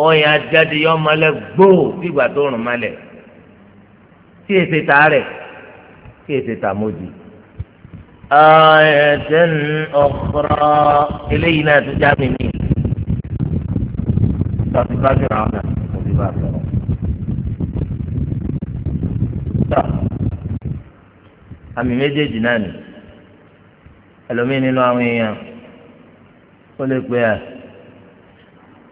òun yà jáde yọ ọmọlẹ gbòò fìgbà tó rùn malẹ tí èsè tà rẹ tí èsè tà mọdì. ayẹ̀tẹ̀n ọ̀kọ́rọ̀ eléyìí náà tún já mi mí. tọ́sí bá fi ràn án bá sọ̀rọ̀. àmì méjèèjì náà ni ẹlòmíín nínú àwọn èèyàn ó lè pè é.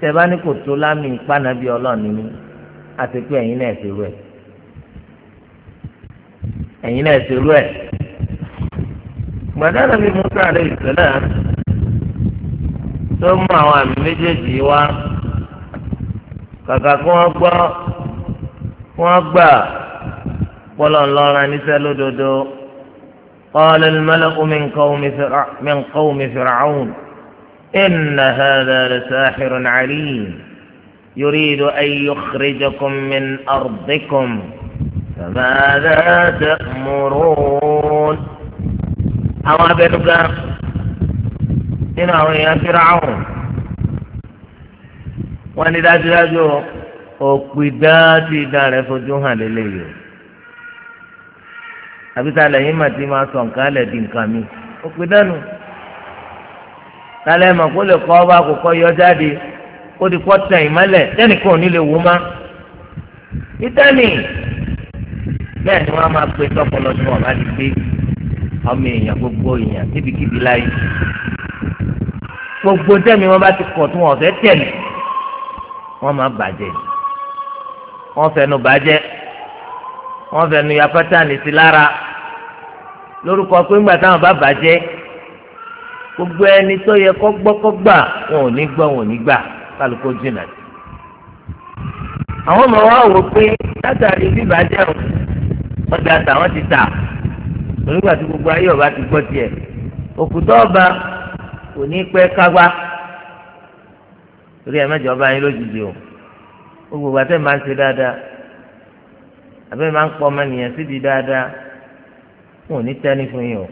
tẹ̀bá ní kò tó lámì ìpànàbí ọlọ́ọ̀ni mi àti pé ẹ̀yin náà ṣerú ẹ̀ ẹ̀yin náà ṣerú ẹ̀ gbàdá nàbí musa àlẹ́ ìṣẹ̀lẹ̀ tó mú àwọn àmì méjèèjì wá kàkà kí wọ́n gbọ́ kí wọ́n gbà pọ́lọ̀ ńlọrọ̀ níṣẹ́ lódodo qala al-mala'u min qawmi fir'aun. إن هذا لساحر عليم يريد أن يخرجكم من أرضكم فماذا تأمرون أو أبنك إنه يا فرعون وأن dájúdájú òpìdá ti dá rẹ fojú hàn lélẹ́yìí àbíta lẹ́yìn màtí máa sọ nǹkan lẹ̀ di nǹkan mi òpìdá nù. lálẹ́ mọ̀ kó lè kọ́ ọba yọ di kọ́ tẹ̀ ìmọ́lẹ̀ tẹ́nìkan ò ní lè wò má. bẹ́ẹ̀ ni wọ́n máa pe tọpọlọ tí wọ́n bá ti gbé gbogbo èèyàn níbikíbi láyé. gbogbo tẹ́mi wọ́n bá ti kọ̀ tí ọ̀fẹ́ tẹ̀lé wọ́n máa bàjẹ́ wọ́n fẹnu bàjẹ́ wọ́n fẹnu yafẹ́tà nìsí lára lórúkọ pé ńgbà táwọn gbogbo ẹni tó yẹ kó gbọ́ kó gbà wọn ò ní gbọ́ wọn ò ní gbà kálukó jìnnà sí. àwọn ọmọ wa wò pé látàrí bíbájẹ́ o ọjà tàwọn ti tà onígbà tí gbogbo ayé ọba ti gbọ́ tiẹ̀ òkúta ọba kò ní pẹ́ kágbá torí ẹ̀ mẹ́jọ ọba yín lójijì o gbogbo àti ẹ̀ máa ń ṣe dáadáa àbẹ́ máa ń pọ̀ ọmọ nìyẹn síbi dáadáa wọn ò ní tẹ́ ní fún yín o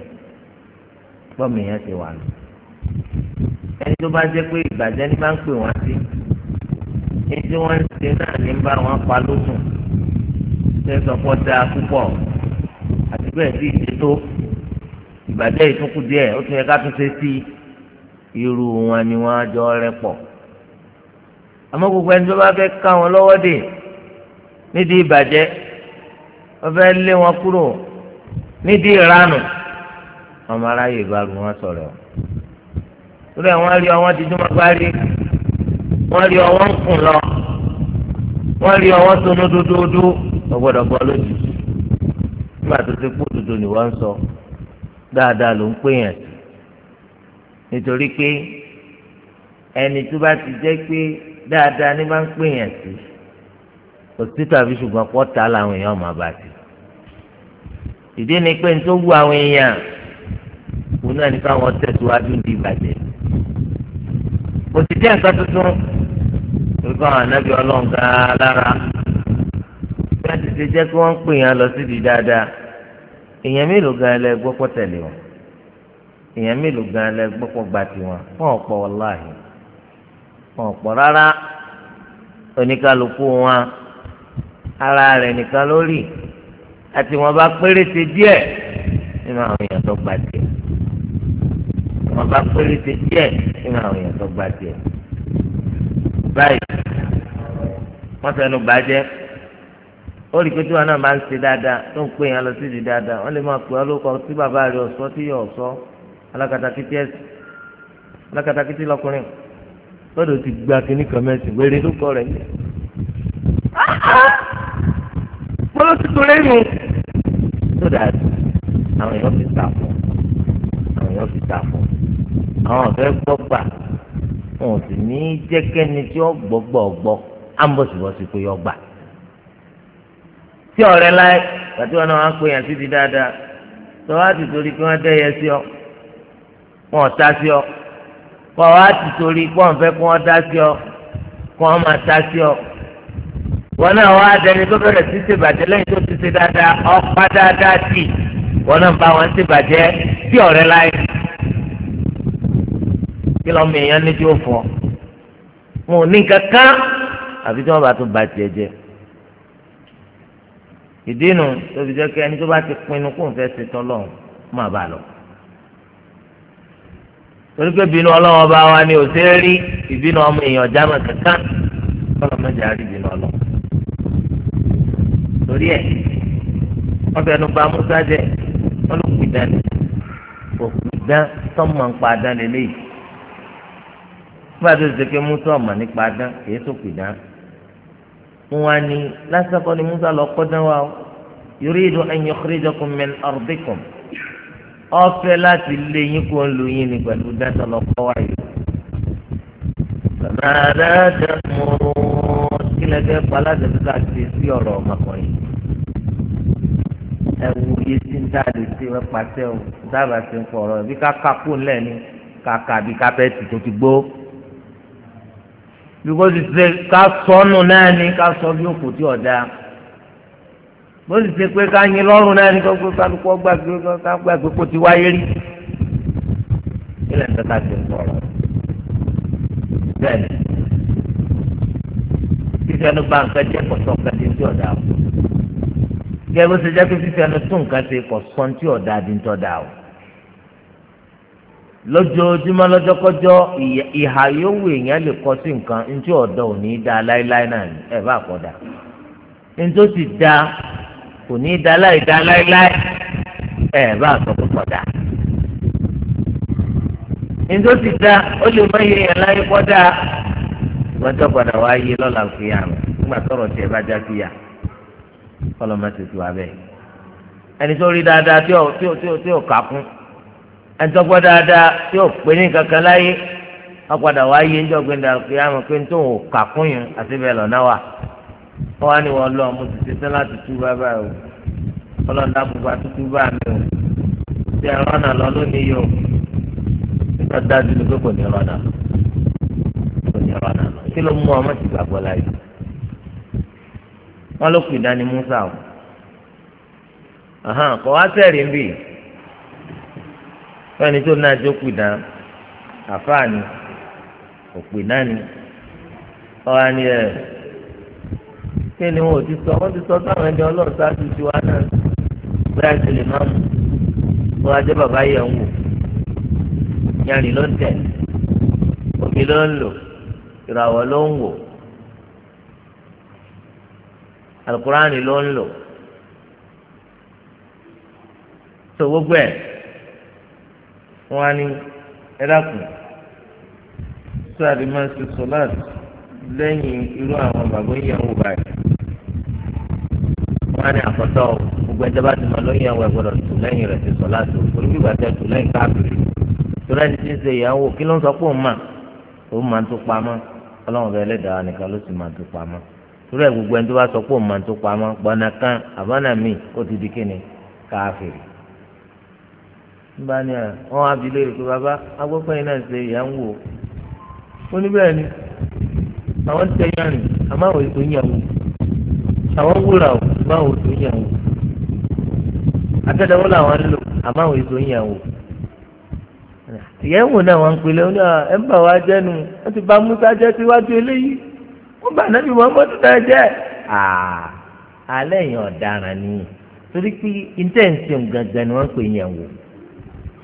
bọ́ọ̀mù yẹn ti wà nù. ẹni tó bá jẹ́ pé ìbàjẹ́ ní bá ń pè wọ́n sí ní tí wọ́n ń ṣe náà ní bá wọn pa lókun ṣe sọ pé ọ̀dà púpọ̀ àti bẹ́ẹ̀ sí ìṣe tó ìbàjẹ́ ìtúnkù díẹ̀ ó tún yẹ ká tún ṣe sí irú wọn ni wọ́n á jọ rẹ pọ̀ àmọ́ gbogbo ẹni tó bá fẹ́ ká wọn lọ́wọ́ dè nídìí ìbàjẹ́ wọ́n fẹ́ lé wọn kúrò nídìí ìranù ọmọ aráyè ìbáru wọn sọ̀rọ̀ lórí àwọn rí ọwọ́ dídú máa bá rí wọ́n rí ọwọ́ ń kùn lọ wọ́n rí ọwọ́ tónú dúdúdú ọgbọ́dọ̀ gbọ́ lójijì nígbà tó ti kú dúdú ni wọ́n ń sọ dáadáa ló ń pè yẹn nítorí pé ẹni tó bá ti jẹ́ pé dáadáa ní bá ń pè yẹn sí òtí tàbí ṣùgbọ́n pọ́ta làwọn èèyàn máa bá ti ìdí ni pé ní tó wù àwọn èèyàn òun náà ní káwọn tẹ̀síwájú ní ìbàjẹ́ kò sì jẹ́ nǹkan tuntun nǹkan ànábì ọlọ́ǹga lára bí wọ́n ti ṣe jẹ́ kí wọ́n ń pè yàn lọ síbi dáadáa èèyàn mélòó gan lẹ gbọ́pọ̀ tẹ̀lé wọn èèyàn mélòó gan lẹ gbọ́pọ̀ gbà tiwọn wọn ò pọ̀ wọláhì wọn rárá oníkálukú wọn ara rẹ̀ nìkan lórí àti wọn bá péréte díẹ̀ nínú àwọn èèyàn tó gbà tiẹ̀ wọn bá péréte díẹ̀ nínú àwọn èèyàn tó gba díẹ̀ báyìí wọn fẹnu bàjẹ́ ó rí i pé tí wọn náà máa ń ṣe dáadáa tó ń pè yẹn lọ sí ìdí dáadáa wọn lè máa pè ọ lóko tí bàbá rẹ ọ̀sọ́ tí yọ ọ̀sọ́ alákatakítí ẹ̀sìn alákatakítí lọkùnrin lọ́dọ̀ ti gba kínní kan mẹ́sìn wẹ́rẹ́ lóko rẹ̀ yẹn. gbọ́dọ̀ ti tó lẹ́nu tó dáa àwọn èèyàn fi ta fún àwọn èèyàn fi ta fún àwọn ọ̀fẹ́ gbọ́ gbà wọn ò sì ní jẹ́ kẹ́ni tí ó gbọ́ gbọ́ gbọ́ á ń bọ̀sibọ̀sì pé ó gbà. tí ọ̀rẹ́ láì gbàtí wọn náà wá ń pè yàn síbi dáadáa tó wá ti torí pé wọ́n dẹ́yẹ sí ọ wọn ò ta sí ọ kọ́ wá ti torí pé wọ́n fẹ́ kí wọ́n dá sí ọ kọ́ wọ́n máa ta sí ọ wọn náà wá dẹni tó bẹ̀rẹ̀ sí ṣèbàjẹ́ lẹ́yìn tó ti ṣe dáadáa ọ̀pá dáadáa tì wọn náà bá wọn ṣèbàjẹ́ tí ọ̀rẹ́ láì kí lọ́mọ èèyàn ní tí ó fọ́ wọn ò ní kankan àfi tí wọ́n bá tún ba tiẹ̀ jẹ́ ìdí nu tó fi jẹ́ kí ẹni tó bá ti pinnu kó n fẹ́ ṣe tọ́lọ́ má bà lọ torí pé bínú ọlọ́wọ́ bá wa ni ò ṣe rí ìbínú ọmọ èèyàn jámọ̀ kankan kọ́lọ́ mẹ́jọ á rí bínú ọlọ́ torí ẹ̀ wọ́n fẹnu pa musa jẹ ló pè dání òkú dán tọ́mọ̀ ń pa dán lélẹ́yìí nígbà tó ṣe pé musa ọmọ nípa dán kìí sókè dán wọn wá ní lásìkò ni musa lọ kọ́ dán wa o yuridu an yukhrijakum min ardikum ọfẹ láti lé yín kó ń lu yín ni pẹ̀lú dáta lọ kọ́ wa yìí bàbá dáadáa mọ kílẹ̀ fẹ́ pa ti sí ọ̀rọ̀ ọmọkùnrin ẹ wo iye tí ń dá pàṣẹ o dábàá ṣe ń fọ ọ̀rọ̀ ká kápò ńlẹ̀ kàkà bí kápẹ́ẹ̀tì tó ti gbó bíkó ti ṣe ká sọnù náà ni ká sọ bí òkú tí ọ̀dà bó ti ṣe pé ká yin lọ́rùn náà ni kókó kálukú gbàgbé ká gbàgbé kó ti wáyé rí ilẹ̀ ń tẹ́ka ti ń sọ̀rọ̀ bẹ́ẹ̀ni fífẹ́nu bá nǹkan jẹ́ kọ̀sọ́ nǹkan ti ń tí ọ̀dà o gẹ́gẹ́ bó ṣe jẹ́ pé fífẹ́nu tún nǹkan ṣe kọ̀sọ́ ń tí ọ̀dà di ń tọ́ da o. lọ́jọ́ lọ́jọ́kọ́jọ́ ìhà èèyàn lè kọ sí nǹkan ntí ọ̀dọ́ ò ní da láéláé náà ní ẹ̀ bá kọ́dà ntí ó da kò ní da láì da láéláé ẹ̀ bá kọ́dà ntí ó da ó lè má iye yẹn láyé kọ́dà ìgbọ́ntọ́ padà wá yé lọ́la rẹ̀ nígbà tọrọ ẹ̀ńtọ́gbọ́ dáadáa tí ò pé ní kankan láyé wọ́n padà wá yé ńjọ́ gbẹ̀ndà pé àwọn pé tó ń kà kún yín àti bẹ́ẹ̀ lọ́nà wà wọ́n wá ní wọ́n lọ mo ti ṣetán láti tú bàbá o ọlọ́run dábò bá tútú bá mi o tí ẹ̀rọ náà lọ lónìí yìí o ìjọ dájú ni pé kò ní rọ́nà kò ní rọ́nà lọ kí ló mú ọmọ ti gbàgbọ́ láyé wọ́n ló pè dání Musa o kò wá sẹ́rìí ń bì í fẹ́ni tó náà jó pìdán àfáàní òpìdán ni ọ̀hán ni ẹ̀ kí ni wọn ti sọ wọn ti sọ sáwọn ẹni ọlọ́run ṣáájú ti wá náà bóyá ṣe lè má mú kó ajẹ́ bàbá yẹ̀ ń wò yanni ló ń tẹ̀ omi ló ń lò ìràwọ̀ ló ń wò alukuraani ló ń lò tó gbogbo ẹ̀. wọn á ní ẹ dákun sáàdì máa ń ṣe lẹ́yìn irú àwọn bàbá ìyàwó báyìí wọn á ní àkọ́tọ́ gbogbo ẹjọ́ bá ti mọ lóyìn àwọn ẹ̀gbọ́dọ̀ tù lẹ́yìn rẹ̀ ṣe sọláàtì orí bí tù káàkiri torí ẹni tí ń ṣe ìyàwó kí ló ń sọ pé òun mà máa ń tó nígbà ní à wọn á bi léèrè pé bàbá agbọ́pẹ́ yìí náà ṣe ìyá ń wò ó ní bẹ́ẹ̀ ni àwọn ń tẹ yánrin àmọ́ àwọn ètò yàn wò àwọn wúrà ò ṣùgbọ́n àwọn ètò yàn wò àtẹ́dẹ́wọ́ làwọn ń lò àmọ́ àwọn ètò yàn wò ìyá ń wò náà wọn ń pèlè ó ní à ẹ̀ ń bà wá jẹ́nu wọ́n ti bà Musa jẹ́ síwájú eléyìí wọ́n bà nábì Muhammadu náà jẹ́ àlẹ́ yẹn ọ̀daràn ni torí pé intention gangan ni wọ́n ń pè yẹn wò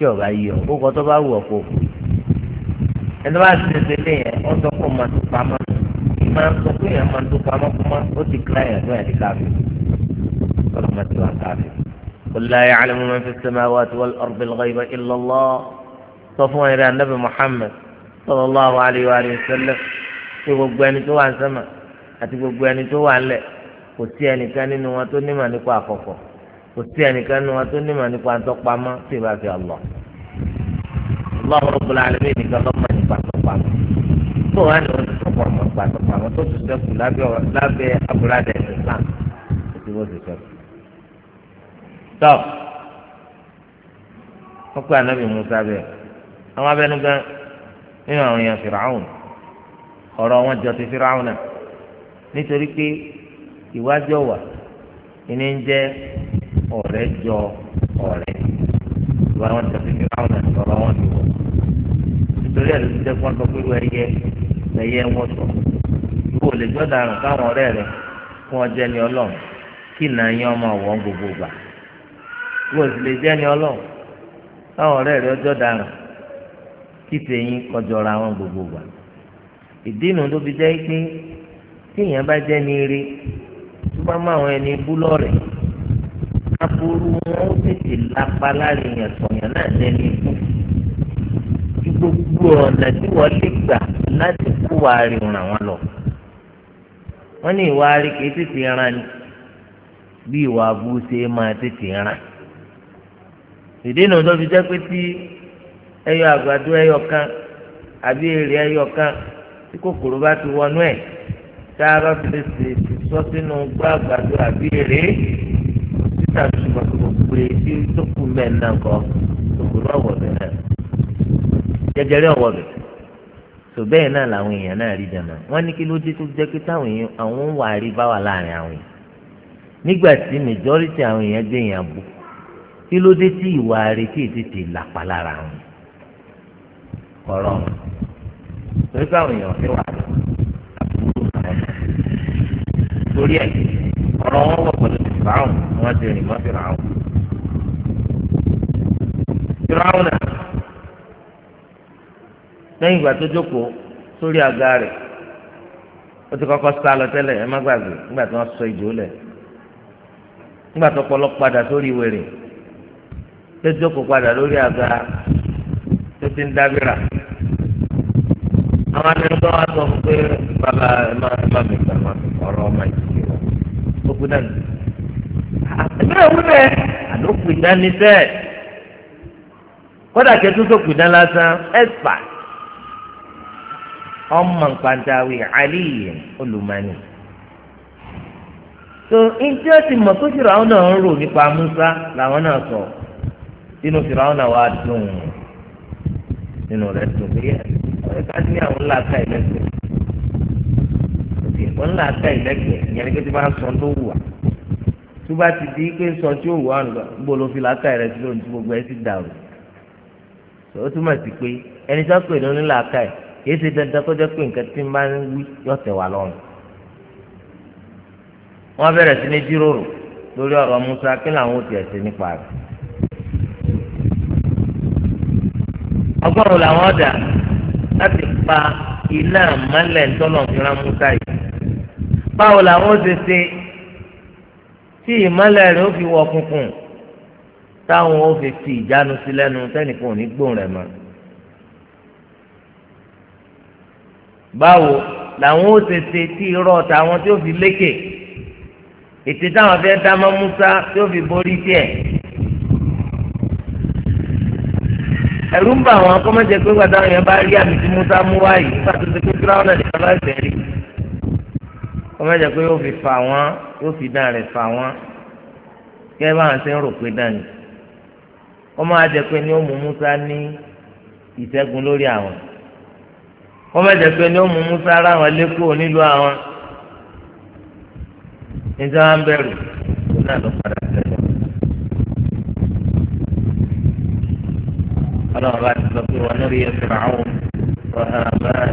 tí ọba yìí ọ kó kọ tó bá wù ọ kó ẹni bá ti ṣe lé yẹn ó sọ fún ọmọ tó pamọ́ ìmọ̀ sọ fún yẹn ọmọ tó pamọ́ fún ó ti kílá yẹn fún ẹ̀dí káfí ọlọ́ mọ́ wà káfí. قل لا يعلم من في السماوات والأرض الغيب إلا الله صفوا إلى النبي محمد صلى الله عليه وآله وسلم ṣe gbogbo ẹni tó wà ń sẹ́mà àti gbogbo ẹni tó wà ń lẹ̀ kò sí ẹnìkan nínú wọn tó nímọ̀ nípa àkọ́kọ́ kò sí ẹnìkan nu wa tó nímọ̀ nípa ntọ́pamọ́ tí ìbá fi ọlọ́ Allahu Rabbul Alamin nìkan lọ́mọ nípa ntọ́pamọ́ tó wà ní ntọ́pamọ́ nípa ntọ́pamọ́ tó ti sẹ́kù lábẹ́ abúládẹ̀ Islam tí wọ́n ti sẹ́kù. tọ́ wọ́n pe anabi Musa bẹ́ẹ̀ àwọn abẹnugan nínú àwọn èèyàn Fìràwùn ọ̀rọ̀ wọn jọ ti Fìràwùn náà nítorí pé ìwájọ́ wà ìní ń jẹ́ ọ̀rẹ́ jọ ọ̀rẹ́ ìwà wọn tẹ̀sí ní ráwọn ẹ̀ sọ̀rọ̀ wọn nítorí ẹ̀ ló ti jẹ́ pọ́n tó pé wọ́n ẹyẹ ẹyẹ wọn sọ ìwọ lè gbọ́dọ̀ àrùn káwọn ọ̀rẹ́ rẹ fún ọjẹ́ ni ọlọ́run kí nà yín ọmọ wọn gbogbo gbà ìwọ sì lè jẹ́ ni ọlọ́run káwọn ọ̀rẹ́ rẹ ọjọ́ kí tẹ̀yìn aburú wọn ó tètè lápá láàrin yẹn sọ̀yàn náà ikú ju gbogbo ọ̀nà tí wọ́n lè gbà láti kó wa rí ràn lọ. wọ́n ní ìwà ran ni bí ìwà ṣe máa ran. tó fi jẹ́ pé tí ẹyọ àgbàdo ẹyọ kan àbí èrè ẹyọ a bá fi lè náà ló ṣùgbọ́n kó gbogbo etí tó kù mẹ́ẹ̀ náà kọ́ òkúrú ọ̀wọ̀ bẹ̀ náà jẹjẹrẹ ọ̀wọ̀ bẹ̀ tó bẹ́ẹ̀ náà làwọn èèyàn náà rí dànù wọ́n ní kí ló dé tó jẹ́ pé táwọn èèyàn àwọn ń wà rí bá wà láàrin àwọn èèyàn nígbà tí majority àwọn èèyàn dé èèyàn bù kí ló dé tí ìwà rí kí ètètè làpá lára àwọn ọ̀rọ̀ torí pé àwọn èèyàn fẹ́ wà lọ àbúrò àwọn ọmọ torí ẹ̀jẹ̀ ọ̀rọ̀ wọn wọ̀ pẹ̀lú fìràwùn wọn ti rìn mọ́ fìràwùn. fìràwùn náà lẹ́yìn ìgbà tó jókòó sórí àga rẹ̀ ó ti kọ́kọ́ sá lọ tẹ́lẹ̀ ẹ má gbàgbé nígbà tí wọ́n sọ ìjò lẹ̀ nígbà tó sórí tó jókòó padà lórí àga tó ti ń dábìrà àwọn wa sọ fún pé bàbá ẹ má ẹ má òkú náà nù. àbẹ́rẹ́ òun rẹ̀ àló kù ìdán ní sẹ́ẹ̀. kódà tó kù lásán ẹ̀sìpà ọmọ nǹkantawe aliyin olùmọ̀ọ́nì. tó ìdí ó mọ̀ pé fìràwọn náà ń nípa Musa làwọn náà sọ inú fìràwọn náà wàá dùn nínú rẹ̀ dùn pé ẹ̀ ẹ̀ ká ní àwọn ńlá ẹ̀ lẹ́sìn tiẹ̀ wọn là ta ìlẹ́kẹ̀ẹ́ ìyẹn ni pé tí bá sọ tó wù wá tó bá ti di pé sọ tí ó wù wá nùgbà gbogbo ló fi làákà rẹ sí lónìí tí gbogbo ẹ ti dàrú ó túmọ̀ sí pé ẹni tó pè lónìí làákà ẹ̀ kìí ṣe dandan kó jẹ́ pé nǹkan tí ń bá ń wí yóò tẹ̀ lọ́rùn wọ́n bẹ̀rẹ̀ sí ní jíròrò lórí ọ̀rọ̀ Musa kí làwọn ò tiẹ̀ ṣe nípa rẹ̀ ọgọ́rùn làwọn ọ̀dà láti pa iná mọ́lẹ̀ ńtọ́nà fúnra Musa yìí báwo làwọn ó ṣe ṣe tí ìmọ́lẹ̀ rẹ̀ ó fi wọ kùnkùn táwọn ó fi ti ìjánu sí lẹ́nu tẹ́nìkan ò ní gbóhùn rẹ̀ mọ́. báwo làwọn ó ṣe ṣe tí irọ́ tàwọn tí ó fi lékè ètè táwọn fẹ́ dá mọ́ Musa tí ó fi borí tiẹ̀. ẹ̀rù ń bà wọn kọ́mọ́jẹ pé gbàdáwọn yẹn bá rí àmì tí Musa mú wáyé nígbà tó ṣe pé fúláwọ́n náà nìkan lọ́ọ́ kọ́mẹ́jọ pé yóò fi fà wọ́n yóò fi dán rẹ̀ fà wọ́n kí ẹ bá wọn ṣe ń rò pé dání wọ́n máa jẹ pé ní ó mú Musa ní ìṣẹ́gun lórí àwọn kọ́mẹ́jọ pé ní ó mú Musa ráwọn lẹ́kọ̀ọ́ nílùú àwọn níta wọn bẹ̀rù kó náà lọ padà sẹ́yìn. ọlọ́run bá ti sọ pé wọn lórí ẹsẹ̀ àwọn ọ̀hán abáyé.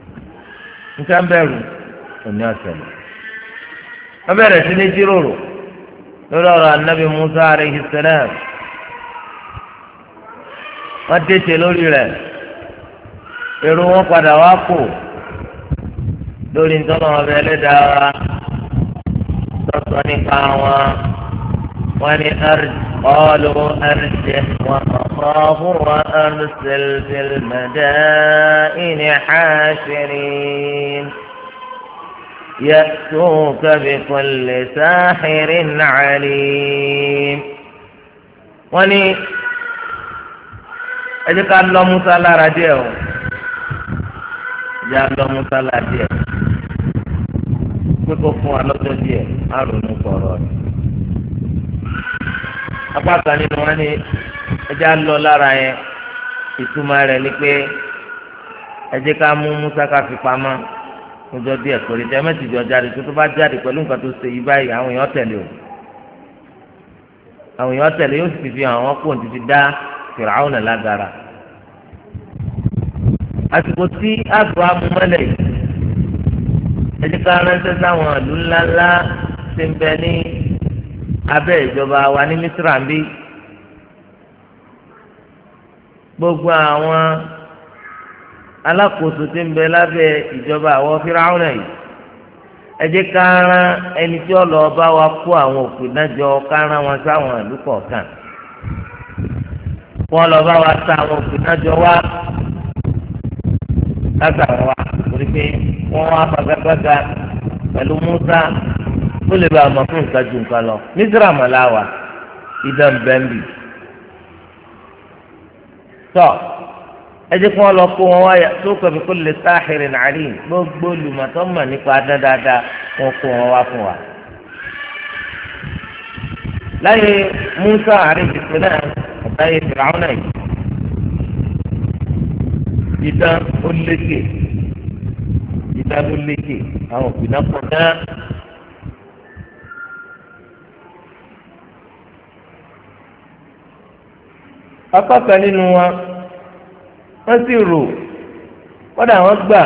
níta ń bẹ̀rù òní ọ̀sẹ̀lẹ̀ wọ́n bẹ̀rẹ̀ sí ní jíròrò lórí ọ̀rọ̀ anábì Musa alayhi salam wọ́n dẹ́tẹ̀ lórí rẹ̀ èrò wọn padà wá kù lórí ntọ́nà ọbẹ̀ ẹlẹ́dàá wa sọ̀tọ̀ nípa wọn wọ́n ní ẹrìtì. قالوا أرجه وأخاه وأرسل في المدائن حاشرين يأتوك بكل ساحر عليم وني ẹjẹ ká lọ musa lára díẹ̀ o ẹjẹ ká lọ musa lára díẹ̀ pé kó fún wa lọ́jọ́ díẹ̀ á ronú sọ̀rọ̀ rẹ̀ apá kan nínú wọn ni ẹjẹ á lọ lára yẹn ìtumọ̀ rẹ̀ ni pé ẹjẹ ká mú musa ká fi pamọ́ ọjọ́ díẹ̀ péré tẹ mẹ́tì jọ jáde tó tó bá jáde pẹ̀lú nǹkan tó ṣe yí báyìí àwọn èèyàn tẹ̀lé o àwọn èèyàn tẹ̀lé yóò sì fi àwọn kò ti fi dá fìràwọn lágara àsìkò tí àgbà amúmọ́lẹ̀ ẹjẹ ká ránṣẹ́ sáwọn ìlú ńláńlá ti ń bẹ ní. abẹ́ ìjọba wa ní mísírà ń gbogbo àwọn alákòóso ti ń bẹ lábẹ́ ìjọba àwọn fíráhùn yìí ẹ jẹ́ ká rán ẹni tí ó lọ bá wa kó àwọn òkú dájọ́ ká rán wọn sáwọn ìlú kọ̀ọ̀kan kó lọ bá wa ta àwọn òkú wa látàwọn wa torí pé wọ́n ó lè bá àmọ́ fún nǹkan ju nǹkan lọ mísírà màláwa ìdán bẹ́ńbì. tọ́ ẹ jẹ́ kí wọ́n lọ kó wọn wáyà tó kọ̀ fún kulli sahirin alim gbogbo olùmọ̀tọ́ mọ̀ nípa dáadáa wọn kó wọn wá fún wa. láyé Musa alayhi salam àtàyè Fir'auna yìí ìdán ó lékè ìdán ó lékè àwọn òpinà pọ̀ náà. apáta nínú wa wọ́n sì rò kọ́dà wọ́n gbà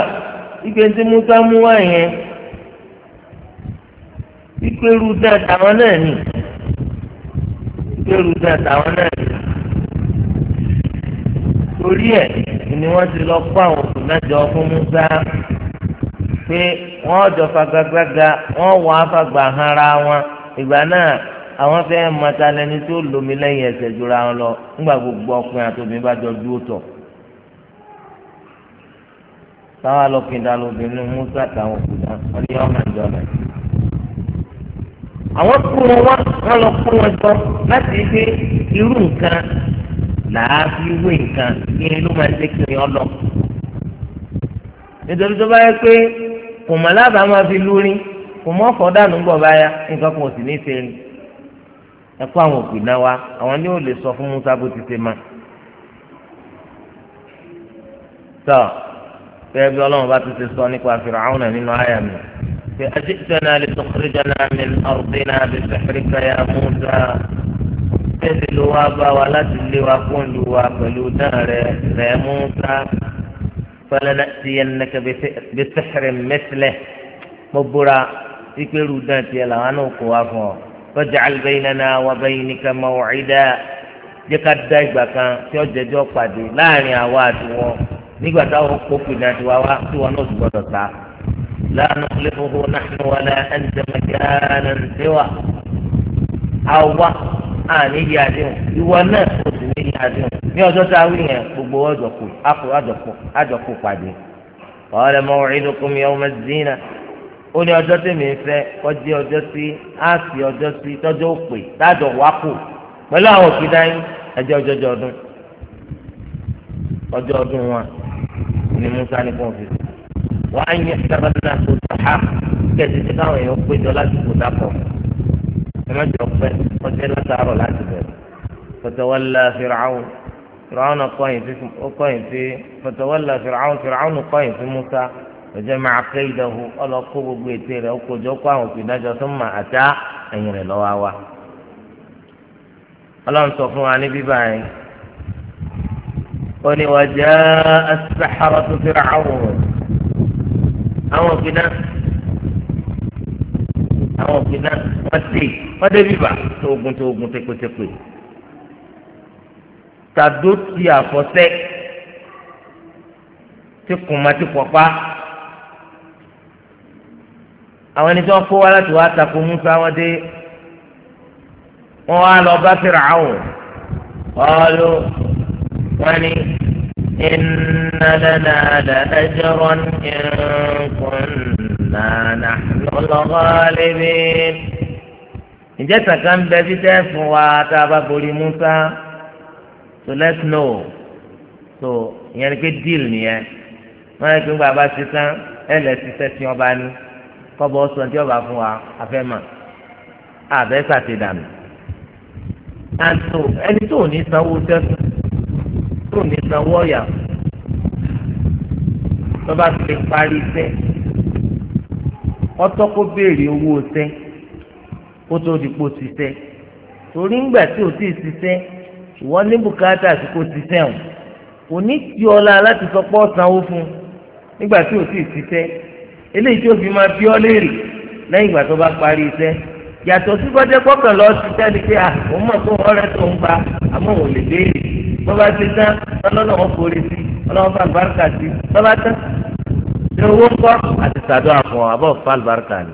ike tí musa mú wá yẹn ìpérù dáa tàwọn náà nì ìpérù dáa tàwọn náà nì torí ẹ̀ ni wọ́n ti lọ kó àwọn òkú náà jọ fún musa pé wọ́n jọ fagagbága wọ́n wọ afagbà hanra wọn ìgbà náà àwọn fẹ́ mọta lẹni tó lomi lẹ́yìn ẹsẹ̀ jura wọn lọ nígbà gbogbo ọkùnrin àtòbí bá jọ dúró tọ̀ táwọn alọ́kìndá lóbìnrin musa táwọn òkúta wọn ni wọn máa ń jọ náà àwọn kúrò wọn wọn lọ kúrò wọn jọ láti gbé irú nǹkan làáfi wé nǹkan ìyẹn ló máa ń jẹ́ kí ni ọ lọ. nítorí tó bá yẹ pé kò mọ̀ lábàá máa fi lórí kò mọ̀ ọ̀fọ̀ dànù gbọ̀ báyà nǹkan kò sì ní í ṣe ni ẹ kó àwọn òpin náà wá àwọn ni ó lè sọ fún Musa bó ti ṣe ma tọ bẹ́ẹ̀ bí Ọlọ́run bá ti ṣe sọ nípa Fir'auna nínú àyà mi pé aj'tana litukhrijana min ardina bisihrika ya Musa bẹ́ẹ̀ ló wá bá wa láti lé wa fún lu wa pẹ̀lú náà rẹ rẹ Musa falana'tiyannaka bisihrin mithlihi mo búra ikpe rudan tiẹ̀ làwọn náà kó wa fún ọ. واجعل بيننا وبينك موعدا jẹ́ ká dá ìgbà kan tí ọjọ́ ẹjọ́ pàdé láàrin àwa àti wọn nígbà táwọn kó pinna àti wa wá tí wọn náà sì gbọdọ̀ ta la nukhlifuhu nahnu wala anta makanan siwa àwa àní yí àdéhùn ìwọ náà kò sì ní yí àdéhùn ní ọjọ́ tá a wí yẹn gbogbo ọjọ́ kù àjọpọ̀ àjọpọ̀ pàdé. qala maw'idukum yawma az-zina ó ní ọjọ́ tèmi fẹ́ kọjí ọjọ́ sí áàsì ọjọ́ sí tọ́jú òpè dájọ́ wákò pẹ̀lú àwọn òkúta yín ẹjẹ́ ọjọ́jọ́ ọdún ọjọ́ ọdún wọn ni musa ní kò fi wọ́n á yẹ sábàdúrà tó tàhá kẹ̀sì tí káwọn èèyàn péjọ láti kó dàpọ̀ ẹ má pẹ́ ọjọ́ látàárọ̀ láti bẹ̀rẹ̀ fọtọwọ́lá fìràwọn fìràwọn kọ́yìn sí fọtọwọ́lá fìràwọn fìràwọn kọ́yìn sí musa ọjọ́ máa fẹ́ ìdánwò ọlọ́kọ́ gbogbo ètò rẹ̀ ó kojú ọkọ àwọn òkè ìdájọ́ tó mà àtá ẹ̀yìn rẹ̀ lọ́wọ́ wa. ọlọ́run sọ fún wa ní bíbá yẹn ó ní wàjà as-sahara tó fi ràwùrọ̀ àwọn òkè náà àwọn òkè náà wọ́n dé wọ́n dé bíbá tó ogun tó tàdó ti àfọ́sẹ́ tí kùmà ti pọ̀ pa àwọn ẹni tí wọ́n kó wá láti wá takò Musa wọ́n dé wọ́n wá lọ bá Fir'aun qalu wọ́n ní inna lana la ajran in kunna nahnu ń bẹ títẹ́ fún wa tá a bá borí Musa so let's know so ìyẹn ni pé deal nìyẹn wọ́n yẹ kí n gbà bá ṣe tán ẹ lẹ́ ṣiṣẹ́ tí wọ́n bá ní kọ́bọ̀ sọ tí ọba fún wa afẹ́ mà àbẹ́ sàtìdàmì. àtò ẹni tó ní sanwó sẹ́kù tó ní sanwó ọ̀yà lọ́ba ti parí sẹ́ ọtọ́ kó béèrè owó sẹ́ kó tó di kó ṣiṣẹ́ torí ńgbà tí o ti ṣiṣẹ́ ìwọ́n ní bùkátà sí kó ṣiṣẹ́ o kò ní kí ọ la láti sọ pé ọ̀sánwó fún nígbà tí o ti ṣiṣẹ́ eléyìí tí ó fi máa bí ọ léèrè lẹ́yìn ìgbà tó bá parí iṣẹ́ yàtọ̀ sí kọjá gbọ́kàn lọ sí sẹ́ni pé à ah, òun mọ̀ tó wọ́n rẹ̀ tó ń gba àmọ́ òun lè béèrè bó bá ti tán ọlọ́nà wọn forí sí ọlọ́wọ́n bá àlùbáríkà sí bó bá tán ṣé owó ń kọ́ àti sàdó àfọ̀ àbọ̀ fún àlùbáríkà ni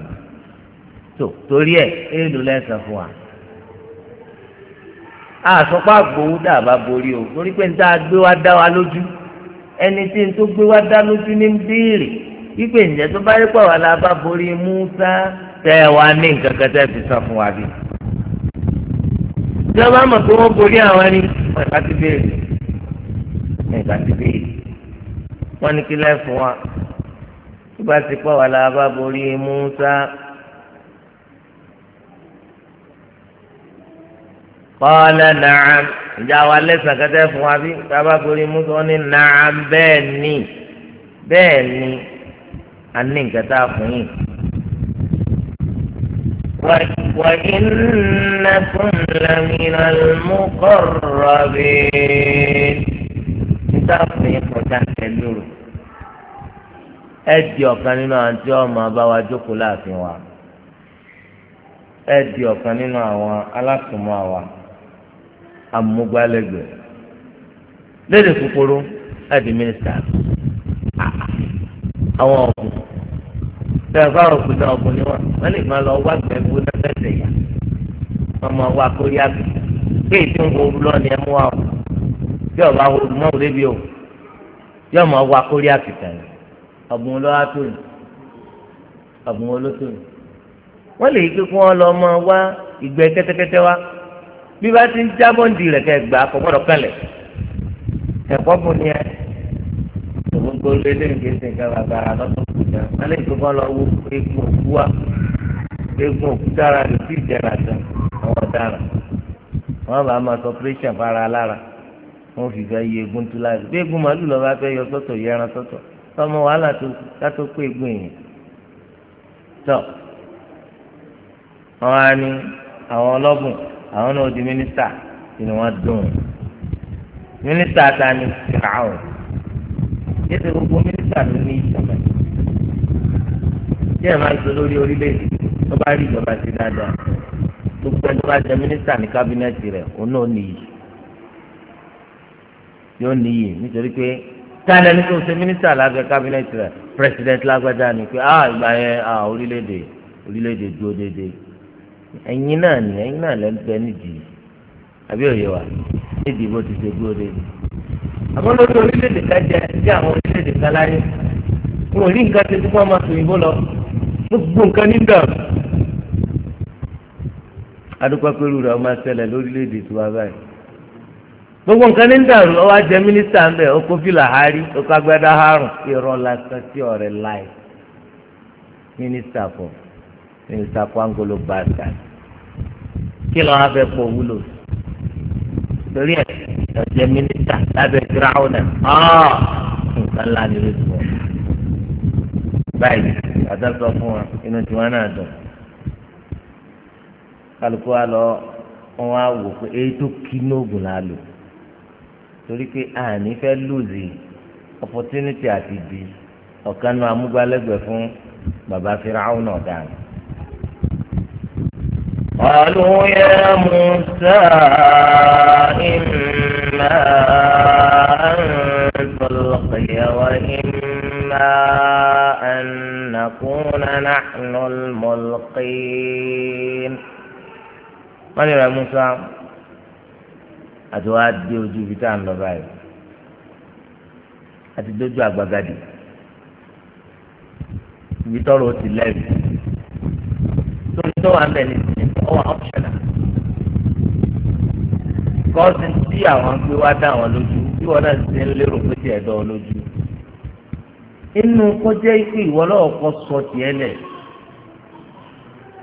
tó torí ẹ̀ èèlò lẹ́sàn fún wa. àsọpá gbowó dàbà borí o torí pé ní tá gbé wá dá wa lójú ẹni tí n tó gbé wá dá lójú ní ń béèrè wípé ǹjẹ́ tó bá rí pọ̀ wá la bá borí Musa tẹ́ ẹ wá ní nǹkan kan tẹ́ fi sọ fún wa bí. ìjọba mọ̀ pé wọ́n borí àwọn ni wọ́n ìka ti béèrè wọ́n ìka ti béèrè wọ́n ní kí lẹ́ fún wa tó bá ti pọ̀ wá la bá borí Musa. kọ́lá nàám ìjà wa lẹ́sàn kẹ́tẹ́ fún wa bí tá a bá borí Musa wọ́n ní nàám bẹ́ẹ̀ ni bẹ́ẹ̀ ni a ní nǹkan tá a fún yìí. وإنكم لمن المقربين ntàfin kọjá tẹlóru ẹ di ọ̀kan nínú àwọn tí ọmọ bá wa jókòó láàfin wa ẹ di ọ̀kan nínú àwọn alásùnmọ́ wa amúgbálẹ́gbẹ̀ẹ́ lédè kúkúrú ẹ di mínísítà àwọn ọ̀gbìn tẹ bá ọkùnrin ọkùnrin wọn wọn lè máa lọ wá gbẹgbó lẹsẹsẹ yá ọmọ wa kó yá bi pé ètò ìwòrú lọ ni ẹ mú wa o bí ọba wo mọ òde bi o bí ọmọ wa kó yá kìtà ni ọ̀bùn olówó tó ni ọ̀bùn olówó tó ni wọn lè yí kí wọn lọ mọ wá ìgbẹ́ kẹ́tẹ́kẹ́tẹ́ wa bí bá ti ń jábọ̀ ń di rẹ̀ kẹ́ gbà kọ́ gbọ́dọ̀ kalẹ̀ ẹ̀kọ́ bùn ni ẹ gbogbo lédè nkése nǹkan bàbàrà lọ́tún kùjà wọn lè gbogbo lọ wú egun òkú wa egun òkú dára lè fi jẹ làtàn àwọn ọ̀daràn wọn bá máa sọ pírẹ́sìn fara lára wọn fi fẹ́ yí egun tú láti bí egun màálù lọ́ba fẹ́ yọ sọ́tọ̀ yẹ ẹran sọ́tọ̀ tọmọ wàhálà tó kátó pé egun èèyàn tọ wọn á ní àwọn ọlọ́gùn àwọn náà di mínísítà ni wọn dùn mínísítà ta ni fìràwọ̀ kéde gbogbo mínísítà ló ní ìjọba tí ẹ máa sọ lórí orílẹ̀-èdè tó bá rí ìjọba sí dáadáa gbogbo ẹni tó bá jẹ mínísítà ní kábínẹ́ẹ̀tì rẹ̀ òun náà nìyí yóò nìyí nítorí pé táyà ní kò ṣe mínísítà lábẹ́ kábínẹ́ẹ̀tì rẹ̀ pírẹsidẹ́ntì lágbájá ni pé ah ìgbà yẹn ah orílẹ̀-èdè orílẹ̀-èdè dúró déédéé ẹ̀yin náà ni ẹ̀yin náà lẹ́ ń bẹ nídìí àbí òye wa nídìí àmọ́ lórí orílẹ̀-èdè ká sí àwọn orílẹ̀-èdè ká láyé wọn ò ní nǹkan tó ti fún ọmọ àtòyìnbó lọ gbogbo nǹkan ní dàrú. adúpẹ́pẹ́rù rẹ̀ ọmọ ṣẹlẹ̀ lórílẹ̀-èdè tó wá báyìí gbogbo nǹkan ní dàrú ọwọ́ ajẹ́ mínísítà ń bẹ̀ ọkọ̀ fìlà hárí ọkọ̀ agbádá hárùn irọ́ lásán tí ọ̀rẹ́ láì mínísítà mínísítà torí ẹ̀ ẹ̀jẹ̀ mínísítà lábẹ́ gíráùnà ọ́ ah! nǹkan ńlá ni ló sọ. báyìí bàtà sọ fún wa inú tiwọn náà dùn kálukú wa lọ wọn wá wò pé èyí tó kí lóògùn la lò torí pé àní fẹ́ lùzì opportunity àti di ọ̀kan nu amúgbálẹ́gbẹ̀ẹ́ fún bàbá firaun ọ̀daràn. قالوا يا موسى إما أن تلقي وإما أن نكون نحن الملقين wọ́n ní rẹ̀ musa àti wàá dé ojú ibi tá à ń lọ báyìí àti dójú àgbagadì ibi tọ́rọ̀ ó ti lẹ́rìí tó ń tọ́ wà ń bẹ̀ ní ìsìn ó wà optional kọ́ọ̀sì tí àwọn gbé wá dá àwọn lójú bí wọ́n náà ti ń lérò pé tiẹ̀ dán ọ lójú inú kọjá ikú ìwọ náà kọ sọ tiẹ̀ lẹ̀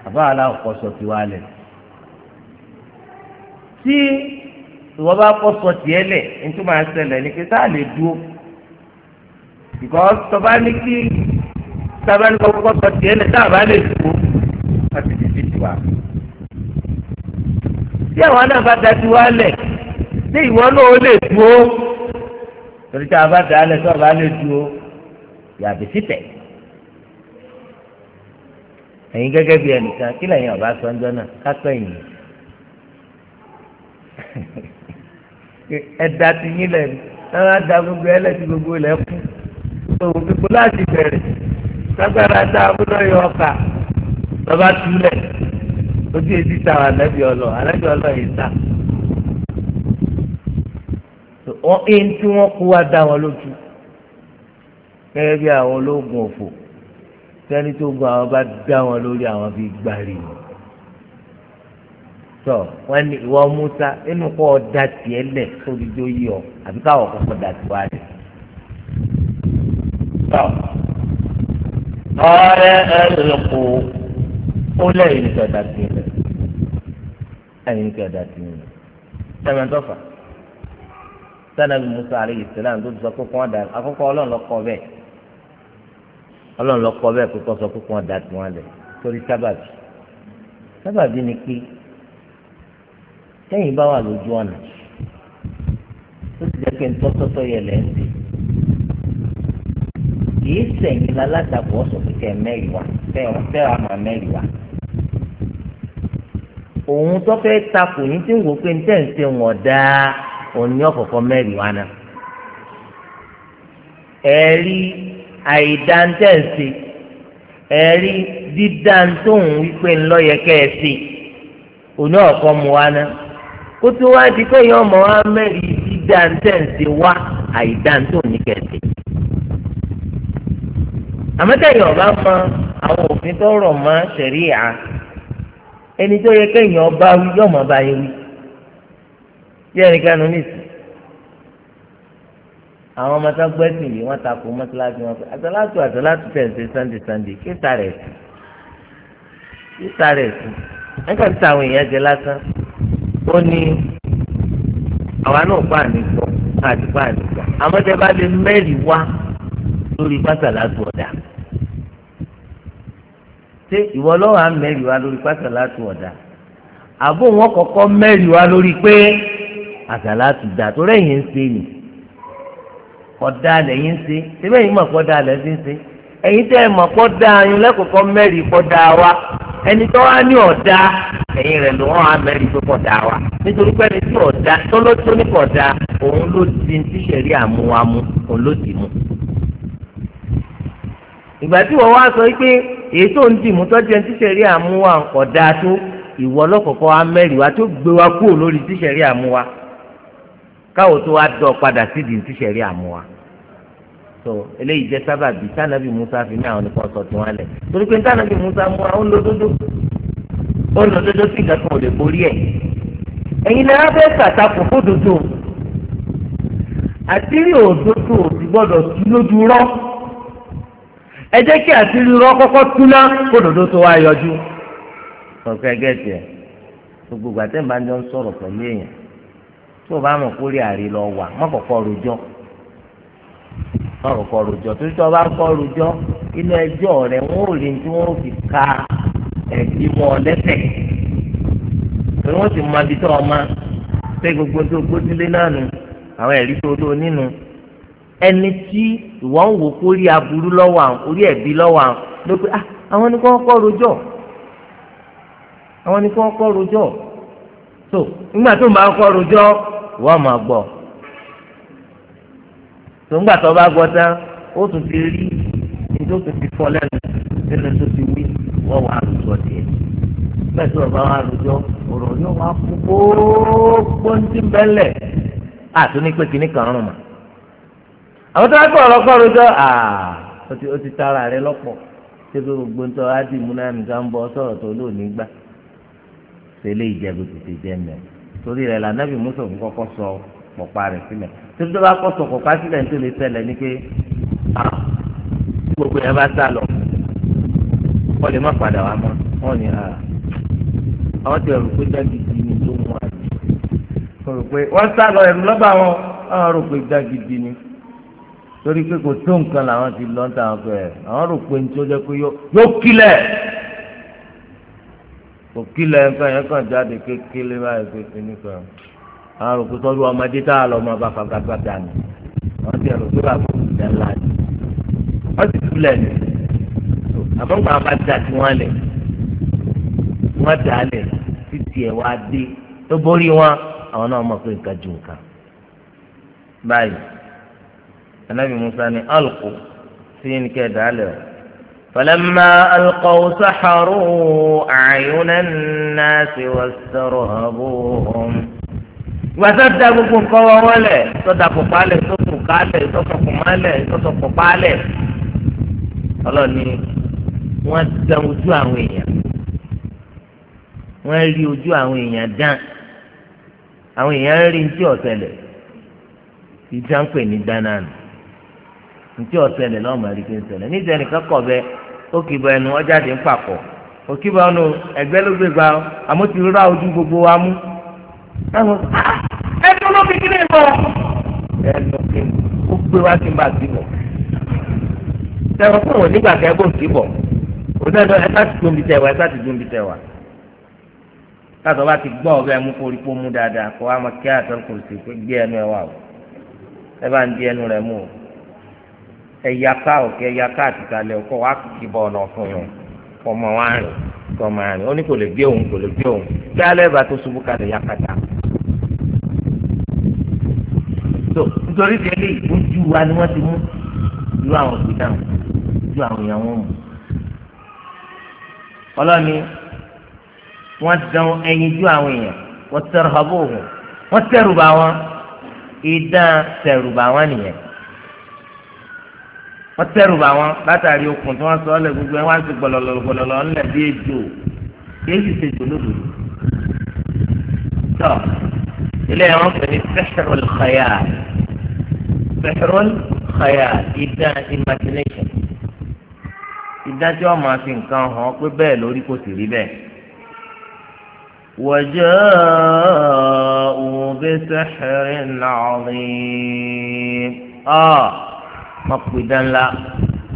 àbá aláwọ kọ sọ tiwa lẹ̀ tí ìwọ bá kọ sọ tiẹ̀ lẹ̀ nítorí máa ṣẹlẹ̀ ní pé sáà lè dúró because tọba ní kí sábà ní kọ́kọ́ sọ tiẹ̀ lẹ̀ sáà bá lè dúró láti tí àwọn náà bá da tiwa lẹ̀ ní ìwọ náà ó lè dúró torí tí a bá da lẹ̀ tí ọba lè dúró yàbí síbẹ̀ ẹ̀yin gẹ́gẹ́ bí ẹnìkan kí lẹ́yìn ọba sọ́njọ́ náà kápẹ́ yìí ẹ̀dá ti yín lẹ̀ náà da gbogbo ẹlẹ́sìn gbogbo ilẹ̀ kú òun gbogbo láti bẹ̀rẹ̀ sagbara tá a ọkà lọ́ba túlẹ̀ ojú etí ta àwọn anabi ọlọ anabi ọlọ yìí ta wọn ẹni tí wọn kú wa dá wọn lójú gẹ́gẹ́ bí àwọn ológun òfò sẹni tó gun àwọn bá dá wọn lórí àwọn bíi gbàrí wọn tọ wọn ni ìwọ musa inú kọ ọdà tiẹ̀ lẹ sórí tó yí ọ àbí káwọn kọ́kọ́ dà tiwa rẹ tọ ọ̀rẹ́ ẹ lè kó ó lẹ́yìn ìjọba tiẹ̀ ẹ̀yin kí ọ̀dà tì yín sẹ́mẹ̀ntọ́fà sanabi musa aleyhi salam tó sọ pé kí wọ́n dà akọ́kọ́ ọlọ́run lọ́kọ́ bẹ́ẹ̀ ọlọ́run lọ́kọ́ bẹ́ẹ̀ pé kọ́ sọ pé kí wọ́n dà tì wọ́n lẹ̀ torí sábàbí sábàbí ni pé sẹ́yìn bá wà lójú ọ̀nà tó ti jẹ́ pé ntọ́tọ́tọ́ yẹ lẹ́ ń kì í sẹ̀yìn lálátàkùn ọ̀sọ̀ pé kẹ́ mẹ́rìí wá fẹ́ àmà mẹ́rìí òun tó fẹ́ takò yín tí ń wò pé ntẹ́ ń wọ̀n dáa òun ni mẹ́rin wa náà. ẹ̀rí àìdáńtẹ́ ń ṣe ẹ̀rí dídáńtóhùn wípé ńlọ́yẹ kẹ́ ẹ wa kó tó wá di pé yọ̀ọ́ mọ̀ wá mẹ́rin wá mọ àwọn òfin tó rọ̀ mọ́ ẹni tó yẹ kéèyàn ọba wí yóò máa bá yín wí bí ẹnì kan ní ìsìn àwọn ọmọ tó gbẹ́sìn yìí wọ́n takò mọ́tíláṣí wọn pé àtàlátù àtàlátù tẹ̀sí sunday sunday kí sàrẹ̀ sí kí sàrẹ̀ sí nígbà tí àwọn èèyàn jẹ lásán ó ní àwa náà bá ní gbọ́ àti bá ní gbà àmọ́ tẹ bá lè mẹ́rin wá lórí pátàlátù ọ̀dà ṣé ìwọ lọ́wọ́ à ń mẹ́rì wa lórí pé àsàlátù ọ̀dà àbó wọn kọ́kọ́ mẹ́rì wa lórí pé àsàlátù dà tó rẹ̀yìn ń ṣe nì kọ́dà lẹ́yìn ń ṣe síbẹ̀ yìí mọ̀ kọ́dà lẹ́yìn ń ṣe ẹ̀yin tẹ́ ẹ mọ̀ kọ́dà ayún lẹ́kọ̀ọ́kọ́ mẹ́rì kọ́dà wa ẹni tó wá ní ọ̀dà ẹ̀yin rẹ̀ ló wọ́n á mẹ́rì tó kọ́dà wa nítorí pé ẹni tí ọ̀dà tó ló tó ní kọ́dà òun ló di ti ṣẹ̀rí àmúwámú òun ló dì mú ìgbà tí wọ́n wá sọ pé èyí tó ń dìmú tọ́jú ẹni tíṣẹ̀rí àmúwá nǹkan dáa tó ìwọ lọ́kọ̀ọ̀kọ́ amẹ́rìíwá tó gbé wa kúrò lórí tíṣẹ̀rí àmúwá káwọ́ tó wá dọ̀ padà sídìí tíṣẹ̀rí àmúwá so eléyìí jẹ sábà bíi tànàbí musa fi ní àwọn nìkan sọ tiwọn lẹ torí pé tànàbí musa mú àwọn olódodo olódodo sì kankan ò lè borí ẹ ẹ̀yin náà fẹ́ sàtakò fódodo àtìrí òdodo ò ẹ jẹ́ kí àṣírí irọ́ kọ́kọ́ túná kó dòdó tó wá yọjú. ọ̀fẹ́ gẹ̀ẹ́tì ẹ̀ gbogbo ìgbà tẹ́ ń bá jọ ń sọ̀rọ̀ pẹ̀lú èèyàn tí o bá mọ̀ kó rí àrí lọ wà má kọ̀kọ́ rojọ́ rojọ́ tó tí o bá kọ́ rojọ́ inú ẹjọ́ rẹ̀ ò lè tí wọ́n fi ka ẹ̀bí wọn lẹ́sẹ̀ pé gbogbo tó gbójúlé náà nù àwọn ẹ̀rí tó ẹni tí ìwọ ń wò kó rí aburú lọ́wọ́ àwọn orí ẹ̀bí lọ́wọ́ àwọn ló pé ah àwọn ni kò kọ́ rojọ́ àwọn ni kò kọ́ rojọ́ so nígbà tó ń bá kọ́ rojọ́ ìwọ máa gbọ́ tó ń gbà tó bá gbọ́ tán ó tún ti rí ní tó tún ti fọ́ lẹ́nu nínú tó ti wí wọ́n wà á rojọ́ tiẹ̀ bẹ́ẹ̀ tó bá wà á rojọ́ ọ̀rọ̀ yóò wá kú gbogbo ń ti bẹ́lẹ̀ àtúní pé kìnnìkan rùn mọ́. àwọn tó wá kọ̀ ọ̀rọ̀kọ̀ rojọ́ àà ó ti tara rẹ lọ́pọ̀ ṣé kó gbogbo ń tọ́ ádì múná nìkan bọ́ sọ̀rọ̀ tó lónìí gbà ṣẹlẹ̀ ti ti jẹ́ mẹ́ torí rẹ là nábì Mùsá kọ́kọ́ sọ pọ̀pá rẹ̀ sílẹ̀ tó tó bá kọ́ sọ pọ̀pá sílẹ̀ tó lè ni pé gbogbo yẹn bá sá lọ wọ́n torí pé kò tó nǹkan làwọn ti lọ níta àwọn fẹ àwọn rò pé nítorí jẹ pé yóò kílẹ̀ kò kílẹ̀ nǹkan yẹn kàn jáde kékeré báyìí pé kíní kan àwọn rò pé sọ́dún ọmọdé tá a lọ ọmọ bá fagagbága ni wọ́n ti rò pé bàbá òkúta ńlá ni wọ́n ti túlẹ̀ ni àbọ̀ngbà bá da tí wọ́n lẹ̀ wọ́n dà á lẹ̀ títí ẹ̀ wá dé tó borí wọn àwọn náà mọ̀ pé nǹkan ju nǹkan báyìí anabi musa ni alqu sí ni kẹ́ o. فلما ألقوا سحروا أعين الناس واسترهبوهم gbàtà da gbogbo nǹkan wọn wọlé sọdà pọpálẹ sọkù kálẹ sọkù mọlẹ sọkù pọpálẹ ọlọni wọn dán ojú àwọn èèyàn wọn rí ojú àwọn èèyàn dán àwọn èèyàn rí ní tí ọ̀sẹ̀lẹ̀ ìjà ń ní dáná nù ntí ọ̀sẹ̀lẹ̀ lọ́mọ ẹ̀rí kí n ṣẹlẹ̀ ní ìsẹ̀lẹ̀ kẹ́kọ̀ọ́ bẹ ó kì í bọ ẹnu ọjà dé ń papọ̀ ó kì í bọ ẹnu ẹgbẹ́ ló gbé gba àmọ́ ti rírà ojú gbogbo wa mú. Ah, ẹnu ló fi kí ni bọ̀ ẹnu kí ni ó gbé wá kí n bá sí bọ̀ sẹ́wọ́n fún òun nígbà kẹ́ bóun sí bọ̀ òun náà ẹ bá ti dùnbi tẹ̀ wá ẹ bá ti dùnbi tẹ̀ wá káàtó bá ti gbọ́ ọ̀gá ẹmu kórí kó mú dáadáa kó wá máa kí àtọ́kùn sí pé gbé ẹnu ẹ wà o ẹ bá ń di ẹnu rẹ mú o ẹ̀yà ká òkè ẹ̀yà ká àtìsàlẹ̀ òkò wá kìbọ̀ ọ̀nà fún yàn ọmọ wa rìn tọmọ rìn ó ní kò lè gbé òun kò lè gbé òun kí alẹ́ bá tó ṣubú kalẹ̀ ya kàtà. tó nítorí tẹ́lẹ̀ ojú wa ni wọ́n ti mú ju àwọn òbí náà ju àwọn èèyàn wọn mú. ọlọ́ni wọ́n dán ẹyin ju àwọn èèyàn wọ́n tẹ̀rù ọ̀bọ̀ òun wọ́n tẹ̀rù bá wọn ìdán tẹ̀rù bá wọn nìyẹn wọ́n tẹ́rù bá wọn látàrí okùn tí wọ́n sọ ọ́ lẹ̀ gbogbo ẹ̀ wọ́n á ti gbọ̀lọ̀lọ̀lọ̀ ńlẹ̀ bí ejò kìí sì ṣe jòlódò. tọ́ ilé ẹ̀ wọ́n pè ní sẹ́ṣẹ̀rọ̀lù xayà sẹ́ṣẹ̀rọ̀lù xayà ìdá imagination ìdá tí wọ́n máa fi nǹkan hàn pé bẹ́ẹ̀ lórí kò sì rí bẹ́ẹ̀. وجاءوا بسحر عظيم آه má pè dánlá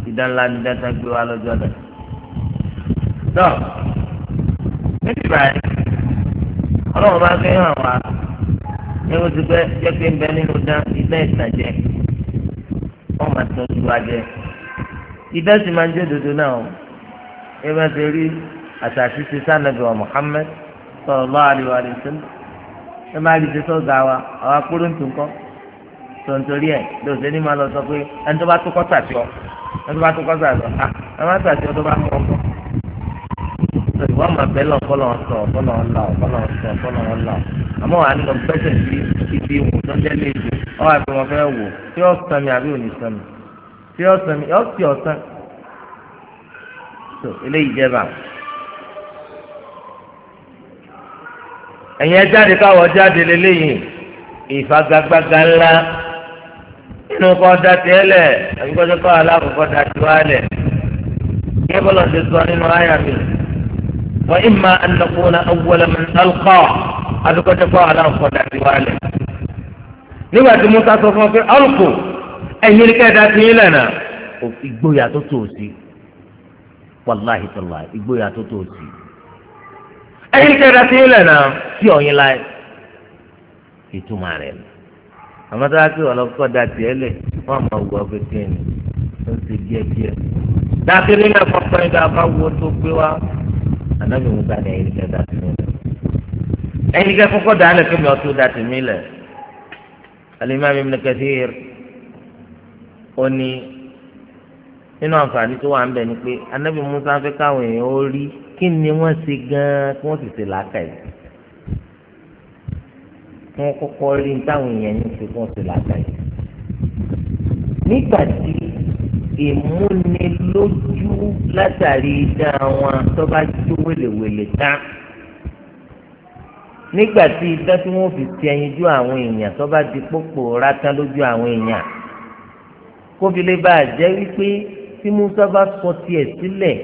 ìdánlá ní dáńtà gbé wa lọ́jọ́ dẹ̀. tọ́ níbi báyìí ọlọ́run bá fi hàn wá ní o ti pẹ́ jẹ́ pé ń bẹ nínú dán ilé ìtajà wọ́n máa tún ju wa ìdá sì máa ń jẹ́ dodo náà ẹ bá ti rí àtàkì ti sànàbí wa Muhammad sallallahu alaihi wa sallam ẹ máa rí ti sọ́ọ̀gá wa àwọn akúrò ń tún kọ́ tontori ẹ lóòótọ́ ní máa lọ sọ pé ẹni tó bá tó kọ́sà sí ọ ẹni tó bá tó kọ́sà sí ọ à ah, ẹ má sàtì ọ tó bá mú ọkọ. ìwọ máa bẹ lọ kọ́ lọ́wọ́ sọ kọ́ lọ́wọ́ là kọ́ lọ́wọ́ sọ kọ́ lọ́wọ́ là àmọ́ wàá nílò pẹ́sẹ̀ sí ibi ìwò tó jẹ́ léèdè ọ àti wọn fẹ́ wò tí ó sàn mí àbí òní sàn mí tí ó sàn mí ó sì ọ̀sán. tó eléyìí jẹ́ ẹ̀yin ẹ jáde káwọ́ jáde lélẹ́yìn ìfagagbága ńlá inú kọ́ da tiẹ̀ lẹ̀ àbí kọ́jọ́ kọ́ aláàkọ́kọ́ da tiwa lẹ̀ kí bọ́lá ti sọ nínú àyà mi wọ́n ìmà ànàkùnà awọ́lẹ̀ mi alùkọ́ àbí kọ́jọ́ kọ́ aláàkọ́kọ́ da tiwa lẹ̀ nígbà tí Musa sọ fún ọ pé alùkù ẹ̀yin ni kẹ́ẹ̀dá ti yín lẹ́nà ìgboyà tó tó sí wàláhì tọ́lá ìgboyà tó tó sí ẹ̀yin ni kẹ́ẹ̀dá ti yín lẹ́nà sí ọ̀yin láì ìtumọ̀ rẹ̀ lọ àmọ́ tó bá pè wọ́n lọ́kọ́ da tiẹ̀ lẹ̀ wọ́n mọ̀ wọ́ pé tiẹ̀ ni ó ń ṣe díẹ̀ díẹ̀. dákìrì náà fọ́pọ́ ẹ̀dá bá wo tó gbé wa ànábì mú ta ni ẹ̀yìn kẹ́ da tèmi lẹ̀. ẹ̀yìn kẹ́ kọ́kọ́ da lẹ̀ kémi ọtún da tèmi lẹ̀. alimami Ibn Kathir ó ní nínú àǹfààní tó wà ń bẹ̀ ni pé ànábì Musa fẹ́ káwọn èèyàn ó rí kí ni wọ́n ṣe gan-an kí wọ́n sì ṣe làákàyè wọn kọ́kọ́ rí táwọn èèyàn ní ṣe fún ọ̀sẹ̀ látàrí. nígbà tí ìmúnilójú látàrí idá wọn tó bá jó wèlewèle tán nígbà tí idá tí wọn fi ti ẹyin ju àwọn èèyàn tó bá di pòpò rátán lójú àwọn èèyàn kó fi lè bá a jẹ́ wípé tí Musa bá sọ tiẹ̀ sílẹ̀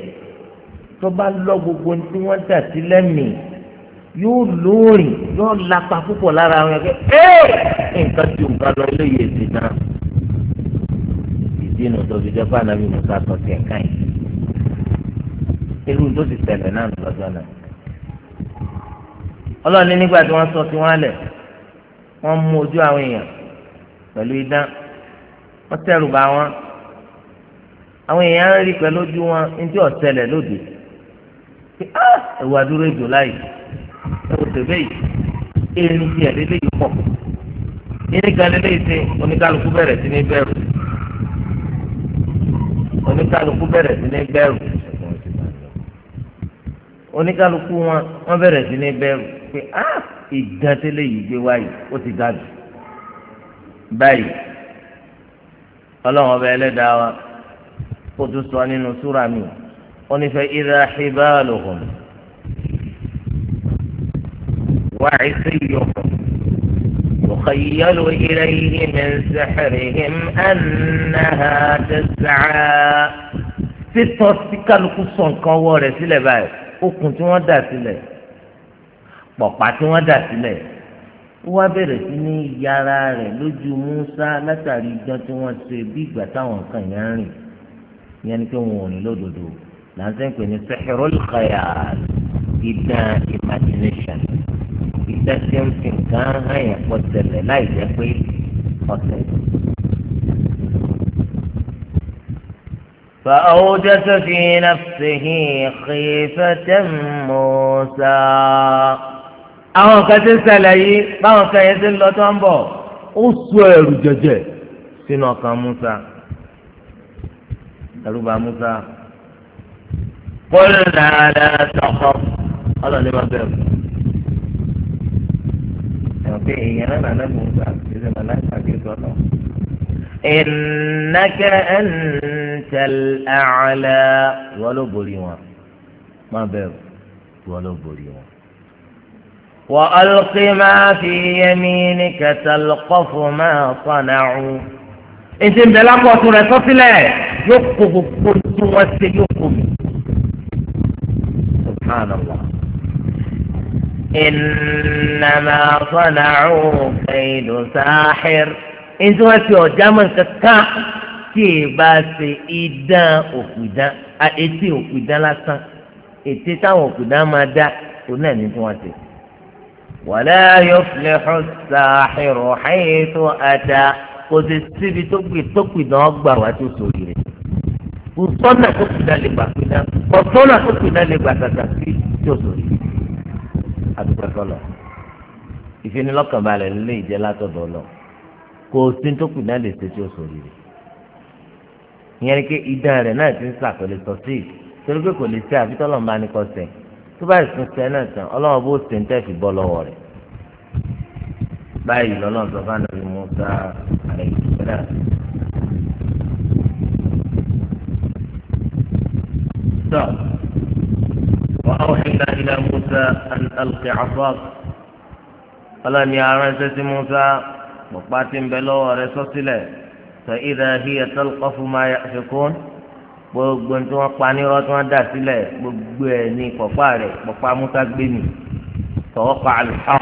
tó bá lọ gbogbo tí wọ́n dà sí lẹ́mìí yóò lóòrìn yóò lapa púpọ̀ lára àwọn ẹgbẹ́ ẹ́ẹ̀ nǹkan tí òun bá lọ eléyìí èsì náà ìdí inú tó fi jẹ́ fún anabi musa sọ sí ẹ̀ka yìí irú tó ti ṣẹlẹ̀ náà lọ́jọ́ náà ọlọ́ọ̀ni nígbà tí wọ́n sọ sí wọn lẹ̀ wọ́n mú ojú àwọn èèyàn pẹ̀lú idán wọ́n tẹ̀rù bá wọn àwọn èèyàn ń rí pẹ̀lú ojú wọn ní tí ó ṣẹlẹ̀ lóde ah! ẹ̀wà dúró èdò láyìí ẹ̀wọ̀sẹ̀ bẹ́ẹ̀ erin ti ẹ̀rí léyìí pọ̀ yíní kan léyìí ṣe oníkálukú bẹ̀rẹ̀ sí ní bẹ̀rù oníkálukú bẹ̀rẹ̀ sí ní bẹ̀rù oníkálukú wọn wọn bẹ̀rẹ̀ sí ní bẹ̀rù pé á ah, ìdántẹ́lẹ̀ yìí gbé wáyé ó ti ga jù báyìí ọlọ́run ọba ẹlẹ́dàá wa ó tún sọ nínú súra mi ó ní fa idha hibaluhum. وعصيهم يخيل إليه من سحرهم أنها تسعى títọ́ sí kálukú sọ nǹkan ọwọ́ rẹ̀ sílẹ̀ báyìí okùn tí wọ́n dà sílẹ̀ pọ̀pá tí wọ́n dà sílẹ̀ ó wá bẹ̀rẹ̀ sí ní yára rẹ̀ lójú Musa látàrí idán tí wọ́n ṣe bí ìgbà táwọn nǹkan yẹn ń rìn ìyẹn ni pé wọn ò ní lódodo là ń sẹ́ńpẹ̀ ní sẹ́hẹ́rọ́lù kàyà idán imagination iṣẹ́ tí ń fi nǹkan hàn yẹn pọ̀ tẹ̀lẹ̀ láì jẹ́ pé ọ̀tẹ̀. فأوجس في نفسه خيفة موسى àwọn kan ti ń ṣẹlẹ̀ yìí báwọn kan yẹn ti ń lọ tó ń bọ̀ ó sọ ẹ̀rù jẹjẹ sínú ọkàn Musa ẹ̀rù bà Musa. قلنا لا تخف ọlọ́ọ̀ni máa bẹ̀rù. pé èèyàn náà nàá mùsà ṣẹṣẹ màá láì pàdé tó lọ. ìnáka ẹnìtẹ̀l àlẹ́ ìwọ ló borí wọn má bẹ̀rù ìwọ ló borí wọn. وألق ما في يمينك تلقف ما صنعوا ètò ìbẹ̀lẹ̀ akọ̀tù rẹ̀ sọ́sílẹ̀ yóò kó gbogbo tí wọ́n ṣe yóò kó mi. subhanallah إنما صنعوا كيد ساحر إنت ما في أجامع كتا tí e bá ṣe idán òkùdán etí òkùdán lásán ètè táwọn òkùdán máa dá òun náà ní tí wọ́n ṣe. wala yuflihu as-sahiru haythu ata kò sì síbi tó pè tó pìdán gbà wá tó sórí rẹ̀ kò sọ́nà tó pìdán lè gbà pìdán kò sọ́nà tó pìdán lè gbà tàtà sí tó sórí rẹ̀ adúpẹ́ fọlọ́ ìfinilọ́kànbalẹ̀ nílé ìjẹ́ látọ̀dọ̀ lọ kò sí tó kù náà lè ṣe tí ó sòrí rẹ̀ ìyẹn ni pé idán rẹ̀ náà ti ń sàkọlẹ̀ sọ sí torí pé kò lè ṣe àfi tọ́lọ̀ máa ní kọ́ sẹ̀ tó bá ìsún sẹ́ náà tán ọlọ́run bó ṣe ń tẹ̀sí bọ́ lọ́wọ́ rẹ̀ báyìí lọ́nà sọ fún anabi musa alayhi salam. So, وأوحينا إلى موسى أن ألق عصاك قال يا رسول موسى مقاتم بلو رسول فإذا هي تلقف ما يأفكون gbogbo tí wọn pa ní irọ́ tí wọn dà sílẹ̀ gbogbo ẹ ní pọpá rẹ pọpá musa gbé mi tọwọ pa àlùfáà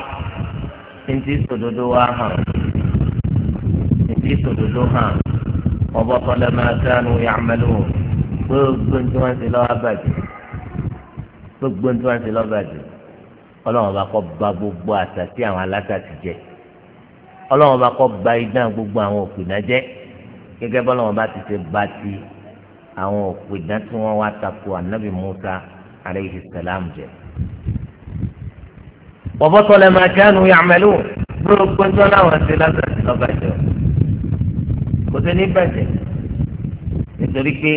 ntí sòdodo wa hàn ntí sòdodo hàn ọbọ kọlẹ máa sánú yàmẹlú gbogbo tí wọn ti lọ wá bàjẹ́ gbogbo ní tí wọ́n ti lọ́gàjù ọlọ́run bá kọ́ ba gbogbo àtàtì àwọn alátàtì jẹ ọlọ́run bá kọ́ ba idán gbogbo àwọn òpìdán jẹ gẹ́gẹ́ bọ́lọ́run bá ti ṣe ba ti àwọn òpìdán tí wọ́n wá tako ànábì Musa aleyhi salam jẹ. wọ́pọ̀tọ̀ lẹ́ máa kánú yàmẹ́lú gbogbo ní wọ́n láwọn ṣe látàtì lọ́gàjù kò sí ní bàjẹ́ nítorí pé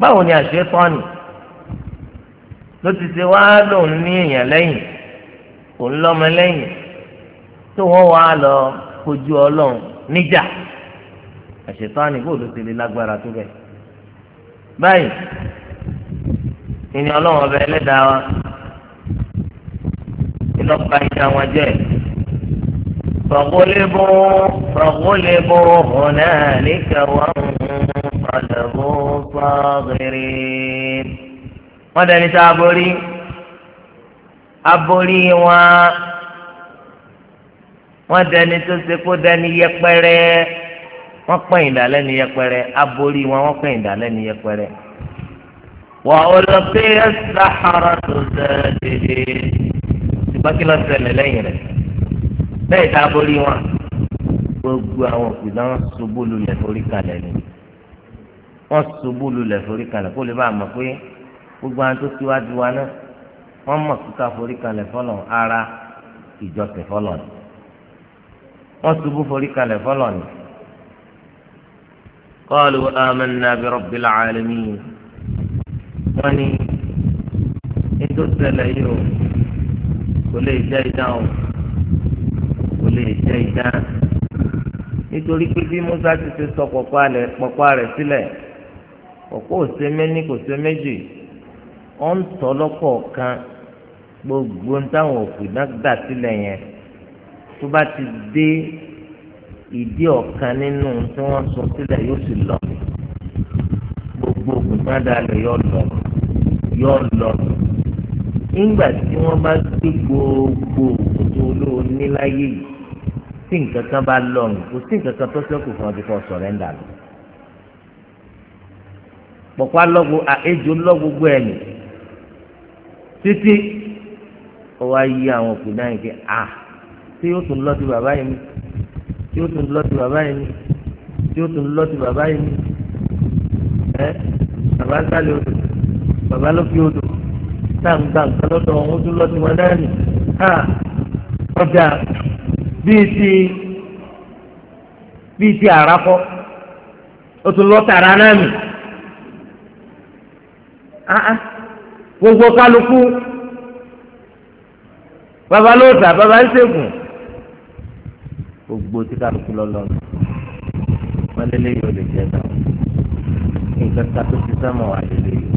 báwo ni àṣẹ tọ́ni tó ti ṣe wá lòun ní èèyàn lẹ́yìn òun lọ́mọ lẹ́yìn tó wọ́n wá lọ kojú ọlọ́run níjà àṣetánì bóòlù ti lè lágbára tó bẹ́ẹ̀. báyìí ìní ọlọ́run ọbẹ̀ ẹlẹ́dàá wa ìlọ́pàá ìjà wọn jẹ́ fọ̀gólébó fọ̀gólébó hùnà níkà wọn ń padà wọ́n dẹni tá a borí aborí wọn wọ́n dẹni tó ṣe kó dẹni yẹpẹrẹ wọ́n pẹ̀yìn dà lẹ́ni yẹpẹrẹ aborí wọn wọ́n pẹ̀yìn dà ni yẹpẹrẹ. وألقي السحرة ساجدين ṣùgbọ́n kí ló ṣẹlẹ̀ lẹ́yìn rẹ̀ bẹ́ẹ̀ tá a borí wọn gbogbo àwọn òpìdán ṣubú lulẹ̀ forí kalẹ̀ ni wọ́n ṣubú lulẹ̀ forí kalẹ̀ kó lè bá a mọ̀ pé gbogbo àwọn tó tiwájú wa náà wọ́n mọ̀ kíkà forí kalẹ̀ fọlọ̀ ara ìjọsìn fọlọ̀ ni wọ́n ṣubú forí kalẹ̀ fọlọ̀ ni. qalu amanna bi rabbil alamin wọ́n ní ètò ìṣẹ̀lẹ̀ yìí o kò lè jẹ́ ìdá o kò lè jẹ́ ìdá nítorí pé bí Musa ti ṣe sọ pọ̀pá rẹ̀ sílẹ̀ pọ̀pá ò ṣe kò ṣe méjì ọ̀ ń tọ́ lọ́kọ̀ọ̀kan gbogbo táwọn òfin náà gbà sílẹ̀ yẹn tó bá ti dé ìdí ọ̀kan nínú tí wọ́n sọ sílẹ̀ yóò sì lọ gbogbo òfin náà dalẹ̀ yóò lọ yóò lọ nígbà tí wọ́n bá gbé gbogbo òfin tó lóo ní yìí tí nǹkan kan bá lọ́rùn kò sí nǹkan kan tó ṣẹ́kù fún ọ ti fọ sọ̀rẹ́ńdà lọ pọ̀pọ̀ alọ́ gbogbo àjò ẹ̀ nìyí títí ó wá yí àwọn òkú dáhùn pé à tí yóò tún lọ sí bàbá yìí mi tí yóò tún lọ sí bàbá yìí mi tí yóò tún lọ sí bàbá yìí mi ẹ bàbá sálẹ̀ odò bàbá ló fi odò táǹgbà nǹkan lọ́dọ̀ wọn ó tún lọ sí wọn náà nì ha ọjà bíi ti bíi ti àràkọ́ ó tún lọ tààrà náà nì gbogbo kálukú babalóòtà babaṣẹ́gun gbogbo tí kálukú lọ́lọ́run wọn lélẹ́ yóò lè jẹ́ náà nǹkan ká tó ti sẹ́mọ̀ wà lélẹ́ yìí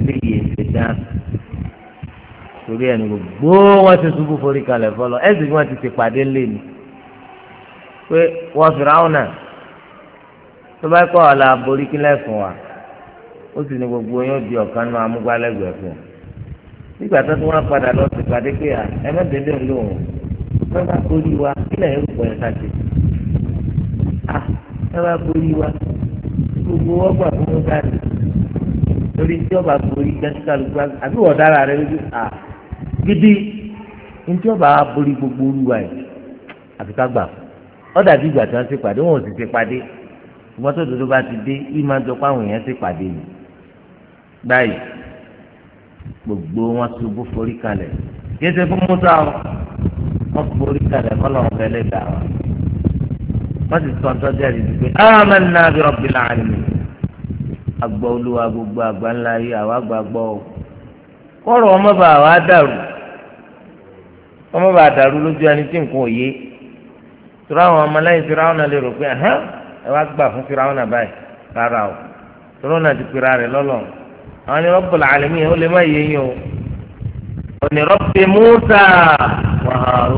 eléyìí èsè dáhùn torí ẹni gbogbo wọn ti ṣubú forí kalẹ̀ fọlọ ẹ̀sìn wọn ti ti pàdé lẹ́nu pé wọ́n fìrà ọ̀nà tó bá kọ́ ọ̀la borí kílẹ̀ fún wa. ó sì ní gbogbo yóò di ọ̀kan náà amúgbálẹ́gbẹ̀ẹ́ fún un nígbà tó tún wá padà lọ sí pàdé pé à ẹ má dédé ń lò ẹ bá wa ká ṣe à wa gbogbo ọgbà fún mi ká lè torí tí ọba borí gẹ́gẹ́ àbí wọ́n dára rẹ lójú gidi ntí ọba borí gbogbo olúwa yìí àfi ká gbà ọ dàbí ìgbà tí wọ́n ti pàdé wọn ò sì ti pàdé ti dé èèyàn ti pàdé yìí. báyìí gbogbo wọn ṣubú forí fún musa o wọn forí kalẹ̀ kọlọ fẹlẹ dà wọn wọn sì sọ ọtọ jẹrìí ti pé amanna bi rabbil alamin agbọ olúwa gbogbo àgbà ńlá yìí àwa o kọrọ ọmọ bá wa dàrú ọmọ bá dàrú lójú ẹni tí nǹkan ò yé tura àwọn lè rò pé ẹ wá gbà fún báyìí rárá àwọn ni Rabbul Alamin ó lè má yé yín o òní Rabbi Musa wa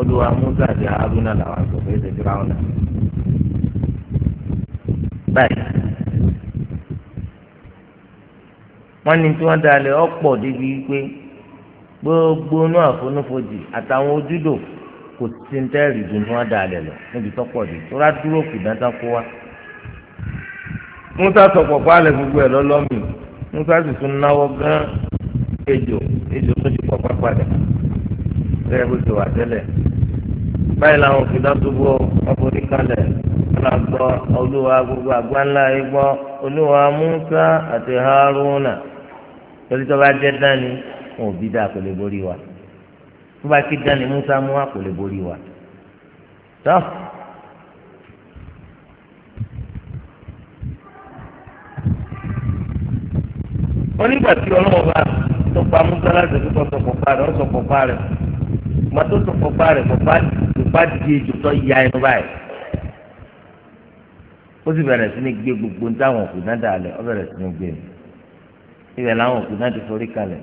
olùwà Musa àti Haruna làwọn àgbẹ̀fẹ́ ṣe fi ráwọn náà. báyìí wọ́n ní tí wọ́n dá ọ̀pọ̀ débi gbogbo inú àtàwọn ojúdò kò ti ń tẹ́rì ju ní wọ́n lọ Musa fún alẹ́ gbogbo ẹ̀ musa sì tún náwó gan ejò ejò tó ti pọpá padà bẹ́ẹ̀ bó ti wà tẹ́lẹ̀ báyìí làwọn òkúta tó bọ ọkùnrin kalẹ̀ ọlà gbọ́ olúwa gbogbo àgbáńlá yìí gbọ́ olúwa musa àti haruna torí tó bá jẹ́ dání wọn ò bí dáa kò lè borí wa tó bá kí dání musa mú wa kò lè borí wa tó. onígbà tí ọlọ́wọ́ bá tó pa musa láti fi kọ́ sọ̀pọ̀pá rẹ̀ ó sọ̀pọ̀pá rẹ̀ ìgbà tó sọ̀pọ̀pá rẹ̀ pọ̀pá di ejò tó ya ẹnu báyìí ó sì bẹ̀rẹ̀ sí ní gbé gbogbo ní táwọn òkú náà dà lẹ̀ ó bẹ̀rẹ̀ sí ní gbé mi ibẹ̀ làwọn òkú náà ti forí kalẹ̀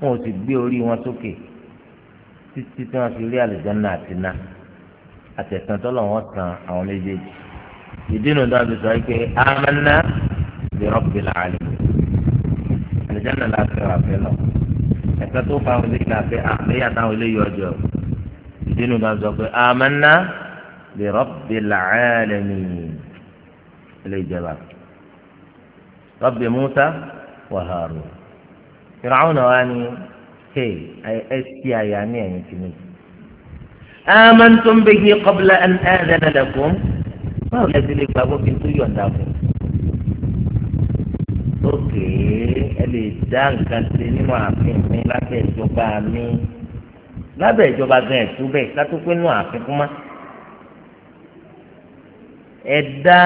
wọn ò sì gbé orí wọn sókè títí tí wọn fi rí àlùjáná àti ná àtẹ̀tàn tọ́lọ̀ wọn tan àwọn méjèèjì ìdí nu dáa sọ pé amanna bi rabbil alamin àlùjáná láti wà fẹ́ lọ ẹ̀ka tó fa àwọn eléyìí láti àléyà táwọn eléyìí ọjọ́ ìdínú náà sọ pé àmánà bi rabbil alamin eléyìí jẹba rabbi Musa wa Harun Fir'auna wa ni hey ẹ ṣí àyà ní ẹ̀yìn tìǹbù amantum bihi qabla an adana lakum báwo lẹ́sìn lè gbàgbọ́ kí n tó yọ̀ǹda fún ẹ lè dá nǹkan ṣe nínú ààfin mi lábẹ́ ìjọba mi lábẹ́ ìjọba gan ẹ̀tú bẹ́ẹ̀ kátó pé nínú ààfin kúmá ẹ dá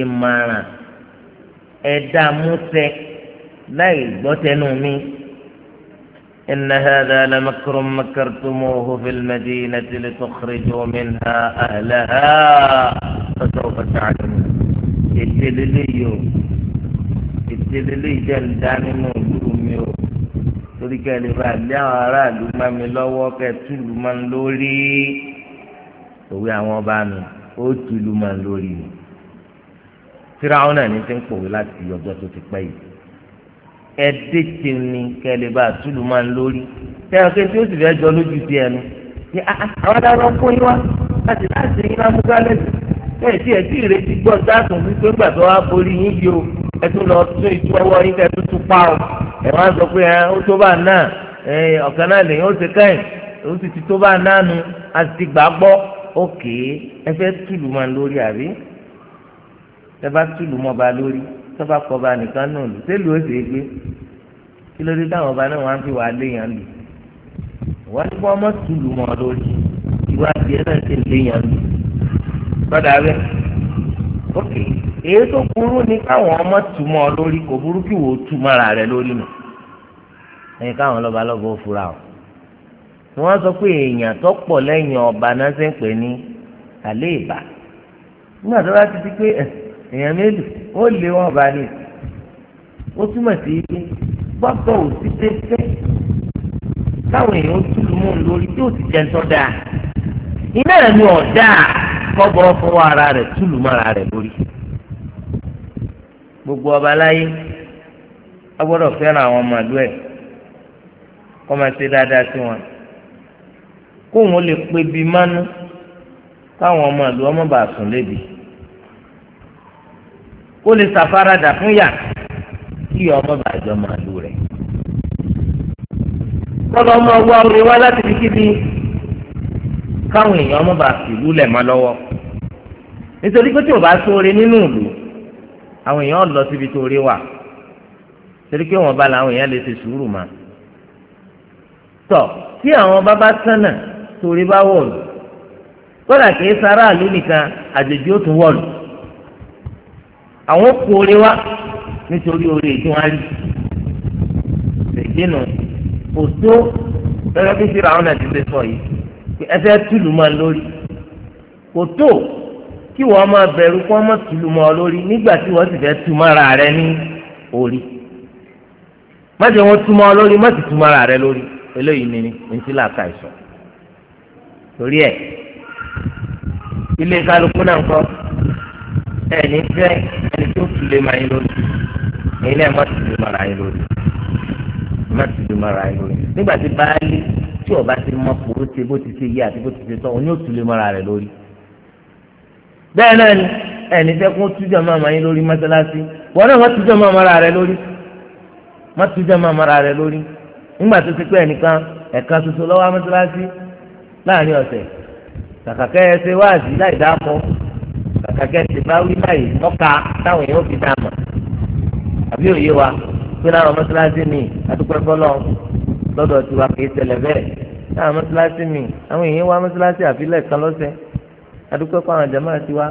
ìmọ̀ràn ẹ dá músẹ láì gbọ́ tẹnu mi. إن هذا لمكر مكرتموه في المدينة لتخرجوا منها أهلها فسوف تعلمون إتلليوا ètè lélẹ́yìí jẹ́ ń dá nínú ìlú mi o torí kẹ́ ẹ lè bá lé àwọn aráàlú má mi lọ́wọ́ kẹ́ túlù má ń lórí òwe àwọn ọba nu ó túlù má ń lórí ni tíráwọn náà ní ti ń pòwe láti ọjọ́ tó ti pẹ́ yìí ẹdẹ tí ni kẹ́ ẹ bá túlù má ń lórí tẹ́wọ́n kí n tí ó sì fẹ́ jọ lójú ti ẹnu ah, ah, àwọn adarọ̀ ń kó yín wá láti láti yín lámúgálẹ́sì bẹ́ẹ̀ tí ẹ tí ìrètí gbọ́ dáàtún wípé gbà tó wá borí yín yìí o ẹ tún lọ tún ìtú ọwọ́ yín kẹ́ tún tún pa o ẹ wá sọ pé ẹ ó tó bá náà ẹ ọ̀kan náà lèyìn ó ti káyìn ó sì ti tó bá náà nu a sì ti gbà gbọ́ òkè ẹ fẹ́ tùlù mọ́ lórí àbí ẹ bá tùlù mọ́ ba lórí tó bá kọ́ ba nìkan náà lù sẹ́lù ó sì gbé kí ló dé táwọn ọba náà wá ń fi wàá léèyàn lù wọ́n ní kí wọ́n mọ́ tùlù mọ́ lórí ìwádìí ẹ lọ́dà rẹ̀ ok èyí tó burú ni káwọn ọmọ túmọ̀ lórí kò burú kí wò ó túmọ̀ ara rẹ̀ lórí nù ẹ̀yin káwọn lọ́ba lọ́ba ó fura o ni wọ́n sọ pé èèyàn tó lẹ́yìn ọba náà ṣe ń pè ní àlẹ́ ìbà nígbà tó bá ti pé eh, èèyàn mélòó ó lé wọn ọba ó sí pé ò sí káwọn èèyàn ó kọ́bọ̀ fún ara rẹ̀ túlù rẹ̀ lórí. gbogbo ọba láyé a gbọ́dọ̀ fẹ́ràn àwọn ọmọdé ẹ̀ kọ́ máa ṣe dáadáa sí wọn. kóun lè pe bí mánú káwọn ọmọdé ọmọ bá sùn lébi. kó lè fún yà kí ọmọ bá jọ rẹ̀. ọmọ láti káwọn èèyàn ọmọ bá fìlú lẹ̀ mọ́ lọ́wọ́ nítorí pé tí o bá sóore nínú ìlú àwọn èèyàn lọ síbi tó rí wà torí pé wọn bá làwọn èèyàn lè ṣe sùúrù mà tọ tí àwọn bàbá sánà torí bá wọlù kódà kìí sara àlú nìkan àjèjì ó tún wọlù àwọn kú orí wa nítorí orí ètò wọn rí ṣèjìnà òtó gẹ́gẹ́ bí síra àwọn náà ti ṣe sọ yìí ẹ tùlù máa lórí kò tó kí wọ́n máa bẹ̀rù kí wọ́n máa tùlù máa lórí nígbà tí wọ́n sì fẹ́ tu mára rẹ ní orí má jẹ́ wọ́n tu máa lórí má sì tu mára rẹ lórí eléyìí ni ní ti làákà ìsọ̀ torí ẹ̀ ilé kálukú náà kọ́ ẹni fẹ́ ẹni tó tùlé máa yín lórí ẹ̀yin náà má tùlé máa ra yín lórí má tùlé máa ra yín lórí nígbà tí báyìí. tí ọba ti mọ kòró ṣe bó ti ṣe àti bó ti ṣe oní òtún lè lórí. bẹ́ẹ̀ ẹni fẹ́ kó tújọ́ máa lori yín lórí mọ́sálásí wọn náà wọ́n máa rẹ̀ lórí wọ́n rẹ̀ lórí tó ti pẹ́ ẹnìkan ẹ̀ka lọ́wọ́ mọ́sálásí láàrin ọ̀sẹ̀ kàkàkẹ́ ẹ wáàzì láì dáàmú kàkàkẹ́ lọ́dọ̀ tiwa kìí ṣẹlẹ̀ bẹ́ẹ̀ náà mọ́sálásí mi àwọn èèyàn wá mọ́sálásí àfilẹ̀ kan lọ́sẹ̀ adúpẹ́ kó àwọn jàmáà ti wá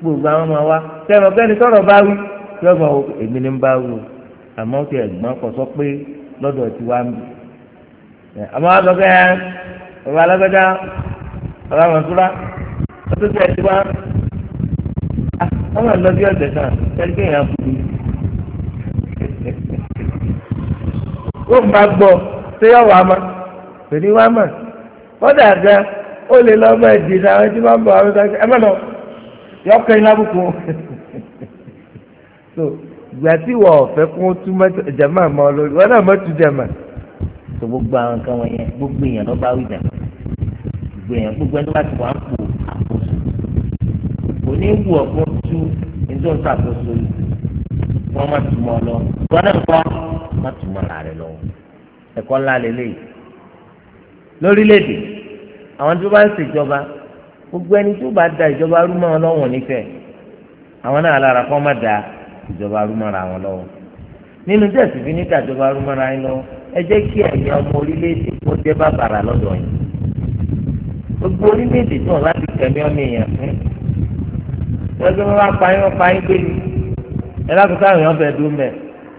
gbogbo àwọn máa wá sẹ́wọ̀n bẹ́ẹ̀ ni sọ̀rọ̀ bá wí sọ́gbọ̀n èmi ni ń bá wí o àmọ́ ti ẹ̀gbọ́n kọ sọ pé lọ́dọ̀ tiwa ń bì àmọ́ wá sọ pé ẹ bàbá alágbádá bàbá mọ̀túrá lọ́dọ̀ tiwa ti wá ọmọ ẹ̀ lọ bí ọ̀sẹ̀ kan sẹ́ni kéèyàn bá gbọ́ ṣé yọ wàá mọ̀ kò ní wàá mọ̀ kódà gan ó lè lọ ọmọ ẹ̀dì ní àwọn tí wọ́n bọ̀ àwọn ìgbà ẹ mọ̀nà yọ kẹ́ iná bùkún so ìgbà tí wọ́n ọ̀fẹ́ kún túmọ̀ jẹ̀mọ́ àmọ́ lórí wọ́n náà mọ̀tún jẹ̀mọ́ so gbogbo àwọn nǹkan wọ̀nyẹn gbogbo èèyàn ló bá wí jà gbogbo èèyàn gbogbo ẹni láti wà ń pò àkóso kò ní wù ọ̀gbọ́n tú ẹjọ́ ń ṣàkóso yìí wọ́n má tùmọ̀ lọ wọ́n náà kọ́ má tùmọ̀ rà rẹ̀ lọ́wọ́ ẹ̀kọ́ ńlá lélẹ́yìí lórílẹ̀‐èdè àwọn tó bá ń ṣèjọba gbogbo ẹni tó bá da ìjọba rú mọ́ wọn lọ́wọ́ nífẹ̀ẹ́ àwọn náà lára kọ́ má da ìjọba rú mọ́ra wọn lọ́wọ́ nínú tẹ̀sí fi níta ìjọba rú mọ́ra yín lọ́wọ́ ẹ jẹ́ kí ẹ̀yin ọmọ orílẹ̀‐èdè kó jẹ́ bàbàrà lọ́dọ̀ yín gbogbo orílẹ̀‐èdè tí wọ́n bá tẹ̀mí ọmọ èèyàn fún wọ́n wọn wá payín wọn payín gbé ni ẹ lákòókò àwọn èèyàn fẹ́ dúró mẹ́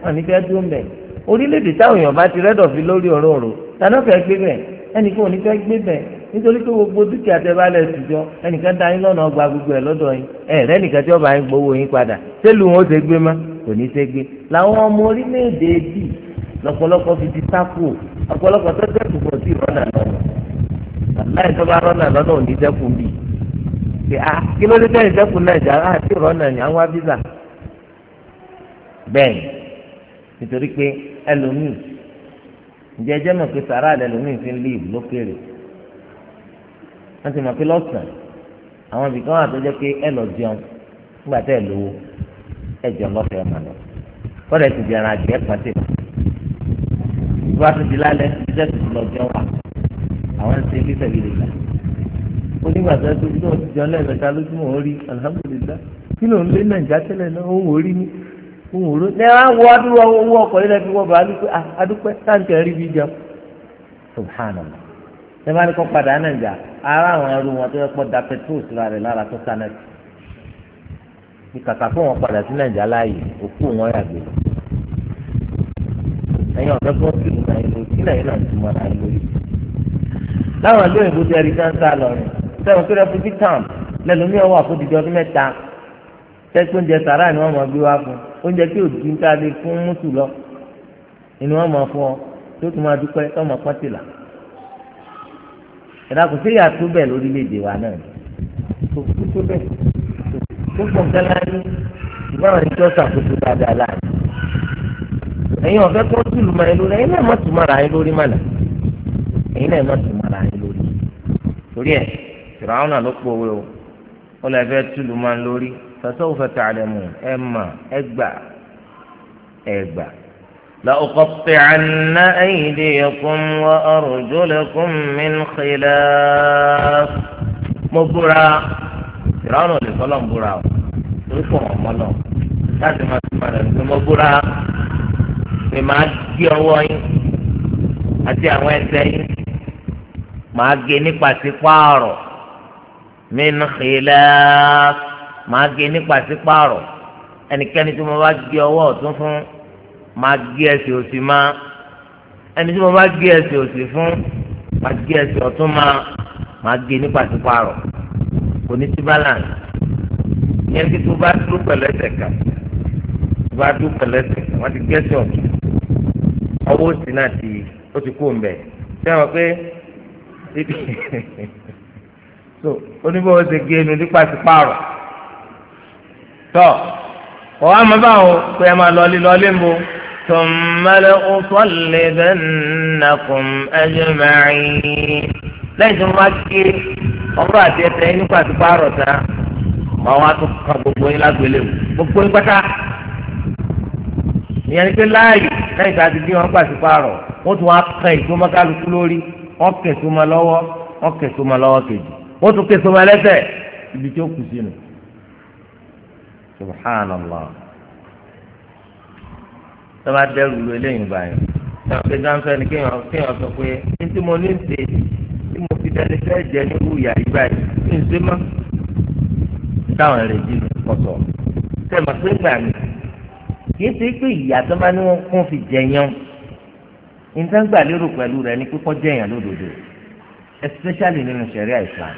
wọn ní fẹ́ dúró mẹ́ orílẹ̀-èdè táwọn èèyàn bá ti rẹ́dọ̀ fi lórí ọ̀rọ̀ ọ̀rọ̀ tani ó fẹ́ gbé bẹ̀ ẹnìkan ò ní fẹ́ gbé nítorí gbogbo dúkìá tẹ bá lẹ̀ tìjọ ẹnìkan dá yín lọ́nà ọgbà gbogbo ẹ̀ lọ́dọ̀ yín ẹ̀ rẹ́nìkan tí ọba yín gbowó yín padà sẹ́lu ọmọ orílẹ̀-èdè bì lọ́pọ̀lọpọ̀ fi ti sáko ọ̀pọ̀lọpọ̀ ẹlòmíì ǹjẹ́ ẹjẹ́ mọ̀ pé sàrà ẹlòmíì fi ń líìbù lókèrè wọ́n ti mọ̀ pé lọ́sàn-án àwọn ibìkan wà tó jẹ́ pé ẹ lọ jẹun nígbà tẹ́ ẹ lówó ẹ jẹun lọ́fẹ̀ẹ́ mà lọ kọ́dà ẹ ti di ara jẹ́ pàtẹ́ ìgbà tó di lálẹ́ iṣẹ́ tó ti lọ jẹun wà àwọn ẹ̀ ń ṣe bí sẹ́bi lè gbà onígbà tó ti lọ jẹun lẹ́ẹ̀mẹ́ta lójúmọ́ orí alhamdulillah kí ló ń lé nàìjà tẹ́lẹ̀ náà ó wò ó rí ni ń wò ló ní ẹ wọ adúlọ owó ọkọ̀ yìí lẹ́fi wọ bàálù pé adúpẹ́ ah, táǹtì ẹ̀rí bí jẹun subhanallah ẹ bá ní kó padà náà jà ara àwọn ẹrú wọn tó yẹ kó da petrol síra rẹ̀ lára tó sanẹ́tì bí kàkà fún wọn padà sí nàìjà láàyè òkú wọn yàgbé ẹ̀yin ọ̀rẹ́ fún kí ló náà lórí kí lẹ́yìn náà túmọ̀ náà lórí. láwọn ìlú òyìnbó ti ẹ̀rí sáńsá lọ́rùn sẹ́wọ̀n tó refugee camp lẹ́nu mi ò wà fún dídí ọdún mẹ́ta tẹ́gbọ́n jẹ sàrà ni wọ́n mọ̀ gbé wá fún un oúnjẹ tí òdì ń ta lè fún mùsù lọ inú wọn máa fún ọ tí ó tún máa dúpẹ́ tó máa pọ́n tìlà ìdá kò sí yàtú bẹ́ẹ̀ lórílẹ̀‐èdè wa náà kò sí tó bẹ́ẹ̀ tó pọ̀ gánà ní ìbára ìjọ ṣàkóso dáadáa láàyè ẹ̀yin ọ̀fẹ́ kọ́ tùlù máa ń lórí ẹ̀yin náà má máa ra yín lórí mọ́nà ẹ̀yin náà má máa ra yín lórí torí ẹ̀ tìrọ̀ àwọn náà pọ̀ wẹ́ o ó lọ ẹ̀fẹ́ tùlù máa ń lórí فسوف تعلمون اما اجبع اجبع لأقطعن أيديكم وأرجلكم من خلاف مبرا فرعون اللي صلى مبرا يقول الله láti máa fi máa lẹ́nu mo búra pé màá gé ọwọ́ yín àti àwọn ẹsẹ̀ yín màá gé nípa ti pààrọ̀ min khilaf máa gé nípa sípààrọ̀ ẹnikẹ́ni tí mo bá gé ọwọ́ ọ̀tún fún máa gé ẹsẹ̀ òsì má ẹni tí mo bá gé ẹsẹ̀ òsì fún máa gé ẹsẹ̀ ọ̀tún má máa gé nípa sípààrọ̀ kò ní sí balance yẹn kí tó bá dúró pẹ̀lú ẹsẹ̀ kan tó bá dúró pẹ̀lú ẹsẹ̀ kan wọ́n ti gé ẹsẹ̀ ọ̀tún ọwọ́ òsì náà ti ó ti kú òun bẹ̀ sẹ́wọ̀n pé so oníbọ̀wọ́ ti gé inú nípa tọ́ wọ́n á máa bá wọn pé ẹ máa lọlé lọlé ń bo tòmálẹ̀ ọ̀sọ́lẹ̀ bẹ́ẹ̀ nàkùn ẹ̀jẹ̀mẹ̀rin lẹ́yìn tí wọ́n bá ké ọ̀rọ̀ àti ẹsẹ̀ yín nípa ti pààrọ̀ ta wọ́n wá tó ka gbogbo yín lágbélé o gbogbo yín pátá ìyẹn ni pé láàyè lẹ́yìn tí a ti bí wọn gbà sí pààrọ̀ tún wá kàn ìsúnmọ́ kálukú lórí wọ́n kẹ̀sùnmọ́ lọ́wọ́ wọ́n kẹ̀sùnmọ́ lọ́wọ́ kejì wọ́n tún kẹ̀sùnmọ́ lẹ́sẹ̀ ibi tí ó kù sínú subhanallah tọ́ba dẹ́rù lu eléyìí báyìí náà pé gánfẹ́ ni kéèyàn kéèyàn sọ pé ní tí mo ní ṣe tí mo fi dání fẹ́ jẹ nírú ìyá yìí báyìí ní ṣe mọ́ táwọn rẹ̀ jì kọ̀sọ̀ tẹ̀mọ̀ pé gbà mí kì í ṣe pé ìyá tó bá ní wọn kún fi jẹyàn nǹkan gbà lérò pẹ̀lú rẹ̀ ni kíkọ́ jẹyàn lódodo especially nínú sẹ̀ríà Islam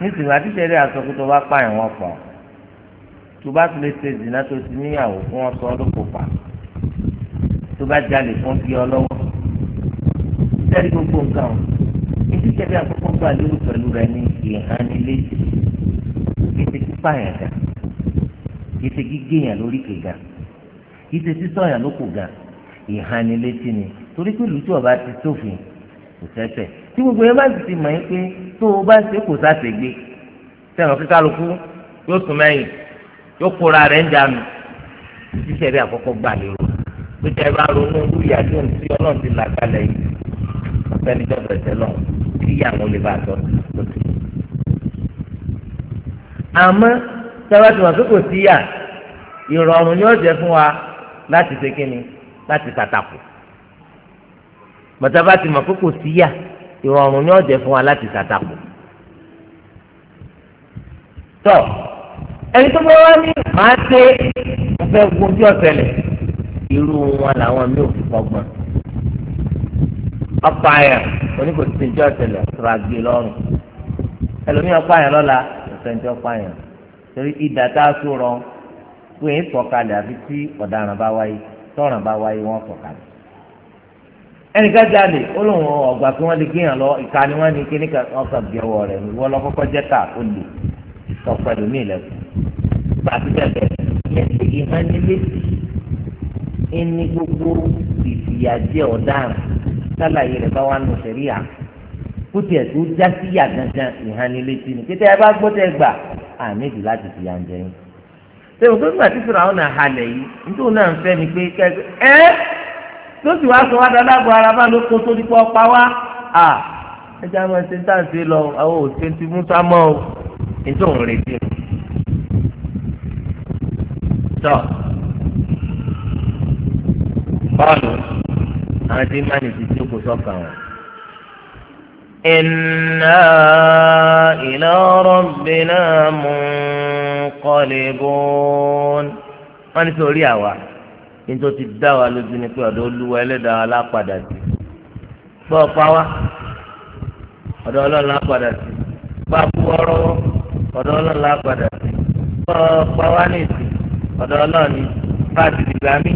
nísìnyí àti sẹ̀ríà sọ pé tó bá pààyàn wọn pọ̀ tó bá tilẹ̀ ṣe zìnà tó ti níyàwó fún ọsọ ọdún kò pa tó bá jalè fún fi ọ lọ́wọ́ sẹ́rí gbogbo nǹkan o ibi kẹ́kẹ́ àkọ́kọ́ gbà lérò pẹ̀lú rẹ ní ìhánilétí kété pípa yẹn ga kété gígé yẹn lórí kéga kété sísọ yẹn ló kò ga ìhánilétí ni torí pé lùtú ọba ti sófin kò sẹ́sẹ̀ tí gbogbo yẹn bá sì ti mọ̀ yín pé tó o bá ṣe kò sáṣẹ gbé sẹ́wọ̀n kíkálukú yóò sùn mẹ́yìn yóò kóra rẹ̀ ń dànù ṣíṣe rí àkọ́kọ́ gbà lérò tó jẹ́ bá ronú lóyà tó ń sí ọlọ́run ti là kalẹ̀ yìí ọ̀sẹ́ni tó bẹ̀rẹ̀ lọ kí àwọn olè bá tọ́ lókè. àmọ́ sábàtì tó kò sí yà ìrọ̀rùn ni ó jẹ́ fún wa láti ṣe kíni láti ṣàtàkù mọ̀tàbàtì mọ̀ kókò sí yà ìrọ̀rùn ni jẹ́ fún wa láti ṣàtàkù ẹni tó bá wá ní màá ṣe mo fẹ́ gun bí ọ̀sẹ̀lẹ̀ irú wọn làwọn mi ò fi kọ́gbọ́n ọ̀pá àyàn oníkòtí ìjọ ọ̀sẹ̀lẹ̀ ọ̀sẹ̀lẹ̀ àgbè lọ́rùn ẹlòmíràn ọ̀pá àyàn lọ́la ọ̀sẹ̀ntì ọ̀pá àyàn torí ìdá tá a tó rọ pé ń sọ̀kalẹ̀ àfi tí ọ̀daràn bá wáyé tọ̀ràn bá wáyé wọ́n sọ̀kalẹ̀ ẹnìkan jáde ó lóun ọgbà pé wọ́n lè gbìyàn lọ ìka ni wọ́n ní kíníkà ọkàn bí ọwọ́ rẹ̀ wọ́n lọ kọ́kọ́ jẹ́ ká ó lè sọ̀pẹ̀lú ní ilẹ̀kùn pàṣẹbẹ yẹn ti ìhánilétí ẹni gbogbo ìfìyàjẹ ọ̀daràn sálàyé rẹ bá wà nù sẹríà kó tiẹ̀ tó já sí yà gangan ìhánilétí ni pété ẹ bá gbọ́ tẹ gbà àmì láti fi yà ń jẹun sẹ́wọ̀n pé nígbà tí sọ̀rọ̀ àwọn náà halẹ̀ yìí nítorí náà ń fẹ́ mi pé kẹ́kẹ́ ẹ́ tó sì wá sọ wá dáadáa ara bá ló kó sórí pọ́ pa wá à ẹja máa ṣe tá lọ àwọn òṣèlú ti mú sámọ́ o nítorí òun tọ́ bọ́ọ̀lù àwọn tí má ní ti tí kò sọ́kàn wọn. إنا إلى ربنا منقلبون wọ́n ní sórí àwa nítorí ti dá wa lójú ni pé ọ̀dọ̀ olúwa ẹlẹ́dàá wa lápadà sí gbọ́ ọ̀pá wa ọ̀dọ̀ ọlọ́run lápadà sí bá a bú ọ̀rọ̀ ọ̀dọ̀ ọlọ́run lápadà sí gbọ́ ọ̀pá wa ní ìsìn ọ̀dọ̀ ọlọ́ọ̀ni fáàtì dìgbà mí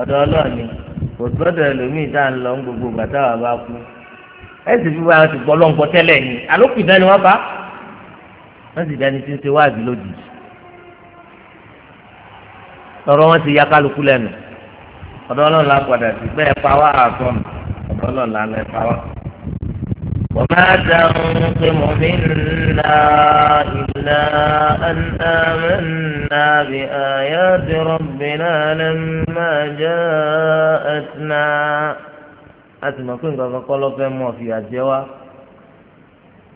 ọ̀dọ̀ ọlọ́ọ̀ni kò gbọ́dọ̀ ẹlòmíì tá à ń lọ ń gbogbo bàtà wà bá kú ẹ sì wá ti gbọ́ lọ́nkọ tẹ́lẹ̀ ni àlókù ìdání wọn bá wọ́n sì dání tí ń ṣe wáàbí lójijì lọ́rọ́ wọn ti ya kálukú lẹ́nu ọ̀dọ̀ ọlọ́ọ̀la padà sí bẹ́ẹ̀ pa wá àtọ́nù ọ̀dọ̀ ọlọ́ọ̀la lẹ́ pa wá. وما تنقم منا إلا أن آمنا بآيات ربنا لما جاءتنا أتما كنت أقول في ما في أجوا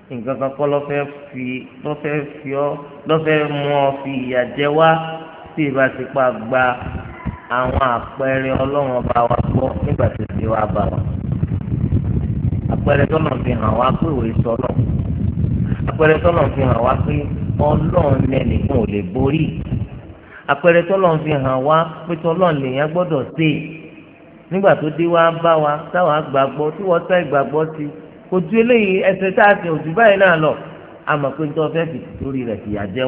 nǹkan kan kọ́ ló fẹ́ fi ló fẹ́ fi ọ́ ló fẹ́ mú ọ fi ìyà jẹ wá tí ìbá ti pa gba àwọn àpẹẹrẹ ọlọ́run ọba wa gbọ́ nígbà tó ti wá bá wa. àpẹẹrẹ tọ́lọ̀ fi hàn wá pé òwe sọ̀rọ̀ àpẹẹrẹ tọ́lọ̀ fi hàn wá pé ọlọ́run lẹ́nìkan ò lè borí àpẹẹrẹ tọ́lọ̀ fi hàn wá pé nígbà wa táwa tí sá sí eléyìí tá a ti òjú báyìí náà lọ pé nítorí fi torí fìyà jẹ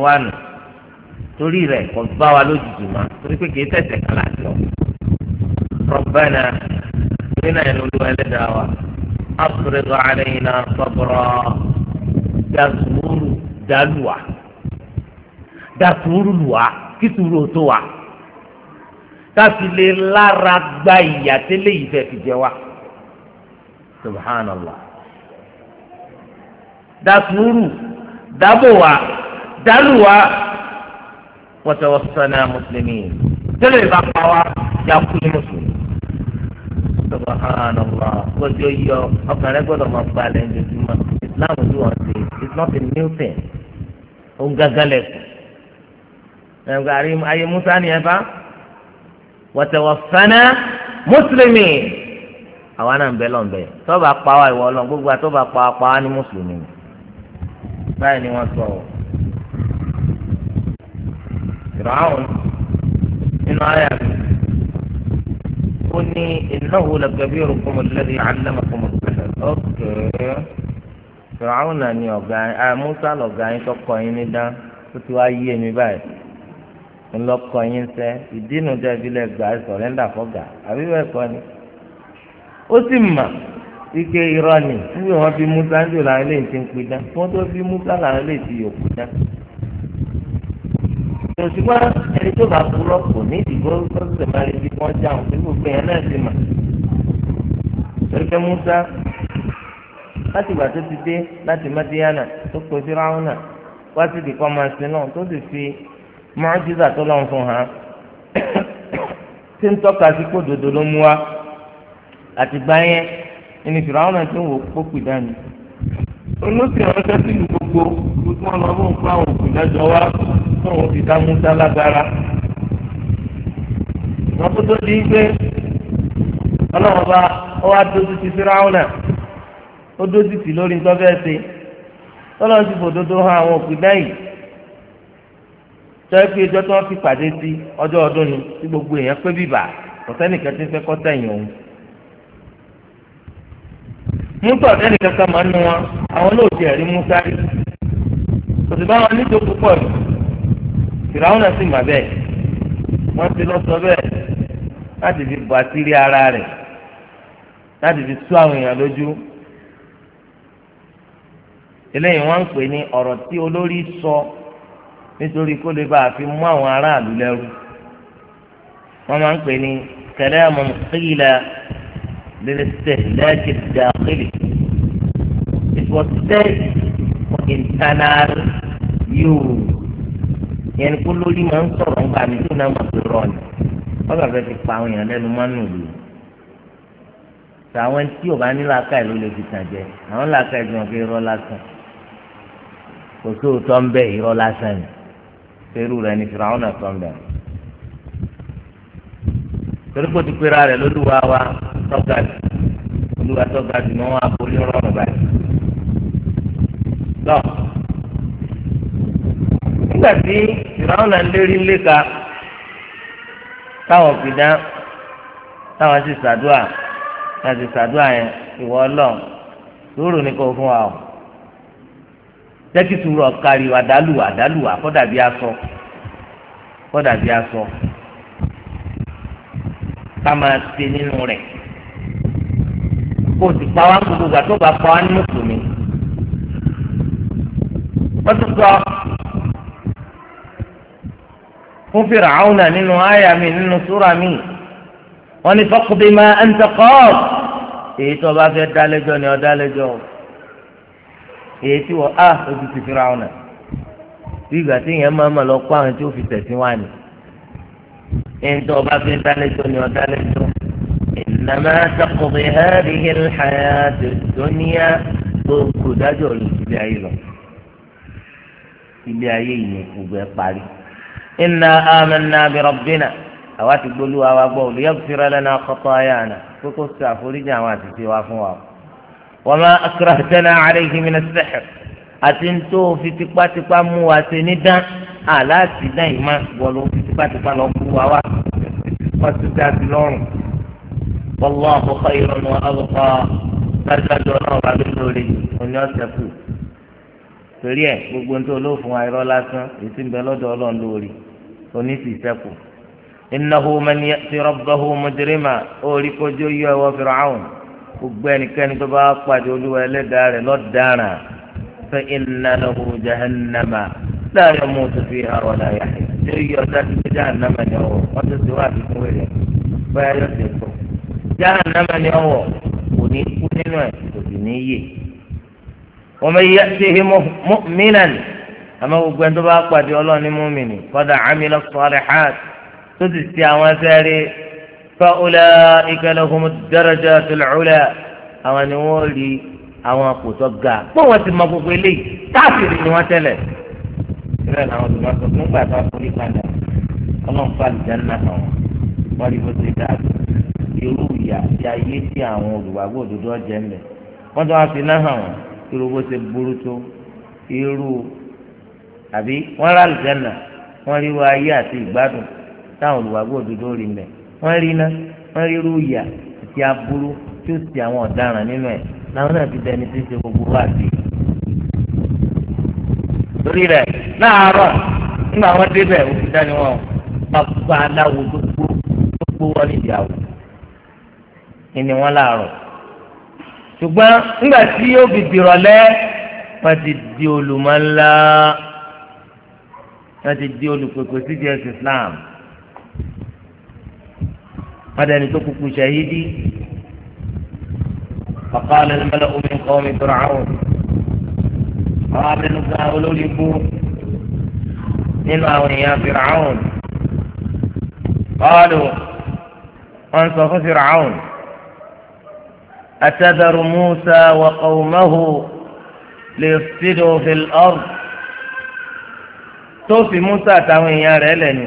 wa lójijì torí pé أفرغ علينا صبرا دسور دلوى دسور لوى كسور توى تسلي لارا بايا تلي في جوا سبحان الله دسور دبوى دلوى وتوفنا مسلمين تلي بقى يا كل subhanallah gbọdọ yọ ọkàn rẹ gbọdọ máa balẹ̀ lójúmọ́ islam tí wọ́n it's not a new thing òun gángan lẹ̀kùn ẹ̀ka ayé musa ni ẹ bá wọ́tẹ̀wọ̀ fẹ́nẹ́ mùsùlùmí àwa náà ń bẹ lọ́nbẹ tọ́ba pàwọ́ ìwọ lọ gbogbo àtọ́ba pàwọ́ pàwọ́ ní mùsùlùmí báyìí ni wọ́n sọ ọ́ ìrọ̀ àwọn nínú ayé àbí ó ní innahu lakabirukum alladhi allamakum al-qalam ọ̀kẹ́ fìràwọn náà ni ọ̀gá ah, Musa lọ̀gá yín tọkọ yín ní dán ó ti wá yé mi báyìí ńlọkọ yín sẹ ìdínú dẹbi lẹ gbà sọrẹ́ndà fọ́gà àbí bẹ́ẹ̀ kọ́ ni ó sì mà ike irọ́ ni níbi wọn bí Musa ń jò láwọn eléyìí ti ń pin dán wọn tó bí Musa làwọn eléyìí ti yòókù dán ṣùgbọ́n ẹni tó bá burọ́ kò ní ìdìbò sọ́sẹ̀ máa lè fi wọ́n jáwọ́ pé gbogbo yẹn náà ti mà. Sọ̀rọ̀kẹ́ Musa láti ìgbà tó ti dé láti Mádíyánà tó pe Fíráhùnà wá sí ìdìkọ́ máa sin náà tó sì fi mọ́ọ́jísà tó lọ́n fún hàn tí ń tọ́ka sí kó dòdò ló mú wa àtìgbà yẹn ni Fíráhùnà tó ń wò ó pópì dání. olóṣèlú ọ̀rẹ́sẹ̀ sí ìlú gbogbo gbogbo wọn lọ fún fún àwọn òkùn lẹ́jọ́ wa fún òun ti dá múta lágbára. wọ́n tó tó di pé ọlọ́wọ́n bá ọ wá dojú ti Fíráúnà ó dojú ti lórí ṣe ọlọ́run ti fòdodo àwọn pé ìjọ musa ọ̀dẹ́ni kankan máa nu wọn àwọn náà ti ẹ̀rí musa rí òsì bá wọn níjó púpọ̀ ní fìràwọn náà sì mà bẹ́ẹ̀ wọ́n ti lọ sọ bẹ́ẹ̀ láti fi bọ́ àtìrí ara rẹ̀ láti fi tú àwọn èèyàn lójú eléyìí wọ́n ń pè ní ọ̀rọ̀ tí olórí sọ nítorí kó lè bá a fi mú àwọn aráàlú lẹ́rú wọ́n máa ń pè ní kẹlẹ́ àmọ́ kílẹ̀. للاستهلاك الداخلي it was said for internal use yẹn kó lórí máa ń sọ̀rọ̀ nípa mi tó náà mọ̀ pé rọ̀ ni wọ́n kàn fẹ́ fi pa àwọn èèyàn lẹ́nu mọ́nù lò tàwọn tí ò bá ní làákàyè ló lè fi tàn jẹ àwọn làákàyè tí wọn fi irọ́ lásán kò sóòótọ́ ń bẹ irọ́ lásán ni fẹ́rù rẹ ni fìràwọn náà sọ ń bẹ̀rẹ̀ torí kò ti pera rẹ̀ lóluwà wa tọ́ga jù olúwa tọ́ga jù mọ́ wọn àpòlí rọrùn báyìí. lọ nígbà tí ìràwọ̀n náà lérí léka táwọn fìdá táwọn sì ṣàdúà táwọn sì ṣàdúà yẹn ìwọ ọlọ́run sùúrù ni kò fún wa o jẹ́kí sùúrù ọ̀kari àdálùwà àdálùwà kọ́dà bí aṣọ kọ́dà bí aṣọ ká máa ṣe nínú rẹ̀ kó o sì pa wá gbogbo ìgbà tó bá pa wá ní mùsùlùmí. wọ́n tún sọ fún Fir'auna nínú àyà mi nínú súra mi wọ́n ní faqdi ma anta qad èyí tó bá fẹ́ dálẹ́jọ́ ni ọ dálẹ́jọ́ èyí tí wọ́n á ah, ojú ti bí ìgbà tí yẹn máa ma lọ kó àwọn tí ó fi tẹ̀sí wá ni. انت وبعدين ثالث دنيا وثالث انما تقضي هذه الحياه الدنيا بكداج الجايلو بيايين وبيطاري انا امنا بربنا اوات يقولوا وابو ليغفر لنا خطايانا فقصا فرجا واسي سوا وما اكرهتنا عليه من السحر اتنتو في تقوى تقوى مواسي aláàtì náà ìmá wọlé tipátipá lọ kú wa wá wọn ti dá sí lọ́rùn wallahu khayrun wa abqa dájúdájú Ọlọ́run bá lórí lórí òní ọ̀sẹ̀ kù torí ẹ gbogbo ní tó olófin àìrọ lásán ètí ń bẹ lọ́dọ̀ Ọlọ́run lórí òní sì sẹkù innahu man ya'ti rabbahu mujrima orí kojú yọ ẹwọ Fir'aun gbogbo ẹnikẹ́ni tó bá pàdé Olúwa Ẹlẹ́dàá rẹ̀ lọdaràn لا يموت فيها ولا يحيى تيجي وتاتي في جهنم من هو وتسوى في كويلة فيلتقوا جهنم من هو ونيكون وتنيه ومن يأته مؤمنا أما وقوين تبا أقوى دي الله مؤمني قد عمل الصالحات تدستي أواساري فأولئك لهم الدرجات العلى أو نولي أو أقوى تبقى ما هو تما قويلي rẹ̀ làwọn olùmọ̀tò tó ń gbà tó àforí padà ọlọ́run fà lùjáná àwọn wọ́n rí bó ti dáa irú ìyà tí ayé tí àwọn olùwàgbọ́ òdodo ọ̀jẹ̀ ń bẹ̀ wọ́n tó wá fi náà hàn wọ́n irú bó ṣe burú tó irú àbí wọ́n rà lùjáná wọ́n rí irú ayé àti ìgbádùn táwọn olùwàgbọ́ òdodo rí ń bẹ̀ wọ́n rí iná wọ́n rí irú ìyà àti aburú tí ó ti àwọn ọ̀daràn nínú ẹ̀ làwọn náà ti dẹni tí ń ṣe gbogbo wá sí i torí rẹ̀ láàárọ̀ nígbà wọn débẹ̀ òfin dání wọn bàbá aláwo tó gbó tó gbó wọlé ìyàwó ìní wọn láàárọ̀ ṣùgbọ́n nígbà tí yóò fi dìrọ̀lẹ́ wọ́n ti di olùmọ̀ ńlá ti di olùpèpè sí jésù islam wọ́n tó kúkú ṣahídì. فقال الملأ من قوم فرعون àwọn abẹnugan olórí bú nínú àwọn èèyàn fìràhùn ọlù wọn sọ fún fìràhùn atadaru musa wa qawmahu lè fìdó fìl ọrù tó fi musa àtàwọn èèyàn rẹ̀ lẹ́nu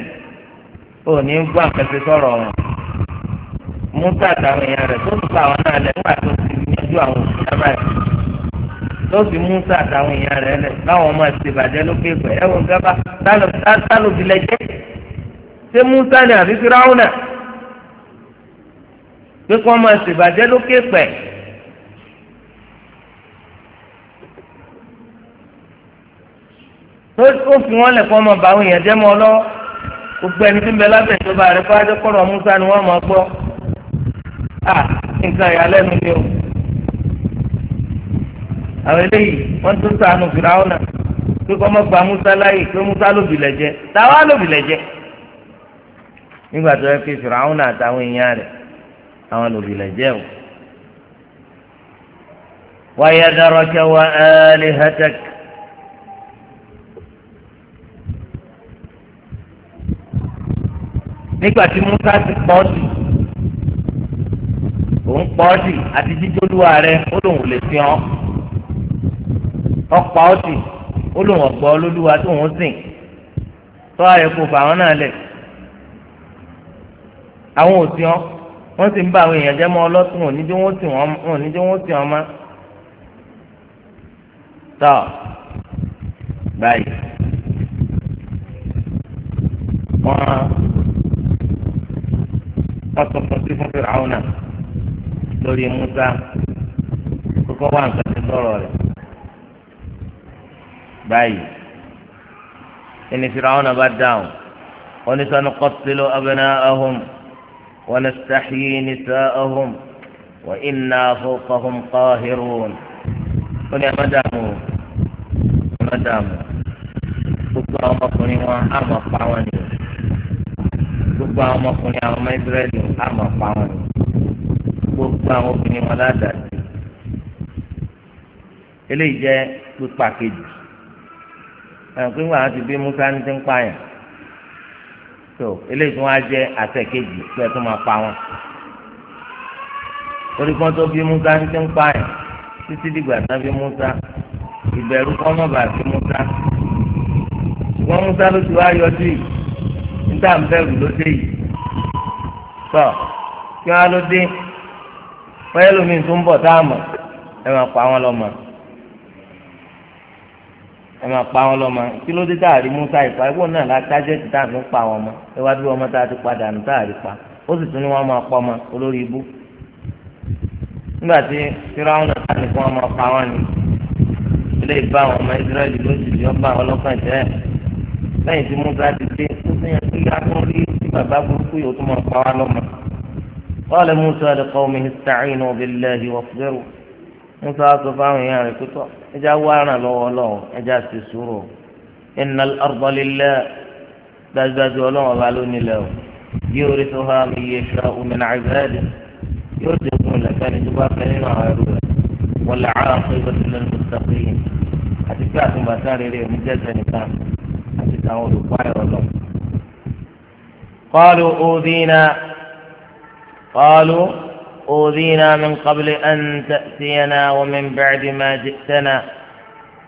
ò ní gbọ́ àkẹsẹ sọ̀rọ̀ wọn musa àtàwọn èèyàn rẹ̀ tó fi pa àwọn náà lẹ́nu àti oṣù yẹn ju àwọn òṣìṣẹ́ báyìí lọ́sì musa àtàwọn èèyàn rẹ̀ lẹ̀ báwọn ọmọ ẹ̀sìn ìbàjẹ́ ló gbé pẹ̀ ẹ̀wọ̀n gaba sálò filẹ̀ jẹ́ ṣé musa ni àbí firawuna pé kí wọ́n máa ṣe ìbàjẹ́ ló ké pẹ̀ ó fi wọ́n lẹ̀ kí wọ́n máa bá àwọn èèyàn jẹ́ mọ́ ọ lọ́wọ́ gbogbo ẹni tí ń bẹ lábẹ́ ìjọba rẹ̀ kó ajẹ́ kọ́rọ̀ musa ni wọ́n máa gbọ́ à nǹkan ìyàlẹ́nu ni o àwọn eléyìí wọ́n tún sànù fìràwọ́nà pé kọ́ mọ́ gba musa láyè pé musa lòbìlẹ̀ jẹ táwa lòbìlẹ̀ jẹ nígbà tó yẹ kí fìràwọ́nà àtàwọn èèyàn rẹ̀ àwọn lòbìlẹ̀ jẹ o. ويذرك وآلهتك nígbà tí musa ti pọ̀ sí òun pọ̀ sí àti jíjọ́lúwa rẹ̀ ó lòun lè fi hàn ọ̀pá ọ̀tì ó lò wọ́n gbọ́ lóluwa tó wọ́n sìn tó ayẹ kó fà wọn náà lẹ̀ àwọn ò sí ọ́ wọ́n sì ń bá àwọn èèyàn jẹ́ mọ́ ọlọ́sùn òní tí wọ́n sì wọ́n òní tí wọ́n sì wọ́n má. tọ́ báyìí wọ́n wọ́n sọ fún sí fún fìràwọn náà lórí musa kókó wà nǹkan ti sọ̀rọ̀ rẹ̀ báyìí ẹni fìràwọn náà bá dáhùn wọn ní sanu qattilu abna'ahum wa nastahyi nisa'ahum wa inna fawqahum qahirun wọn ní ẹ̀ma dààmú ẹ̀ma dààmú gbogbo àwọn ọmọkùnrin wọn á mọ̀ pa wọn ni gbogbo àwọn ọmọkùnrin àwọn ọmọ ìsírẹ́lì á mọ̀ pa wọn ni gbogbo àwọn obìnrin wọn ládàá sí eléyìí jẹ́ pípa kejì ẹnìkan wọn ti bí musa ní ti ń pààyàn tó eléyìí tí wọn á jẹ àtẹkẹjì tó ẹ tó máa pa wọn torí kan tó bí musa ní ti ń pààyàn títí dìgbà tán bí musa ìbẹ̀rù kan náà bá sí musa wọn musa ló ti wá yọjú yìí níta ń ló dé yìí tó kí wọn á ló dé wọn yẹ lómi tó ń bọ̀ tá a mọ̀ ẹ máa pa wọn lọ́mọ ẹ máa pa wọn lọ́mọ kí ló dé táàrí musa ìpa ẹ̀wọ̀n náà la tájẹ́ ti táàrí pa wọn mọ́ ẹ wá bí ọmọ táà ti padà nù táàrí pa ó sì tún ní wọn máa pọ ọmọ olórí ibú nígbà tí fíráwọn náà táàrí kí wọn máa pa wọn ni ilé ìbá àwọn ọmọ israẹli ló sì yọ bá wọn lọ́kàn jẹ́ lẹ́yìn tí musa ti dé ó sì yàn kí yá tó rí tí bàbá burúkú yóò tún máa pa wá lọ́mọ. wọ́n lè musa lè kọ́ omi ẹja wàràn lọ́wọ́ lọ́wọ́ ẹja sì sùúrù innal arda lillah dájúdájú ọlọ́wọ́ bá lónìí lẹ́wọ̀ yurithuha man yasha'u min ibadihi yóò dẹkùn lẹ́fẹ̀ẹ́ni tó bá fẹ́ nínú àwọn ẹrú rẹ̀ wal aqibatu lil muttaqin àti pé àtúbàtà rere òní jẹ́sẹ̀ nìkan àti táwọn olùkọ́ ayọ̀ lọ. qalu udhina qalu. أوذينا من قبل أن تأتينا ومن بعد ما جئتنا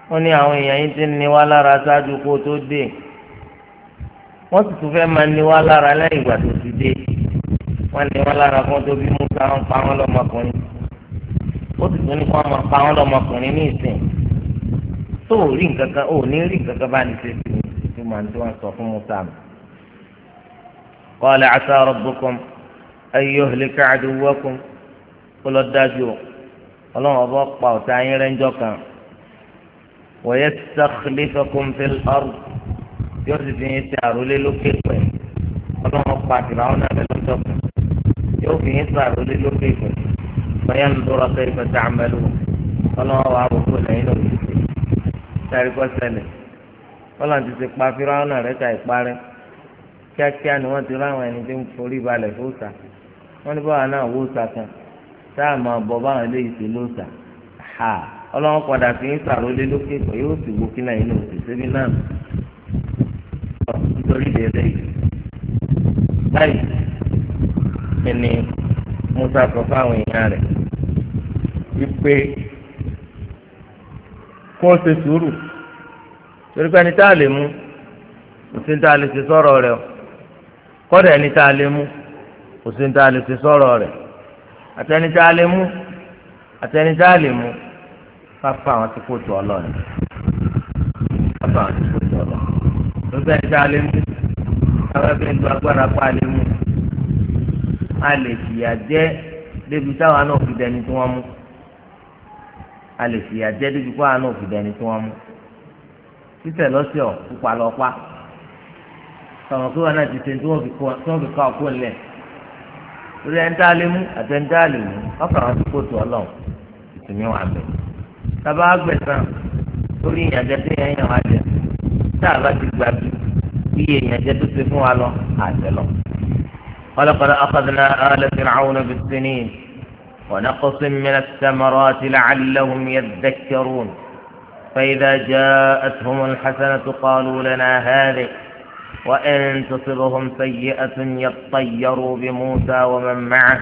wọ́n ní àwọn èèyàn yìí ti ní wá lára ṣáájú kó tó dé wọ́n sì tún fẹ́ máa ní wá lára lẹ́yìn ìgbà tó ti dé wọ́n ní wá lára kó tó bí Musa ń pa wọ́n lọ́mọkùnrin ó sì tún ní kó máa pa wọ́n lọ́mọkùnrin ní ìsìn tó ò rí nǹkan kan ò ní rí nǹkan kan bá ní ṣe sí i tó máa ń tó wọn sọ fún Musa mi. qala asa rabbukum an yuhlika aduwakum kó lọ dájú ọlọ́run ọba pa ọ̀tá yín rẹ́ńjọ́ kan wa yastakhlifakum fil ard yóò sì fi yín ṣe àrólé lókè pẹ̀ ọlọ́run pa fìlàwọn náà lẹ́jọ́ kan yóò fi yín ṣe àrólé lókè pẹ̀ bẹ́ẹ̀ ń dúró sọ ìfẹ́ tá a mẹ́lú ọlọ́run wà á wò kó lẹ́yìn náà yìí sáré ti ti pa fìlàwọn náà rẹ́ ta ìparẹ́ kíákíá ni wọ́n ti ráwọn ẹni tó ń forí balẹ̀ fóòsà wọ́n ní báwa náà wó sàkàn tá a máa bọ̀ báwọn eléyìí ti ló sà ha ọlọ́run padà fi ń sàrò lé lókè pé yóò sì wo inú òsì sẹ́mi náà nítorí ìdè eléyìí báyìí ni Musa sọ fáwọn èèyàn rẹ̀ wípé kó ẹni tá a kò sí ní tá a lè ṣe sọ̀rọ̀ rẹ̀ àtẹni tá a lè mú àtẹni tá a lè mú pápá àwọn tí kò tó ọlọ́ọ̀ni pápá àwọn tí kò tó ọlọ́ọ̀ni lóṣù ẹni tá a lè mú káwé bí n tó agbára pa a lè mú a lè fìyà jẹ débi táwa náà fi dẹni tí wọ́n mú a lè fìyà jẹ débi táwa náà fi dẹni tí wọ́n mú títẹ̀ lọ́sẹ̀ ọ̀ pupa lọ́pa tọ̀wọ̀n pé wọn náà ti ṣe tí wọ́n fi kọ́ ọ̀kú ńlẹ̀. lórí ẹni tá a lè mú àti tó ọlọ́run tá lè mú ọkọ àwọn tó kóòtù Ọlọ́run ìsinmi wà bẹ tábà gbẹ̀san lórí ìyànjẹ tó yẹn yàn wá jẹ tá a bá ti gbà bí iye ìyànjẹ tó ti fún wa lọ àtẹ lọ. ولقد أخذنا آل فرعون بالسنين ونقص من الثمرات لعلهم يذكرون فإذا جاءتهم الحسنة قالوا لنا هذه وإن تصبهم سيئة يطيروا بموسى ومن معه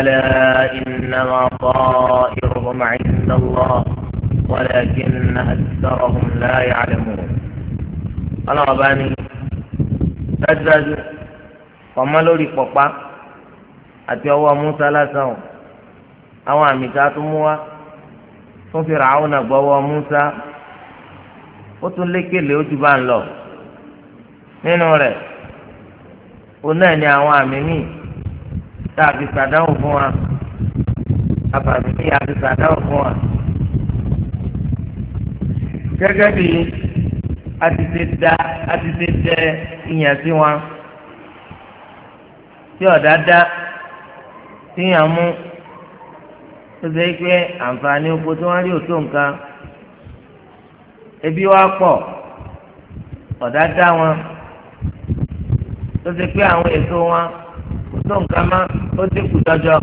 ألا إنما طائرهم عند الله ولكن أكثرهم لا يعلمون أنا رباني dájúdájú ọmọ lórí pọ̀pá àti ọwọ́ musa lásán o àwọn àmì ká tó mú wa fún Fíráúnà gbọ́wọ́ musa ó tún lékele ó ju bá ń lọ. nínú rẹ̀ òun náà ni àwọn àmì míì tá a fi sàdáwò fún wa àbàmì míì a fi sàdáwò fún wa gẹ́gẹ́ bí a ti ṣe da a ti ṣe ìyàn sí wọn tí dá mú ó ṣe pé àǹfààní oko tí wọ́n rí ebi wa pọ̀ ọ̀dá dá tó ti pé àwọn èso wọn kò tó nǹkan mọ́ ó dínkù jọjọ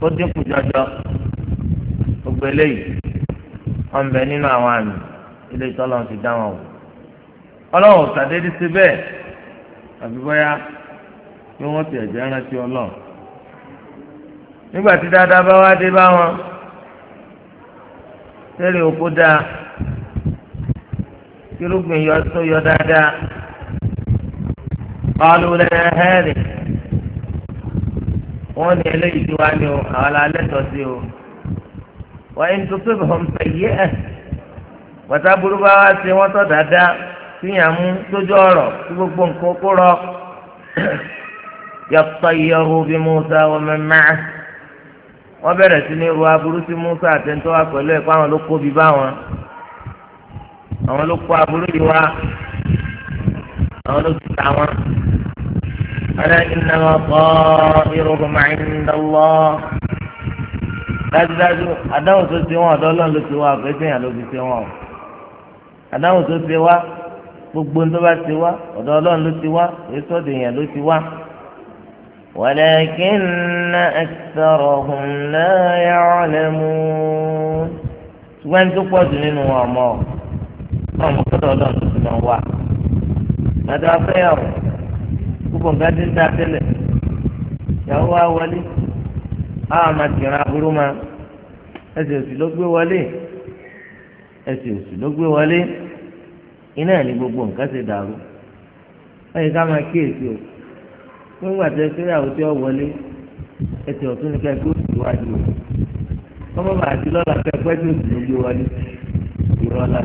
ó dínkù jọjọ gbogbo eléyìí wọn bẹ nínú àwọn àmì ilé ìtọ́lọ́run ti dá wọn wò ọlọ́run ṣàdédé sí bẹ́ẹ̀ àbí bóyá kí wọ́n ti ẹ̀jẹ̀ rántí ọlọ́run nígbà tí dáadáa bá wá dé bá wọn tẹ́lẹ̀ òkú dáa kí irúgbìn yọ tó yọ dáadáa. قالوا لنا هذه wọ́n ní eléyìí tí wàá ní o àwọn alẹ́ tọ́ sí o wọ́n yín tó tóbi hàn pẹ̀yẹ́ ẹ̀ bàtà burú bá wá sí wọ́n tọ́ dáadáa síyàn mú tójú ọ̀rọ̀ tí gbogbo nǹkan kó rọ yàtọ̀ ìyọ̀hó bí Musa wọ́n mẹ́mẹ́ wọ́n bẹ̀rẹ̀ sí ní ru aburú sí Musa àtẹ̀ntọ́ wa pẹ̀lú ẹ̀kọ́ àwọn ló kó bí báwọn àwọn ló kó aburú yìí wá àwọn ló ti ta wọn. ألا إنما طائرهم عند الله dájúdájú àdáhùn tó ti wọn ọ̀dọ̀ Ọlọ́run ló ti wá àpẹẹsẹ yàn ló fi ti wọn o àdáhùn tó ti wá gbogbo ń tó bá ti wá ọ̀dọ̀ Ọlọ́run ló ti wá èso ọdẹ ló ti wá. ولكن أكثرهم لا يعلمون ṣùgbọ́n tó pọ̀ jù nínú wọn mọ́ ọmọ kọ́tọ̀ Ọlọ́run tó ti lọ wá. nàdàfẹ́ yàwó gbogbo nǹkan ti ń da tẹ́lẹ̀ ìyàwó wa wọlé àwọn máa kìrìn aburú ma ẹsẹ̀ òsì ló gbé wọlé ẹsẹ̀ òsì ló gbé wọlé iná ní gbogbo nǹkan ti dàrú ẹ̀yìn ká máa kíyèsí o fún ìgbà tẹ pé àwọn tí ó wọlé ẹsẹ̀ ọ̀tún ní kẹ́kẹ́ òsì wájú o kọ́mọ́ bàá ti lọ́la kẹ́kẹ́ tí òsì ló gbé wọlé ìrọ̀lá.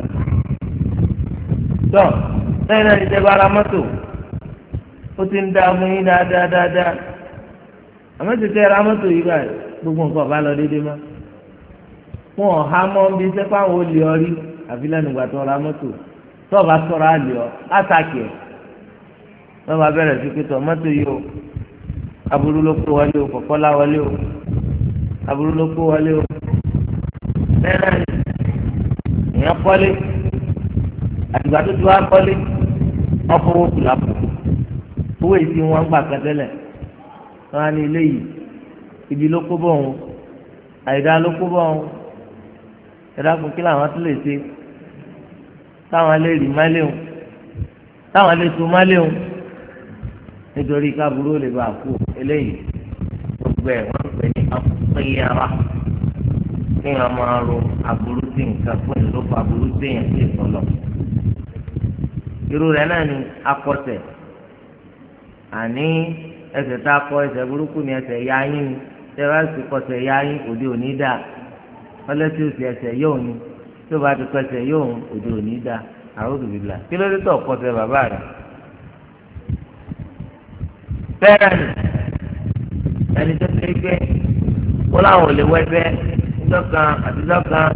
tọ́ lẹ́yìn náà ní tẹ́ bá ara mọ́tò. ó ti ń dá mú yín dáadáa dáadáa àmọ́ ti tẹ́ ra mọ́tò yìí báyìí gbogbo nǹkan ọ̀bá lọ déédéé má wọn ò há mọ́ bí ọ àfi lẹ́nu ìgbà tó ra mọ́tò tó ọ ẹ̀ wọ́n bá bẹ̀rẹ̀ sí pé mọ́tò yìí o aburú wọlé o kọ̀kọ́lá wọlé o aburú ló o bẹ́ẹ̀ ìyẹn kọ́lé tó ti wá kọ́lé ọkọ̀ owó èsì wọn gbà kan tẹ́lẹ̀ wọn á ní ilé yìí ibi ló kó bọ̀ wọn àìdá ló kó bọ̀ wọn ẹ̀dá kun kí làwọn tún lè ṣe táwọn lè rí má léwu táwọn lè so má léwu nítorí káàbùrú lè bá kú eléyìí gbogbo ẹ̀ wọ́n pè ní akóyára kí wọ́n máa ro aburú sí nǹkan fún ìlú aburú sí èèyàn sí ìtọ́lọ̀ irú rẹ̀ náà ni akọ̀tẹ̀ àní ẹsẹ̀ tá a kọ ẹsẹ̀ burúkú ni ẹsẹ̀ ya yín ni tẹ́ bá sì kọ ẹsẹ̀ ya yín òde òní dà ọlẹ́sì òsì ẹsẹ̀ yóò ní tó bá ti kọ ẹsẹ̀ yóò ní òde òní dà àwọn òbílà kí ló dé tó kọ ẹsẹ̀ bàbá rẹ̀. bẹ́ẹ̀ ni ẹni tó ṣe é gbé wọ́n láwọn ò lè wẹ́ bẹ́ẹ̀ níjọ́ kan àtijọ́ kan.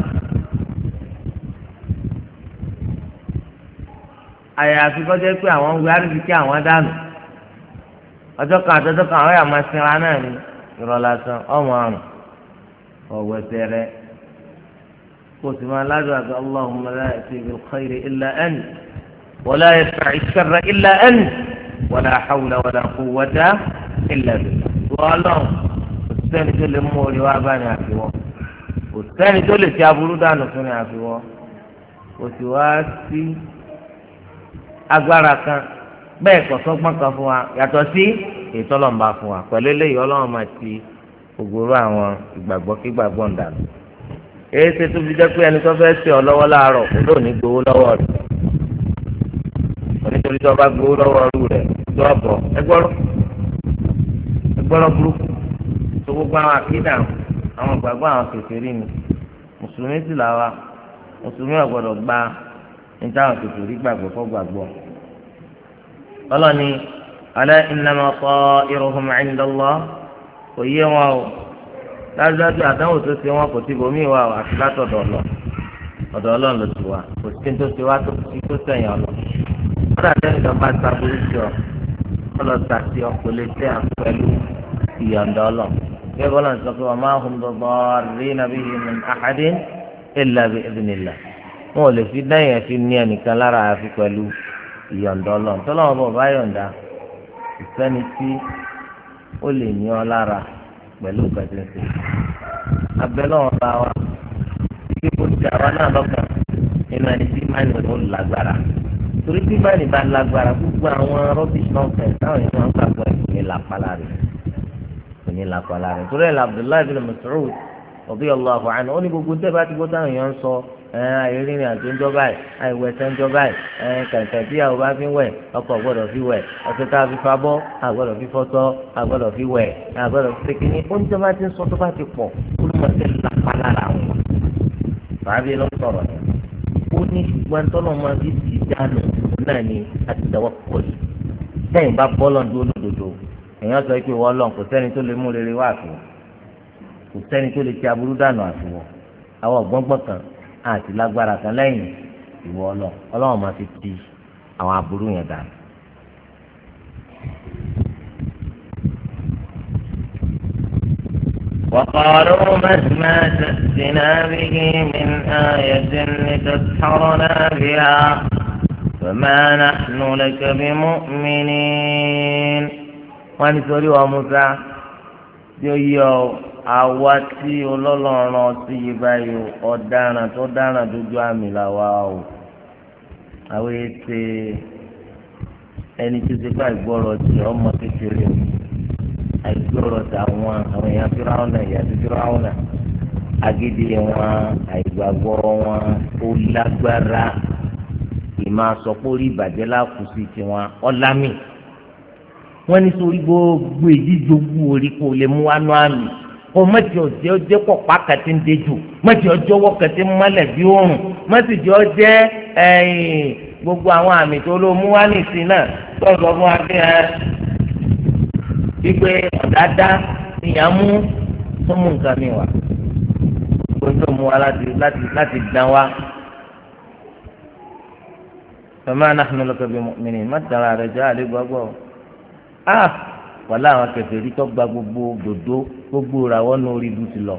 àyàfi kọjá pé àwọn ń wí àrídìí kí àwọn dànù ọjọ́ kan àtọ́jọ́ kan àwọn yàrá sinra náà ni irọ́ lásán ọmọ àrùn ọ̀wọ́ ẹsẹ̀rẹ́ kò sì máa ládùúgbà pé allahumma la ya'ti bil khayri illa ant wa la yadfa'i sharra illa ant wa la hawla wa la quwwata illa billah wọ́n lọ́wọ́ tó lè mú orí wá bá ní àfiwọ́ òsítẹ́ni tó lè ti aburú dànù fún ní àfiwọ́ òsì wá sí agbára kan bẹ́ẹ̀ kọ̀sọ́gbọ́n kan fún wa yàtọ̀ sí ètò ọlọ́mọba fún wa pẹ̀lú eléyìí ọlọ́run máa ti ògbóró àwọn ìgbàgbọ́ kí gbàgbọ́ ń dànù. èyí ṣe tó fi jẹ́ pé ẹni tó fẹ́ ṣe ọ lọ́wọ́ láàárọ̀ kò lóò ní gbowó lọ́wọ́ rẹ̀ onítorí tó bá gbowó lọ́wọ́ rú rẹ̀ tó ọ̀bọ̀ ẹgbọ́rọ̀ ẹgbọ́rọ̀ burúkú tó gbogbo àwọn àkídà àwọn ìgbàgbọ́ àwọn kèfèrí ni mùsùlùmí sì làwa mùsùlùmí ọ̀gbọ́dọ̀ gba ní táwọn kèfèrí gbàgbọ́ fọ́ ọlọ́ni alẹ́ ìnáma kọ́ irúhùn àìndọ́lọ́ kò yé wọn o dájúdájú àdánwò tó ṣe wọn kò ti bomi wa o àti látọ̀dọ̀ lọ ọ̀dọ̀ ọlọ́run ló ti wá kò sí tó ṣe wá tó ti tó sẹ̀yìn ọ̀lọ́ kódà lẹ́yìn tó bá ta burú sí ọlọ́ ta sí ọ lè tẹ́ à pẹ̀lú ìyọ̀ǹda ọlọ́ bẹ́ẹ̀ bọ́lá sọ pé wọ́n máa bọ̀bọ̀ rí nàbí ìmọ̀ àhádé ẹ̀ làbí ìdìnnìlà wọn ò lè fi dáyẹ̀ fi ní ẹnìkan lára àfi pẹ̀lú ìyọ̀ǹda ọlọ́run tọ́lá wọn bọ̀ bá yọ̀ǹda ìsẹ́ni tí ó lè ní ọ lára pẹ̀lú kẹ̀tẹ̀sẹ̀ abẹ́ lọ́wọ́ bá wa kí kò ti àwa náà lọ́kàn nínú ẹni tí máa ń lò ó lágbára torí tí máa ń bá lágbára gbogbo àwọn rọ́bìṣì náà fẹ̀ táwọn èèyàn máa ń gbàgbọ́ ẹ̀ kò ní lápálá rẹ̀ kò ní lápálá rẹ̀ torí ẹ̀ Abdullahi bin Mas'ud radiyallahu anhu ó ní gbogbo tẹ́ bá ti gbọ́ àìrìnrìn àjò ń jọ báyìí àìwẹ̀sẹ̀ ń jọ báyìí kẹ̀kẹ́ tí àwọn bá fi ń wẹ̀ ọkọ̀ gbọ́dọ̀ fi wẹ̀ ọ̀sẹ̀ tá a fi fa bọ́ àgbọ́dọ̀ fi fọ́sọ́ àgbọ́dọ̀ fi wẹ̀ àgbọ́dọ̀ fi kíní oúnjẹ bá ti ń sọ tó bá ti pọ̀ olùmọ̀ọ́sẹ̀ lápá lára wọn. fàábí ló sọ̀rọ̀ yẹn ó ní ṣùgbọ́n tọ́lọ́ máa fi sì dànù náà ni àtìdáwọ́ pọ̀ yìí sẹ́yìn bá bọ́lọ̀ ń dúró lódodo èèyàn sọ pé wọ́n lọ́n kò sẹ́ni tó lè mú rere wá àfihàn kò sẹ́ni tó lè ti aburú dànù àfihàn àwọn ọ̀gbọ́ngbọ́n kan àti lágbára kan lẹ́yìn ìwọ ọlọ ọlọ́run máa fi di àwọn aburú yẹn dànù. وقالوا مهما تأتنا به من آية لتسحرنا بها فما نحن لك بمؤمنين وأن سوري وموسى يو àwa tí ọlọ́lọ́run ọtí yìí báyìí ọ̀daràn tó dáràn dójú àmì làwa o àwọn ètè ẹni tó ti bá ìgbọ́rọ̀ ti ọmọ kékeré o àìgbọ́rọ̀ tàwọn àwọn èèyàn fíráwọ̀nà ìyàtí fíráwọ̀nà agídí wọn àìgbàgbọ́ wọn ó lágbára ìmọ̀ àsọpọ̀rí ìbàjẹ́ lákùsí tiwọn ọ̀làmì wọ́n ní sórí gbogbo èjì jogún orí kò lè mú wánú àmì kò mọ̀tì ọ̀jẹ́ ọjẹ́ pọ̀ pàkàtí ń dejò mọ̀tì ọjọ́ wọ́kàtí ń mọ́lẹ̀ bí oòrùn mọ̀tì ọjẹ́ ẹ̀yìn gbogbo àwọn àmì tó ló mú wá nìsín náà tọ́jú ọmọ adé ẹ gbígbé ọ̀dádá ìyàmú tó mú nǹkan mi wá gbogbo tó mú wa láti láti láti dán wa. bàmá náà lọ́kọ̀ bí mọ̀mìnì má dára rẹ̀ jẹ́ àlégbàgbọ́ ah wà láwọn kèfèrí tó gba gbogbo dòdó gbogbo ìràwọ̀ nù orí ibu ti lọ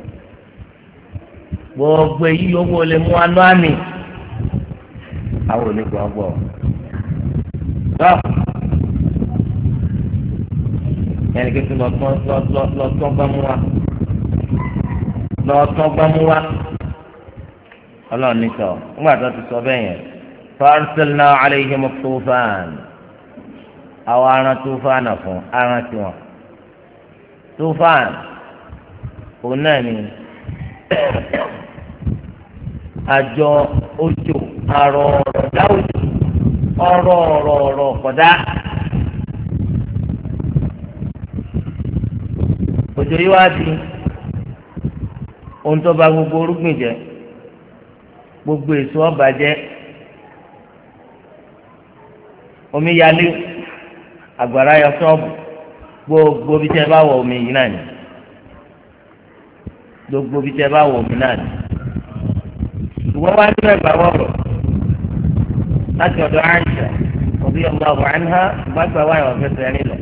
gbogbo èyí yòówó lè mú anú àmì àwọn onígbọ̀n bọ̀ tọ́ yẹn kí n lọ́tọ́ bá mú wa lọ́tọ́ bá mú wa ọlọ́run ní sọ nígbà tó ti sọ bẹ́ẹ̀ yẹn fàrṣẹ́lá aláìhí mọ́tòfàn. àwọn aran túfàánà fún aran tiwọn túfàán òun náà ni àjọ òjò àrọ ọ̀rọ̀ dáwùjọ ọ̀rọ̀ ọ̀rọ̀ ọ̀rọ̀ kọdá òjò yìí wá di ohun tó bà gbogbo orúgbìn jẹ gbogbo èso ọba jẹ omi yalé. agbara ya gbogbo bí tẹ́ wọ omi yìí náà ni gbogbo bí tẹ́ bá wọ omi náà ni ìwọ wá nínú ẹgbà wọrọ láti ọ̀dọ̀ àìsà òbí ọgbà ọgbà àìsà ọfẹsẹ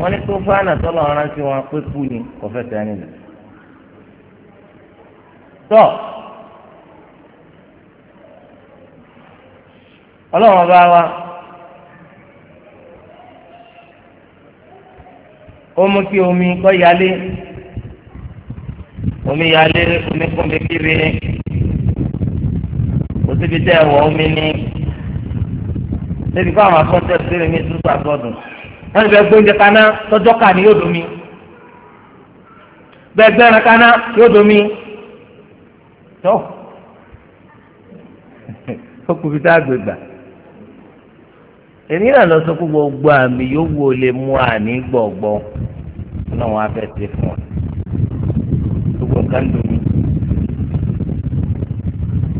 wọn ní tó fáànà tọlọ ọ̀ràn sí wọn pé ni ọfẹsẹ tọ ó mú kí omi kọ́ yálé omi yálé omi kún bíbí kò síbi tẹ́ ẹ̀ wọ̀ omi ní débi kó àwọn akọ́tẹ́ sílẹ̀ ní ìtúsọ̀ àgọ́dùn wọ́n ti bẹ́ẹ̀ gbóúnjẹ kaná tọ́jọ́ kà ní yóò domi bẹ́ẹ̀ gbẹ́ran kaná yóò domi tó ó kù fi tá a gbé gbà. èmi náà lọ sọ pé gbogbo àmì yóò wo lè mú ní gbọ̀gbọ́ náà wọ́n á fẹ́ ṣe fún ọ gbogbo nǹkan dùn mí.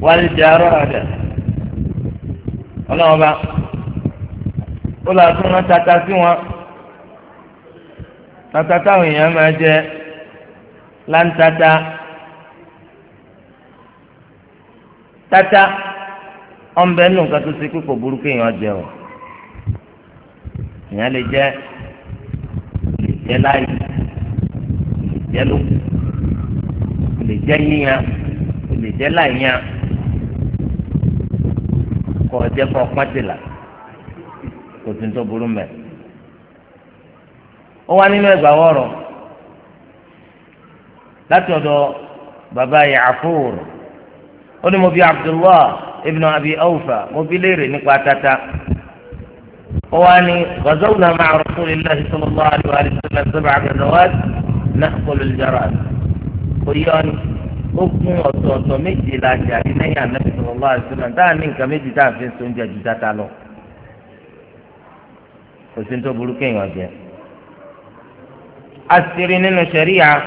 wọ́n á jẹ́ àdà bá ó lọ tún wọn tata sí wọn tata táwọn èèyàn máa jẹ láńtata tata ọ̀nbẹ nù burúkú èèyàn èèyàn lè jẹ lè jẹ láì lè jẹ ló lè jẹ yíyan lè jẹ láì kọ jẹ kọ pátìlà kò tún tó burú mẹ ó wá nínú wọrọ láti bàbá ó ní mo bi Abdullah ibn Abi Awfa mo bi léèrè nípa tata. وأن غزونا مع رسول الله صلى الله عليه وسلم سبع غزوات نقبل الجراد ويان حكم وصوته مجدي لا جاري نيا النبي صلى الله عليه وسلم دان منك مجدي تان في سنجا جدا تالو وسنتو بلوكين وجه السرينين الشريعة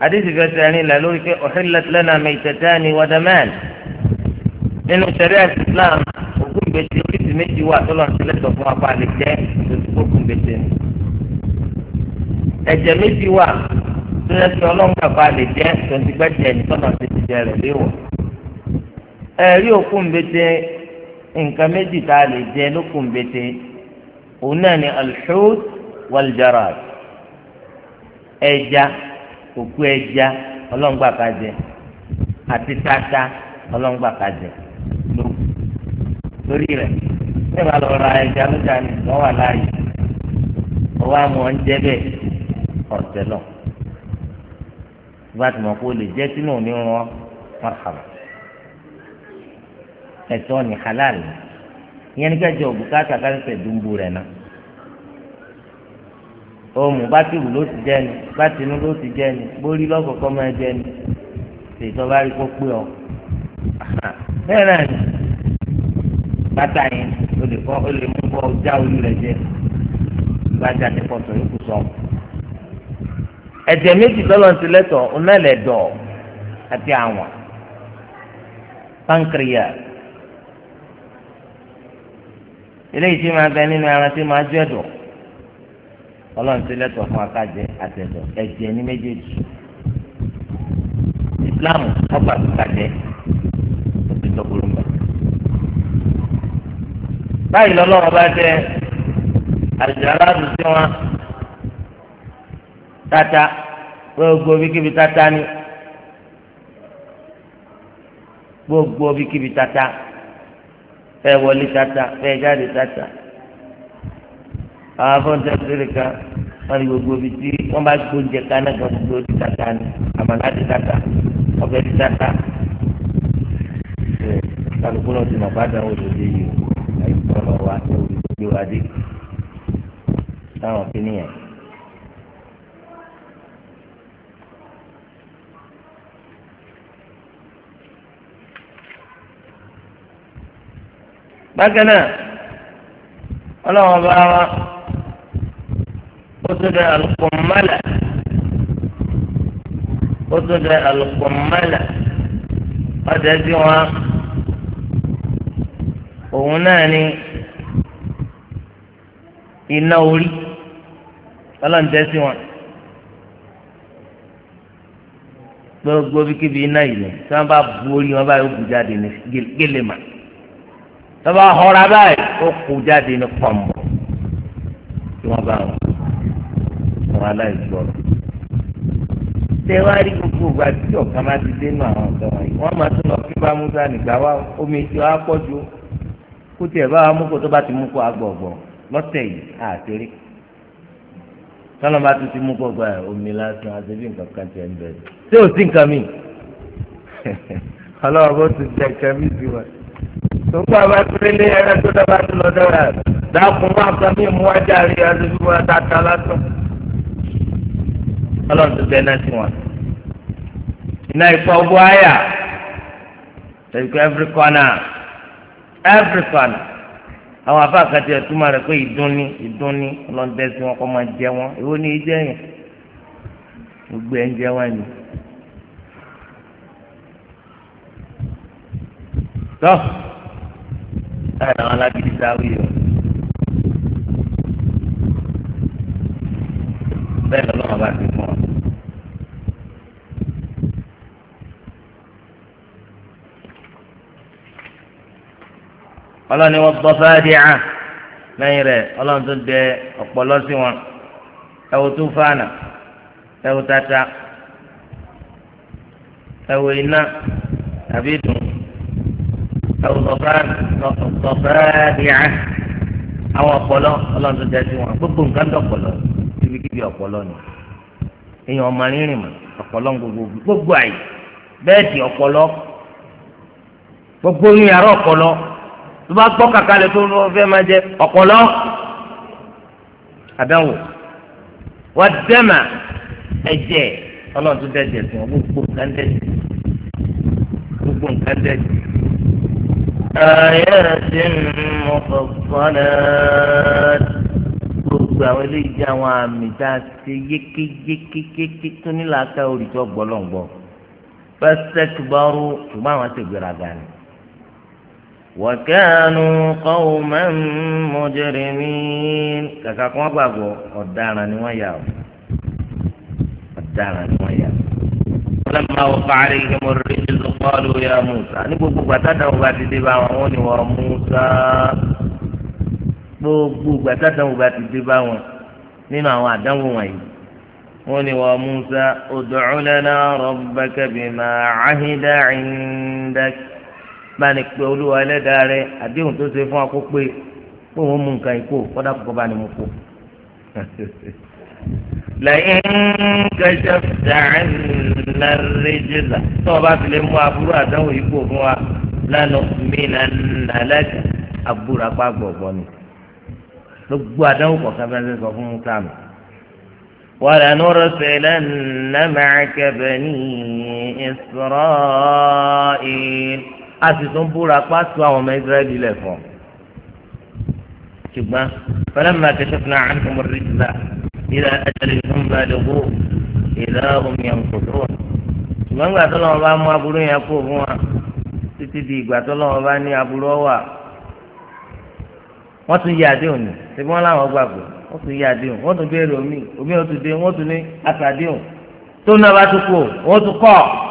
حديث في الثاني لالوك أحلت لنا ميتتان ودمان ان الشريعه الإسلام وكم بشيء méjì wà tó lọ́n sílẹ̀ tó fún wa pa lè jẹ́ lóṣùgbọ́kùn gbèsè ni. ẹ̀jẹ̀ méjì wà tó yẹ kí ọlọ́mọ pa lè jẹ́ tòǹtìgbẹ́jẹ̀ ní tọ́nà ti ti jẹ rẹ̀ léwọ̀. ẹ̀rí òkun gbèsè nǹkan méjì tá a lè jẹ lókun gbèsè òun náà ni alḥud waljarad ẹja òkú ẹja ọlọ́ngbà ká jẹ àti tata ọlọ́ngbà ká jẹ lókun torí ṣé wàá lọ ra ẹja lójà ni wọ́n wà láàyè ọwọ́ àmọ́ ń jẹ́ bẹ́ẹ̀ ọ̀tẹ̀ lọ bá ti mọ̀ kó lè jẹ́ sínú òní wọn marhaba ẹ̀tọ́ ni halal ìyẹn ní kẹjọ òbúkátà káṣíṣe dùnbù rẹ̀ náà ohun bátìrù ló ti jẹ ni bátìrù ló ti jẹ ni borí lọ́kọ̀ọ́kọ́ máa jẹ ni ṣètò bá rí kó pé ọ bẹ́ẹ̀ náà ni bàtà yẹn o lè kọ́ ó lè mú kọ́ já olú rẹ̀ jẹ gbájà ní pọ̀tọ̀ yókù sọ. ẹ̀jẹ̀ méjì tọ́lọ̀ ti lẹ́tọ̀ onálẹ̀dọ̀ àti àwọn pankria eléyìí tí máa bẹ nínú ara tí máa jẹ́ dùn ọlọ́run ti lẹ́tọ̀ fún akájẹ àtẹ̀dọ̀ ẹ̀jẹ̀ ní méjèèjì islam ọgbà tó kájẹ ó ti dọ́gbọ́n báyìí lọ́lọ́wọ́ bá jẹ àjàràdù sí wọn tata gbogbo bíkíbi tata ni gbogbo bíkíbi tata fẹ́ wọlé tata fẹ́ jáde tata àwọn afọ́njẹ́ sílẹ̀ kan wọ́n ní gbogbo bíi tí wọ́n bá gbóúnjẹ kaná kan gbogbo di tata ni àmàlà di tata ọbẹ̀ di tata kálukú náà ti mọ̀ bá dáhùn òdòdó yìí o ìfọ̀rọ̀ wa tó gbé wa dé táwọn fi níyẹn. bákan náà ọlọ́wọ́n bá wa ó tún dẹ alùpùpùmọ́là ó tún dẹ alùpùpùmọ́là ọ̀dẹ́bí wọn òun náà ni iná orí ọlọ́ǹtẹ́ sí wọn gbogbo bíkíbi iná yìí tí wọ́n bá bu orí wọn báyìí ó bu jáde ní gélèmà tí wọ́n bá họra báyìí ó kú jáde ní pọ̀mù tí wọ́n bá wọn wọn aláìgbọ́rọ̀ tẹ́wárí gbogbo ìgbà tí ọ̀kan bá ti dénú àwọn ọ̀sán wọ̀nyí wọ́n máa tún lọ kí bá musa nìgbà wá omi tí wọ́n á pọ̀ ju kó tiẹ̀ bá wa mú kó tó bá ti mú kó agbọ̀gbọ̀ lọ́tẹ̀ yìí àtẹ̀rí tọ́lọ́mà tó ti mú kó gba omi lásán àti bí nǹkan kan tiẹ̀ ń bẹ̀rẹ̀ tí ò sí nǹkan mi ọlọ́wọ́ bó ti jẹ nǹkan mi sí wa tó ń bá wa pélé ẹ̀rọ tó dábà tó lọ dára dákun wá kan mí mú wájà rí àti bí wọ́n ta lásán ọlọ́run tó bẹ́ẹ̀ náà sí wọn iná ìfọwọ́ àyà tẹ̀síkọ́ every corner every corner àwọn afáàkàtì ẹtúmọ̀ rẹ̀ pé ìdúnni ìdúnni ọlọ́dẹ sí wọn kọ́ máa jẹ wọn èwo ni ìjẹ yẹn gbogbo ẹ̀ ń jẹ wọn ni. tọ́ láì àwọn alágídí sáré yìí o bẹ́ẹ̀ lọ́wọ́ bá ti fún ọ. ọlọ́ni wọn gbọ́ fáadìá lẹ́yìn rẹ̀ ọlọ́run tó dẹ ọ̀pọ̀lọ́ sí wọn ẹ̀wò tó fàánà ẹ̀wò tata ẹ̀wò iná tàbí dùn ẹ̀wò gbọ́ fáadìá àwọn ọ̀pọ̀lọ́ ọlọ́run tó dẹ sí wọn gbogbo nǹkan tó ọ̀pọ̀lọ́ kíbíkíbi ọ̀pọ̀lọ́ ni èèyàn ọmọ rírìn mọ́ ọ̀pọ̀lọ́ gbogbo gbogbo àyè bẹ́ẹ̀ ti ọ̀pọ̀lọ́ gbogbo ní yàrá ọ̀pọ̀lọ́ tó bá gbọ́ kàkálẹ̀ tó ló fẹ́ máa jẹ ọ̀pọ̀lọ́ àdánwò wọ́n dẹ́mà ẹ̀jẹ̀ ọlọ́run tó dẹ́jẹ̀ sí wọn gbogbo nǹkan dẹ́jẹ̀ gbogbo nǹkan dẹ́jẹ̀. آيات مفصلات gbogbo àwọn eléyìí jẹ àwọn àmì tá a ṣe yékéyékéyéké tó nílò aka olùtọ́ gbọ́lọ́ngbọ́ fẹsẹ̀kìbọ́rú ṣùgbọ́n àwọn ṣègbéraga ni. وكانوا قوما مجرمين kàkà kí wọ́n gbàgbọ́ ọ̀daràn ni wọ́n yà ó ọ̀daràn ni wọ́n yà ó. فلما وقع عليهم الرجل قالوا يا موسى ní gbogbo gbàtàdà wò bá ti dé bá wọn wọ́n ní wọ́n Musa gbogbo gbàtàdà wò bá bá wọn nínú àwọn àdánwò wọ̀nyí wọ́n ní wọ́n Musa ud'u lana rabbaka bima 'ahida 'indak bá ní pé olúwa ẹlẹ́dàá rẹ àdéhùn tó ṣe fún akó pé pé òun mú nǹkan ikú kọ́dà kọ́kọ́ bá ní mú kú. lẹ́yìn kẹsẹ̀ dàrín lẹ́rẹ́jìlá tó o bá fi lè mú aburú àdánwò ikú fún wa lánàá mi nà lẹ́kẹ̀ apá gbọ̀gbọ́ ni gbogbo àdánwò kọ̀ọ̀kan bá ń sọ fún sáàmù. ولنرسلن معك بني إسرائيل a sì tún búra pa tu àwọn ọmọ israẹli lẹ̀ fún ọ ṣùgbọ́n fẹlẹ́mà kẹsàn-án àǹkà mọ̀rẹ́dìlá ìlà ẹ̀jẹ̀lẹ̀ fún balẹ̀kú ìlà omi àǹkóso. ṣùgbọ́n ìgbà tó lọ́wọ́ bá mú aburú yẹn kó fún wa títí di ìgbà tó lọ́wọ́ bá ní aburú ọ̀wà. wọ́n tún yí àdéhùn ni ṣebí láwọn gbàgbọ́ wọ́n tún yí àdéhùn wọ́n tún béèrè omi omi ó tún dé wọ́n tún ní àtàdéhùn tó náà bá tún kọ́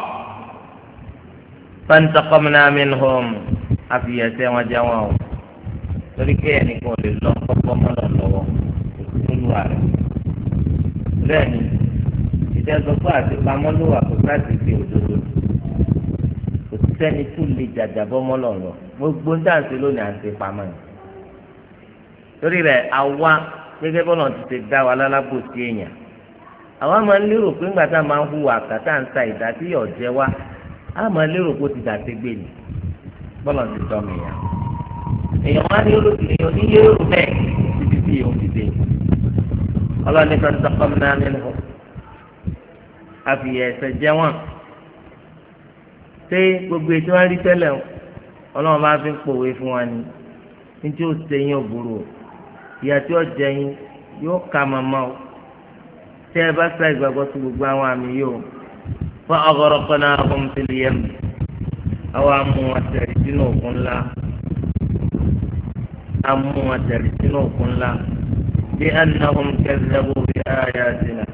fantaqamna minhum àfìyẹsẹ wọn jẹ wọn o torí pé ẹnìkan lè lọ kọkọ mọ lọ lọ́wọ́ olúwa rẹ bẹ́ẹ̀ ni ìdẹ́gbẹ́gbẹ́ àti pamọ́ ló wà kó láti fi òdodo kò sẹ́ni tó lè jàjàbọ́ mọ́ lọ lọ gbogbo ń dànsí lónìí àti pamọ́ yìí torí rẹ àwa gẹ́gẹ́ bọ́lá ti ti dá wa lálábòsí èèyàn àwa máa ń lérò pé ńgbà tá a máa ń hùwà kàtà ń ta ìdá tí yọ̀ jẹ wá a máa lérò pé ó ti dàtí gbé ni bọ́lá ti tọ́ mi yá èèyàn wá ní olóògbé ní yérò bẹ́ẹ̀ títí tí òun ti dé ọlọ́ni kan mi gbogbo ètò wọn rí tẹ́lẹ̀ ọlọ́run bá fi ń pòwe fún wọn ni ní ó ṣe yín ò ìyá tí ó jẹ yín yóò ka màmá o tẹ́ ẹ bá ìgbàgbọ́ gbogbo àwọn àmì yìí o. fún agọrọkọnà ọmọbìnrin àwọn amú àtẹrí sínú òkun ńlá amú àtẹrí sínú òkun ńlá bí anahum kẹsàbù bí ayé àtìlá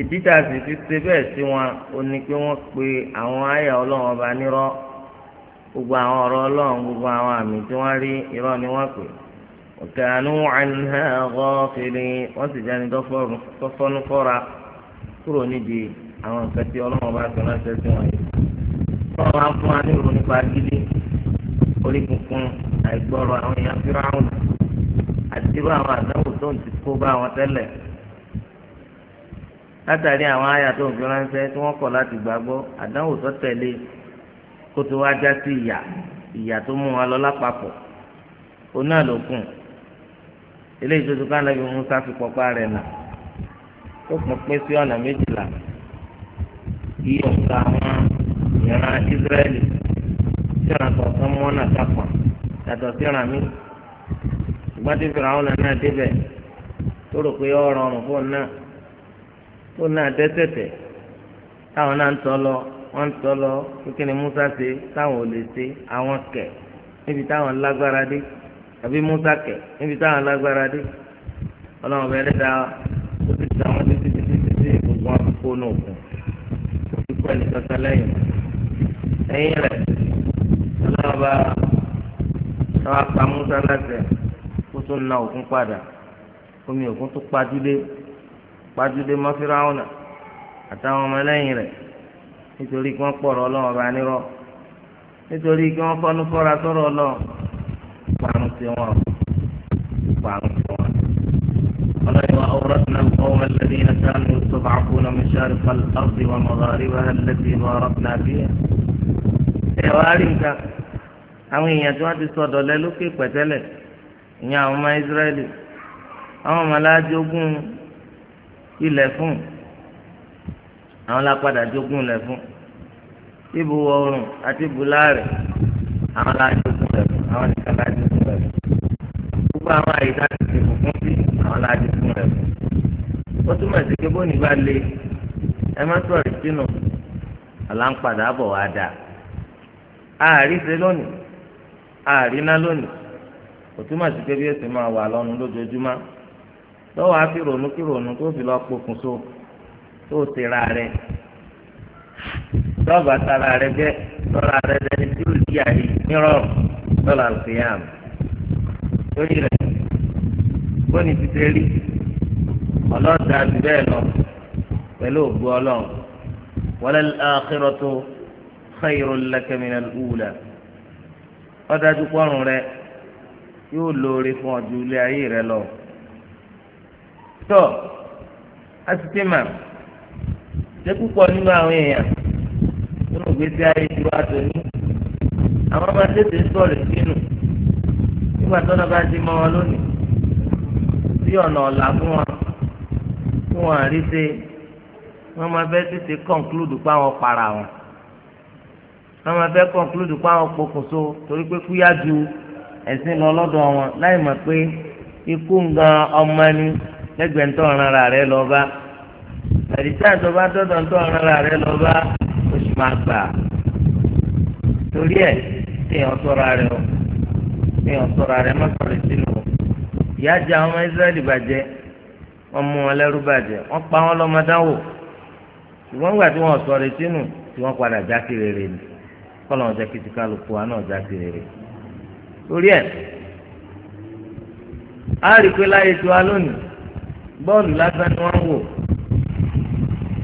ìdí tá a sì fi ṣe bẹ́ẹ̀ sí wọn ó ní pé wọ́n pe àwọn àyà ọlọ́run ọba nírọ́ gbogbo àwọn ọ̀rọ̀ ọlọ́run gbogbo àwọn àmì tí wọ́n rí irọ́ ni wọ́n pè ọ̀kàánú àìníhà ọ̀gọ́ fèrè wọ́n sì jáde tọ́fọ́nú fọ́ra kúrò nídìí àwọn nǹkan tí ọlọ́run bá tọ́ láti ẹsẹ̀ wọ̀nyí. wọ́n wá fún wa ní ìròyìn nípa gidi orí kunkun àìgbọ́rọ̀ àwọn èèyàn fíráhùn àti irú àwọn àdánwò tó ń ti kó bá wọn tẹ́lẹ̀. látàrí àwọn àyà tó ń fi ránṣẹ́ tí wọ́n kọ̀ láti gbàgbọ́ àdánwò tó tẹ̀lé kó tó wá já sí ìyà ìyà tó mú wọn lọ lápapọ̀ òun náà ló kùn eléyìí tó tó ká lẹ́bi musa fi pọ́pá rẹ̀ nà ó kún pín sí ọ̀nà méjìlá kí ọ̀sà wọn ìran Ísírẹ́lì tí ìran kọ̀ọ̀kan mú ọ̀nà sápọ̀ yàtọ̀ sí ìran mi ṣùgbọ́n tí fìrà ọ̀nà náà débẹ̀ tó rò pé ọ̀rọ̀ ọ̀rùn fóun náà fóun náà dẹ́tẹ̀tẹ̀ táwọn náà ń tọ́ lọ wọ́n ń tọ́ lọ kíkẹ́ ni Musa ṣe táwọn ò lè ṣe àwọn kẹ̀ níbi táwọn lágbára dé àbí Musa kẹ̀ níbi táwọn lágbára dé ọlọ́run bẹ̀rẹ̀ dáa ó ti sàwọn títí títí títí gbogbo wọn náà kù pẹ̀lú kankan lẹ́yìn lẹ́yìn rẹ̀ ọlọ́run bá wọn apá musa láti kó tó na òkun padà omi òkun tó padúdé padúdé mọ́ Fíráúnà àtàwọn ọmọ lẹ́yìn rẹ̀ nítorí kí wọ́n pọ̀rọ̀ ọlọ́run bá nírọ́ nítorí kí wọ́n fọ́nú fọ́ra sọ̀rọ̀ ọlọ́run parun wọn parun wọn. قال وأورثنا القوم الذين كانوا يستضعفون مشارق الأرض ومغاربها التي باركنا فيها ẹwàárìnkà àwọn èèyàn tí wọ́n ti sọ dọ̀lẹ́ lókè pẹ̀tẹ́lẹ̀ ìyẹn àwọn ọmọ Ísírẹ́lì àwọn ọmọláàjogún ilẹ̀ fún àwọn lápadà jogún ilẹ̀ fún ibù ọrùn àti ibù láàrẹ̀ àwọn láàjogún ilẹ̀ fún àwọn nìkan láàjogún ilẹ̀ fún gbogbo àwọn àyíká ti ti fún sí. àwọn láti fún ó túmọ̀ sí pé bóni bá lé ẹ má sọ̀rọ̀ sínú àlàǹpadà bọ̀ wá dà àárí ṣe lónìí àárí ná lónìí ó túmọ̀ sí pé bí fi fi pokùn so tó o ra lọ́ọ̀bà tara re bẹ́ẹ̀ lọ́ra re dẹni tí ó nírọ̀rùn bóni ti ṣe rí ọlọ́ọ̀dà ti bẹ́ẹ̀ lọ pẹ̀lú ògbó ọlọ́run wọlé àkérọ́tò xeyìrò lẹ́kẹ̀mìnà wùlà ọ̀dájú pọ́rùn rẹ yóò lóore fún ọdún ilé ayé rẹ lọ. tó asitima ṣé púpọ̀ nínú àwọn èèyàn nínú ìgbésí ayé ti wá tóní àwọn máa tètè sọ̀rọ̀ sínú nígbà tó náà bá ti mọ wọn lónìí sí ọ̀nà ọ̀la fún wọn tí wọn àrí ṣe wọn máa fẹ́ tètè kọ̀ǹklúdù pa àwọn para wọn wọn máa fẹ́ kọ̀ǹklúdù pa àwọn pokùnso torí pé kúyà ju ẹ̀sìn lọ lọ́dọ̀ wọn láì mọ̀ pé ikú ngan ọmọ ni lẹ́gbẹ̀ẹ́ ń tọ́ran ara rẹ lọ bá ẹ̀díjà ìjọba dọ́dọ̀ ń tọ́ran ara rẹ lọ bá oṣù máa gbà torí ẹ̀ kéèyàn sọ̀rọ̀ rẹ o kéèyàn sọ̀rọ̀ rẹ má sọ̀rọ̀ sínú ìyà jẹ àwọn ọmọ israẹli bàjẹ́ wọ́n mú wọn lẹ́rú bàjẹ́ wọ́n pa wọn lọ́mọdáwò ṣùgbọ́n gbà tí wọ́n sọ retí nù tí wọ́n padà já sí rere ni kọ́lọ̀ ọ̀jẹ̀ kìtì kálukú wa náà já sí rere torí ẹ̀ á rí pé láyé tiwa lónìí bọ́ọ̀lù lásán ni wọ́n ń wò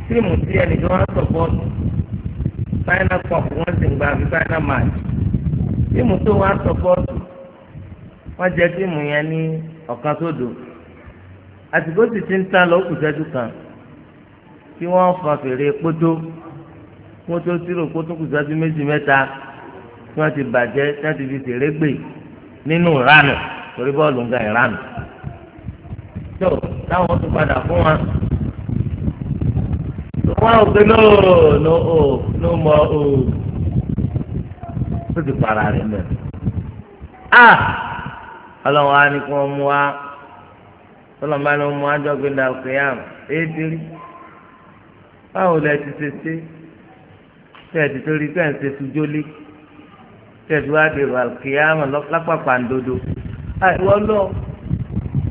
tíìmù tí ẹnìkan wọn sọ bọ́ọ̀lù final cup wọ́n sì ń gba àbí final match tíìmù tó wọn sọ bọ́ọ̀lù wọ́n jẹ tíìmù yẹn ní ọ̀kan sódò àsìkò sì ti ń tán lọ kùsẹ́jú kan kí wọ́n fa fèrè kótó kótó sírò kótó kùsẹ́jú méjì mẹ́ta tí wọ́n ti bàjẹ́ tí wọ́n ti fi fèrè gbè nínú ìranù torí bọ́ọ̀lù ń ga ìranù tó táwọn tó padà fún wa wọn ò pé no no o oh, no mọ o oh. ó ti para rẹ̀ mẹ́rin. Ah! ọlọ́run wa ni kí wọ́n mú wa tọ́lọ́n bá ní wọ́n mú wa jọ́gbìn dà kéyàm éèdìrí báwo lẹ ti ṣe ṣe tẹ́ ẹ̀ ti torí pé ẹ̀ ń ṣe sujólé tẹ́ ẹ̀ ti wá dé kéyàm lápapà ńdodo àìwọ́ lọ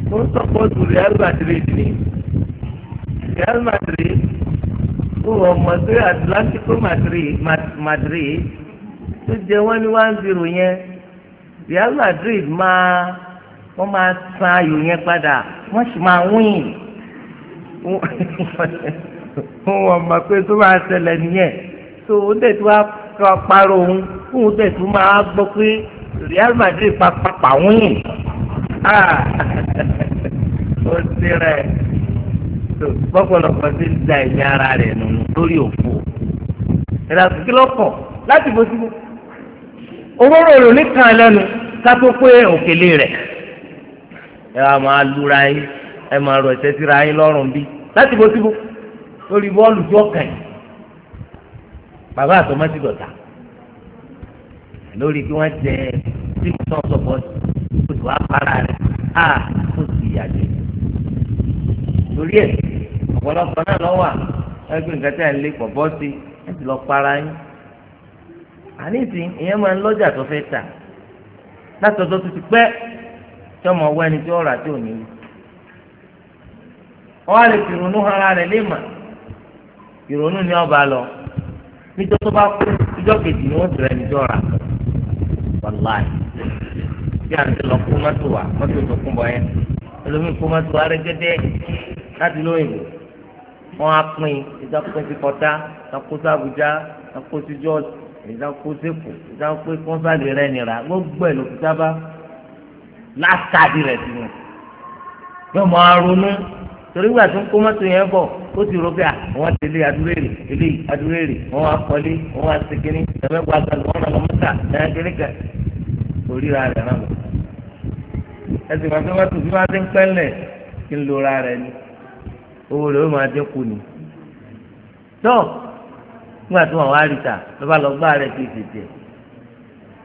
mo ń sọ́pọ́tù Real Madrid ni Real Madrid ó wọ Madrid Atlantico Madrid Madrid tó jẹ wọ́n ní one zero yẹn. Real Madrid máa wọ́n máa san ayò yẹn padà wọ́n sì máa wín wọ́n mọ̀ pé tó máa ṣẹlẹ̀ nìyẹn tó o dẹ̀ tó wá parọ́ òun fún o dẹ̀ tó máa gbọ́ pé Real Madrid papà wín ah. ó ti rẹ̀ gbọ́pọ̀lọpọ̀ ti da ẹ̀mí ara rẹ̀ nù lórí òfò ìlànà lọ́kọ̀ láti bó sí owó rò lò ní kan lẹ́nu kátó pé òkèlè rẹ̀ ẹ wá máa lura yín ẹ máa rọ ẹsẹ̀ síra yín lọ́rùn bí láti bó síbó lórí bọ́ọ̀lù tí ọkàn yìí bàbá àtọmọ ti dọ̀tà lórí kí wọ́n jẹ tíìmù náà sọ̀pọ̀ oṣù àpárá rẹ̀ á kó sì yàgbé lórí ẹ̀ ọ̀pọ̀lọpọ̀ náà lọ́wọ́ ẹgbẹ́ nǹkan tí a ń lé pọ̀ bọ́ sí ẹ ti lọ para yín àníṣe ìyẹn máa ń lọ́jà tó fẹ́ tà látọ̀dọ̀ tó ti pẹ́ tí ọmọ ọwọ́ ẹni tí ó rà tí ò ní rí wọ́n á lè fi ìrònú ara rẹ̀ lè mà ìrònú ni ọba lọ níjọ́ tó bá kú ìjọ́ kejì ni wọ́n ti rẹ̀ níjọ́ rà wàláì bí à ń tẹ lọ kó mọ́tò wà mọ́tò tó kún bọ̀ yẹn ẹlòmíì kó mọ́tò arẹ́gẹ́dẹ́ láti lóyìnbó wọ́n á pín ìjọ́ pín sí kọ́tà takó sí Àbújá takó sí ìdá kó sẹ́kù ìdá pé kọ́nsàdì rẹ̀ nira gbogbo ẹ̀ ló fi sábà látàdí rẹ̀ sí mi yóò máa ronú torí gbà tó ń kó mọ́tò yẹn bọ̀ ó ti rò pé wọ́n ti lé adúrérè ilé adúrérè wọ́n wá kọ́lé wọ́n wá segin ẹ̀fẹ́ gba gbàlù wọ́n lọ mọ́tà ẹ̀yàn kéré kẹ̀ oríra rẹ̀ náà lọ. ẹsìn máa fi mọ́tò bí wọ́n ti pẹ́lẹ̀ kí ń lora rẹ̀ ni owó rẹ̀ ó máa dínkù ni nígbà tí wọn wá rí ta ló bá lọ gbá rẹ kí tètè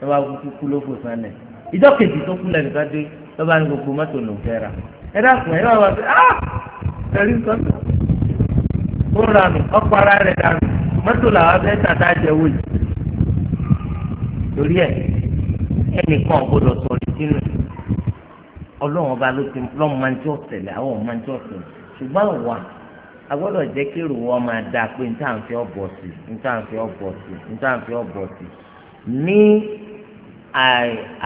ló bá kú ló fò sánẹ ìjọ kejì tó kú lẹnu ká dé ló bá ní gbogbo mọ́tò ló fẹ́ ra ẹ dákun ẹ náà wá sí ah ẹrí nǹkan tó ó ra nù ọkọ ara rẹ dànù mọ́tò làwọn fẹ́ tàtà jẹ wò yìí torí ẹ ẹnìkan gbọ́dọ̀ sọ̀rọ̀ sínú Ọlọ́run ọba ló ti lọmọ máa ń tí ọ̀sẹ̀ lẹ àwọn máa ń tí ọ̀sẹ̀ ṣùgbọ́n wà. agbọdọ gbọ́dọ̀ jẹ́ kí èrò wọn máa dáa pé n táà ń fi sí n táà ń fi sí n táà ń fi sí ní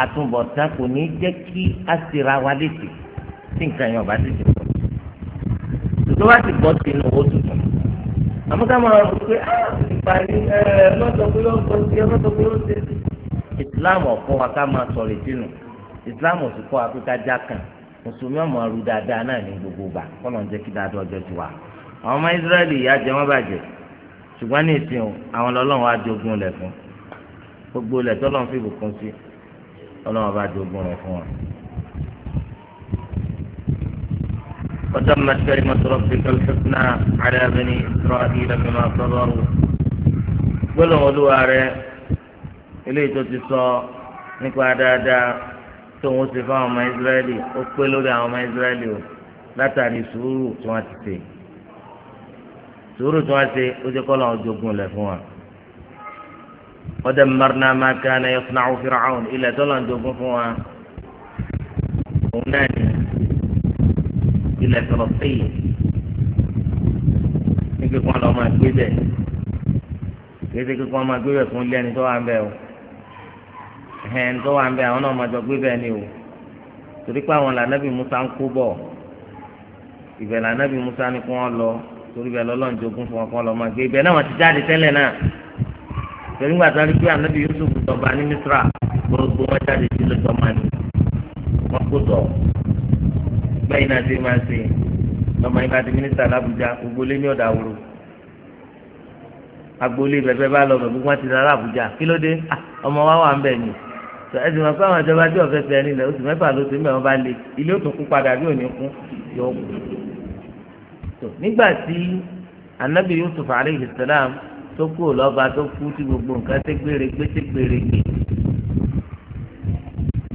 àtúbọ̀tán kò ní jẹ́ kí a wa létí tí nǹkan ọba sì ti bá ti sí inú owó tuntun àmọ́ máa rò pé pé sí ẹ pé sí. ìsìláàmù ọ̀kọ́ wa ká máa sọ̀rọ̀ ìdínú ìsìláàmù òsìkọ́ wa ká já kan mùsùlùmí ọmọ dáadáa náà ní gbogbo gbà kọ́nà ń jẹ́ àwọn ọmọ Ísírẹ́lì ìyà jẹ wọ́n bàjẹ́ ṣùgbọ́n ní ìsìn àwọn ọlọ́run á jogún lẹ̀ fún gbogbo lẹ̀ tọ́lọ́run fi bùkún sí ọlọ́run bá jogún rẹ̀ fún wọn. وتمت كلمة ربك الحسنى على بني إسرائيل بما صبروا gbọ́dọ̀ olúwa rẹ̀ eléyìí tó ti sọ nípa dáadáa tó ń ṣe fáwọn ọmọ Ísírẹ́lì ó pé lórí sùúrù tí wọ́n ṣe ó ti kọ́ lọ́wọ́ jogun lẹ̀ fún wa. ودمرنا ما كان يصنع فرعون إلا تلان جوفوا هناك إلى فلسطين níbi kan lọ́ọ́ máa gbé bẹ́ẹ̀ kéde kíkan máa gbé bẹ́ẹ̀ fún ilé ẹni tó wà ń bẹ́ẹ̀ o ẹni tó wà ń bẹ́ẹ̀ àwọn náà máa jọ gbé bẹ́ẹ̀ ni o torí pé àwọn lànàbì Musa ń kó bọ̀ ìbẹ̀ lànàbì Musa ni kí wọ́n lọ torí bẹ́ẹ̀ lọ́lọ́run jogún fún ọkọ lọ́mọ gbé ibẹ̀ náà wọ́n ti jáde tẹ́lẹ̀ náà torí nígbà tó ń rí pé ànábì Yusuf tọba ní Misra gbogbo wọn jáde sí lójọ́ máa ní wọ́n kó tọ̀ bẹ́ẹ̀ náà ṣe máa ṣe lọ́mọ ibà ti mínísítà l'Àbújá gbogbo lé ní ọ̀dà wúro agboolé bẹ̀bẹ̀ bá lọ gbogbo wọn ti rà l'Àbújá kí ló dé ah, ọmọ wa wà ń bẹ̀ ni ẹsìn máa fáwọn ìjọba tí ọ̀fẹ́ sẹ́ni lẹ̀ oṣù mẹ́fà ló ti mẹ́wọ́n bá lé ilé òtún kú padà bí òní kú yóò kú nígbà tí anabi yusuf aleyhi salam tó kú lọ́ba tó kú tí gbogbo nǹkan ṣe gbèrègbè ṣe gbèrègbè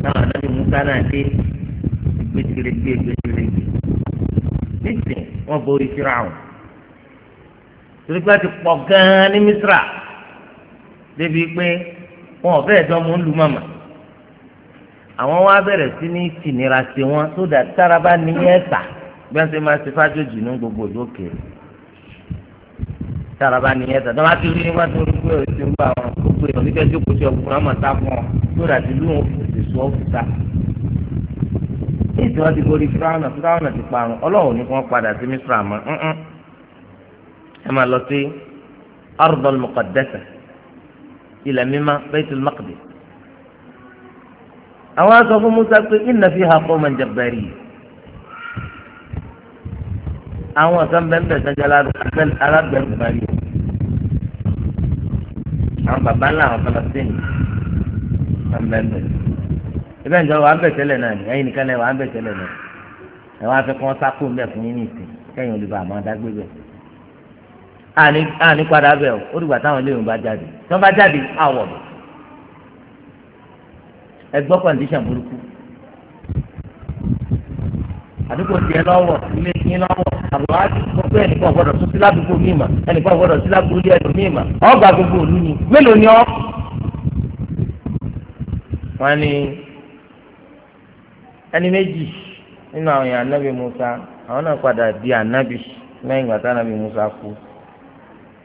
náà anabi musa náà dé gbèsèrègbè gbèsèrègbè nísìnyí wọ́n borí firaahùn torí pé a ti pọ̀ gan-an ní misra débi pé wọn ò fẹ́ẹ̀ dánwó ń lu màmá àwọn wa bẹ̀rẹ̀ sí ní tìnira sí wọn tó dà tára bá ní ẹ̀ta bí wọ́n ṣe máa ṣe fájòjì ní gbogbo ìlú òkèèrè tára bá nìyẹn tán tọ́ba ti rí ní wọ́n tó rí pé òsì ń bá wọn gbogbo èèyàn ní kẹ́jọ́ kò sí ọkùnrin àmọ́ sá fún ọ lórí àti lóun òfìsè sọ òfìsà. èyí tí wọ́n ti borí fúráwọ̀nà fúráwọ̀nà ti parun ọlọ́run ní kí padà sí mísírà mọ́ ẹ máa lọ sí ardol muqaddasa ilẹ̀ mímá baitul maqdis. àwọn aṣọ fún musa pé inna fiha qawman jabbari yìí àwọn kan bẹ́ẹ̀ bẹ́ẹ̀ sẹ́jà alábẹ́ẹ̀mù máa yọ àwọn bàbá ńlá àwọn Palestine wọn bẹ́ẹ̀ bẹ́ẹ̀ ibẹ̀ ǹjọ́ wàá bẹ̀ tẹ́lẹ̀ náà ni ẹ̀yin nìkan náà wàá bẹ̀ tẹ́lẹ̀ náà ẹ̀ wọ́n á fẹ́ kí wọ́n sákò ń bẹ̀ fún yín ní ìsìn kẹ́yìn olùbà àmọ́ adágbé bẹ̀ àní padà bẹ̀ ó dìgbà táwọn ilé ìwọ̀n bá jáde tí wọ́n bá àdúgbò tiẹ̀ lọ́wọ́ ilé yín lọ́wọ́ àbúrò àti gbogbo ẹnìkan gbọ́dọ̀ tún sí ládùúgbò míì mà ẹnìkan gbọ́dọ̀ sí ládùúgbò díẹ̀ lò míì mà ọgbà gbogbo òlu ni mélòó ni ọ. wọ́n ní ẹni méjì nínú àwọn èèyàn anábì Musa àwọn náà padà di anábì lẹ́yìn ìgbà tá anábì Musa kú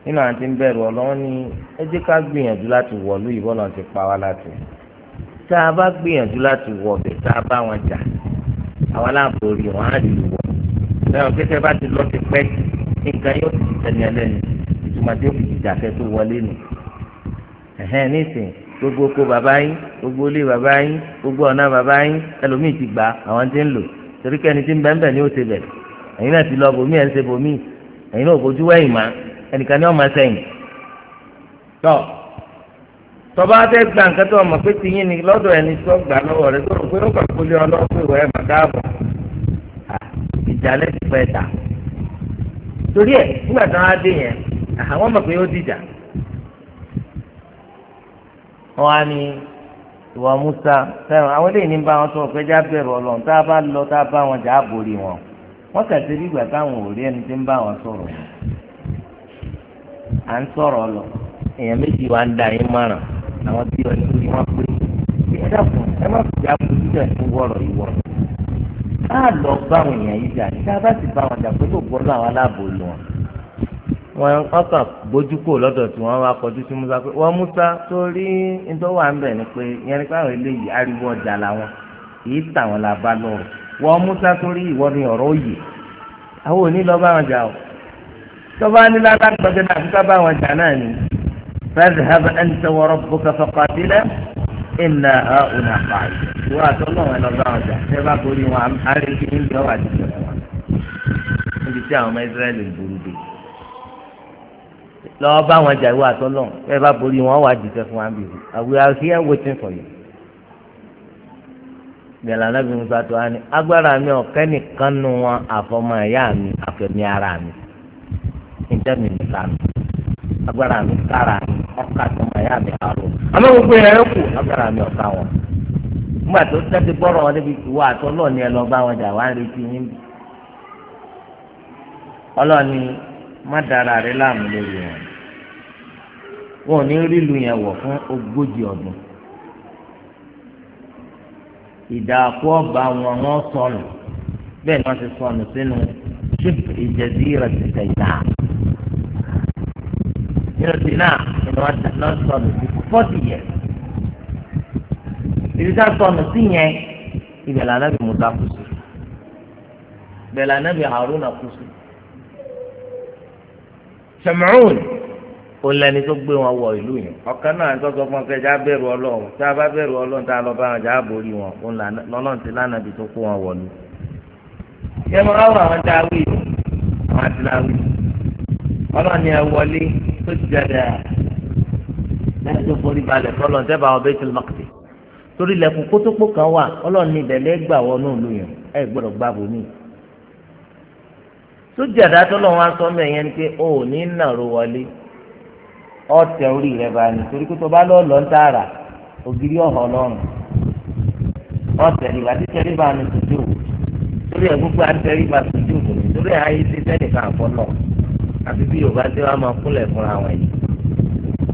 nínú àwọn tí ń bẹ̀rù ọlọ́wọ́n ní ẹ ká gbìyànjú láti wọ̀lú ìbọn náà ti pa wá láti tá a bá gbìyànjú láti wọ̀ ọ̀bẹ̀ tá a bá wọn jà àwọn aláàbòrí wọn á lù wọ lẹ́yìn pé tẹ́ bá ti lọ ti pẹ́ nǹkan yóò ti tẹ̀lé ẹlẹ́nu ìtumọ̀ tí ó fi jìjà fẹ́ tó wọlé nù ẹ̀hẹ́n nísìnyí gbogbo oko bàbá yín gbogbo ilé bàbá yín gbogbo ọ̀nà bàbá yín ẹlòmíì ti gbà àwọn tí ń lò torí kẹ́ni tí ń bẹ́ẹ̀ bẹ́ẹ̀ ni ó ti bẹ̀ ẹ̀yin náà ti lọ bòmí ẹ̀ ń ṣe bòmí ẹ̀yin náà ò bójú wẹ̀yìn mọ́ ẹnìkan ní ọmọ sẹ́yìn tọ́ tọba tẹ gba nǹkan tó ọmọ pé ti yín ni lọ́dọ̀ ẹni tó gbà lọ́wọ́ rẹ tó rò pé ó kàn kó lé ọlọ́pàá ìwọ ẹ màkà àbọ ìjà lẹsí fẹẹ ta torí ẹ nígbà tí wọn á dé yẹn àwọn mọ̀ pé ó dìjà wọn á ní ìwọ Musa fẹ́ràn àwọn eléyìí ní bá wọn sọ pé já bẹ̀rù Ọlọ́run tá a bá lọ tá a bá wọn jà á borí wọn wọn kà sí bí ìgbà táwọn ò rí ẹni tí ń bá wọn sọ̀rọ̀ à ń sọ̀rọ̀ lọ èèyàn méjì wá ń da yín márùn-ún àwọn tí ọ̀yìn ni wọ́n pé ẹ dàpọ̀ ẹ má fi àbójú ẹ̀ fún wọ́ọ̀rọ̀ ìwọ̀ á lọ bá àwọn èèyàn yìí jà nígbà bá sì bá wọn jà pé kò gbọ́dọ̀ àwọn aláàbò lù wọn. wọn ọkà bójú kò lọ́dọ̀ tí wọ́n wá kọjú sí Musa pé wọ́n Musa torí nítorí wà ń bẹ̀ ni pé yẹn ni káwọn eléyìí ariwo ọjà làwọn kì í tà wọn làbá lọ́rọ̀ Musa torí ìwọ ni ọ̀rọ̀ òye àwọn ò lọ bá wọn jà o tọ́ba ní lálágbọ́dẹ́ náà àfikà bá wọn jà náà ni فاذهب أنت وربك فقاتلا إنا هاؤنا قاعدون وقالت الله أنا ضاعت سبع قولي وعم حالي في الجواد بتاعه ما إسرائيل البرودي lọ bá wọn jà ìwà àtọlọ ẹ bá borí wọn wà dìtẹ̀ fún wa bí we are here waiting for you. gbẹ̀lá náà bí musa tó wá ní agbára mi ọ̀kẹ́ nìkan nu wọn àfọmọ ẹ̀yà mi àfẹ̀mí ara mi níjẹ́ mi nìkan agbára mi kára mi. ọkà tó mọ ẹyà mi àrò àmọ́ gbogbo yẹn kù agbára mi ọka wọn nígbà tó tẹ́tí bọrọ wọn débi ìwọ ẹ lọ bá wọn jà wá ń yín bí ọlọ́ọ̀ni má dára wọn wọn ò ní rí ìlú fún ogójì ọdún ìdààkú ọba wọn wọn sọnù ni ti sọnù sínú ṣíp nínú ti náà nínú wọn dà náà sọnù sí fọ́tì yẹn ìdíjà sọnù sí yẹn ibẹ̀ lànà bí Musa kù sí ibẹ̀ lànà bí Haruna kù sí Sẹmùrún ó lẹni tó gbé wọn wọ ìlú yẹn ọkàn náà ń tọ́jú fún ọkẹ́ já bẹ̀rù ọlọ́run tá a bá bẹ̀rù ọlọ́run tá a lọ bá wọn já borí wọn lọ́lọ́run ti lánàá bí tó kó wọn wọ̀lú. ṣé mo ráwọ̀ àwọn dáwì àwọn àti láwì ọlọ́run ni wọlé tó ti jáde à lẹ́yìn tó forí balẹ̀ fọlọ́ ní sẹ́bàá ọbẹ̀ tó lọ́kìtì torí lẹ́kùn kótópó kan wà ọlọ́run ní ìbẹ̀lẹ́ gbà wọnú ìlú yẹn ẹ gbọ́dọ̀ gbà bò mí. sójà dátọ́ lọ́wọ́ wá sọ ni pé o ò ní nàró wọlé ọ̀tẹ̀ orí rẹ̀ bá ní torí kó bá lọ́ọ́ lọ́ọ́ ń tààrà ògiri ọ̀họ̀ lọ́rùn ọ̀tẹ̀ ìwà títẹ̀rí bá ní tuntun torí ẹ̀ gbogbo àtẹ̀rí bá tuntun torí ẹ̀ ayé ti tẹ́nìkan àfọ́ náà àfi bí yorùbá tí wọ́n máa kúnlẹ̀ fúnra wọn yìí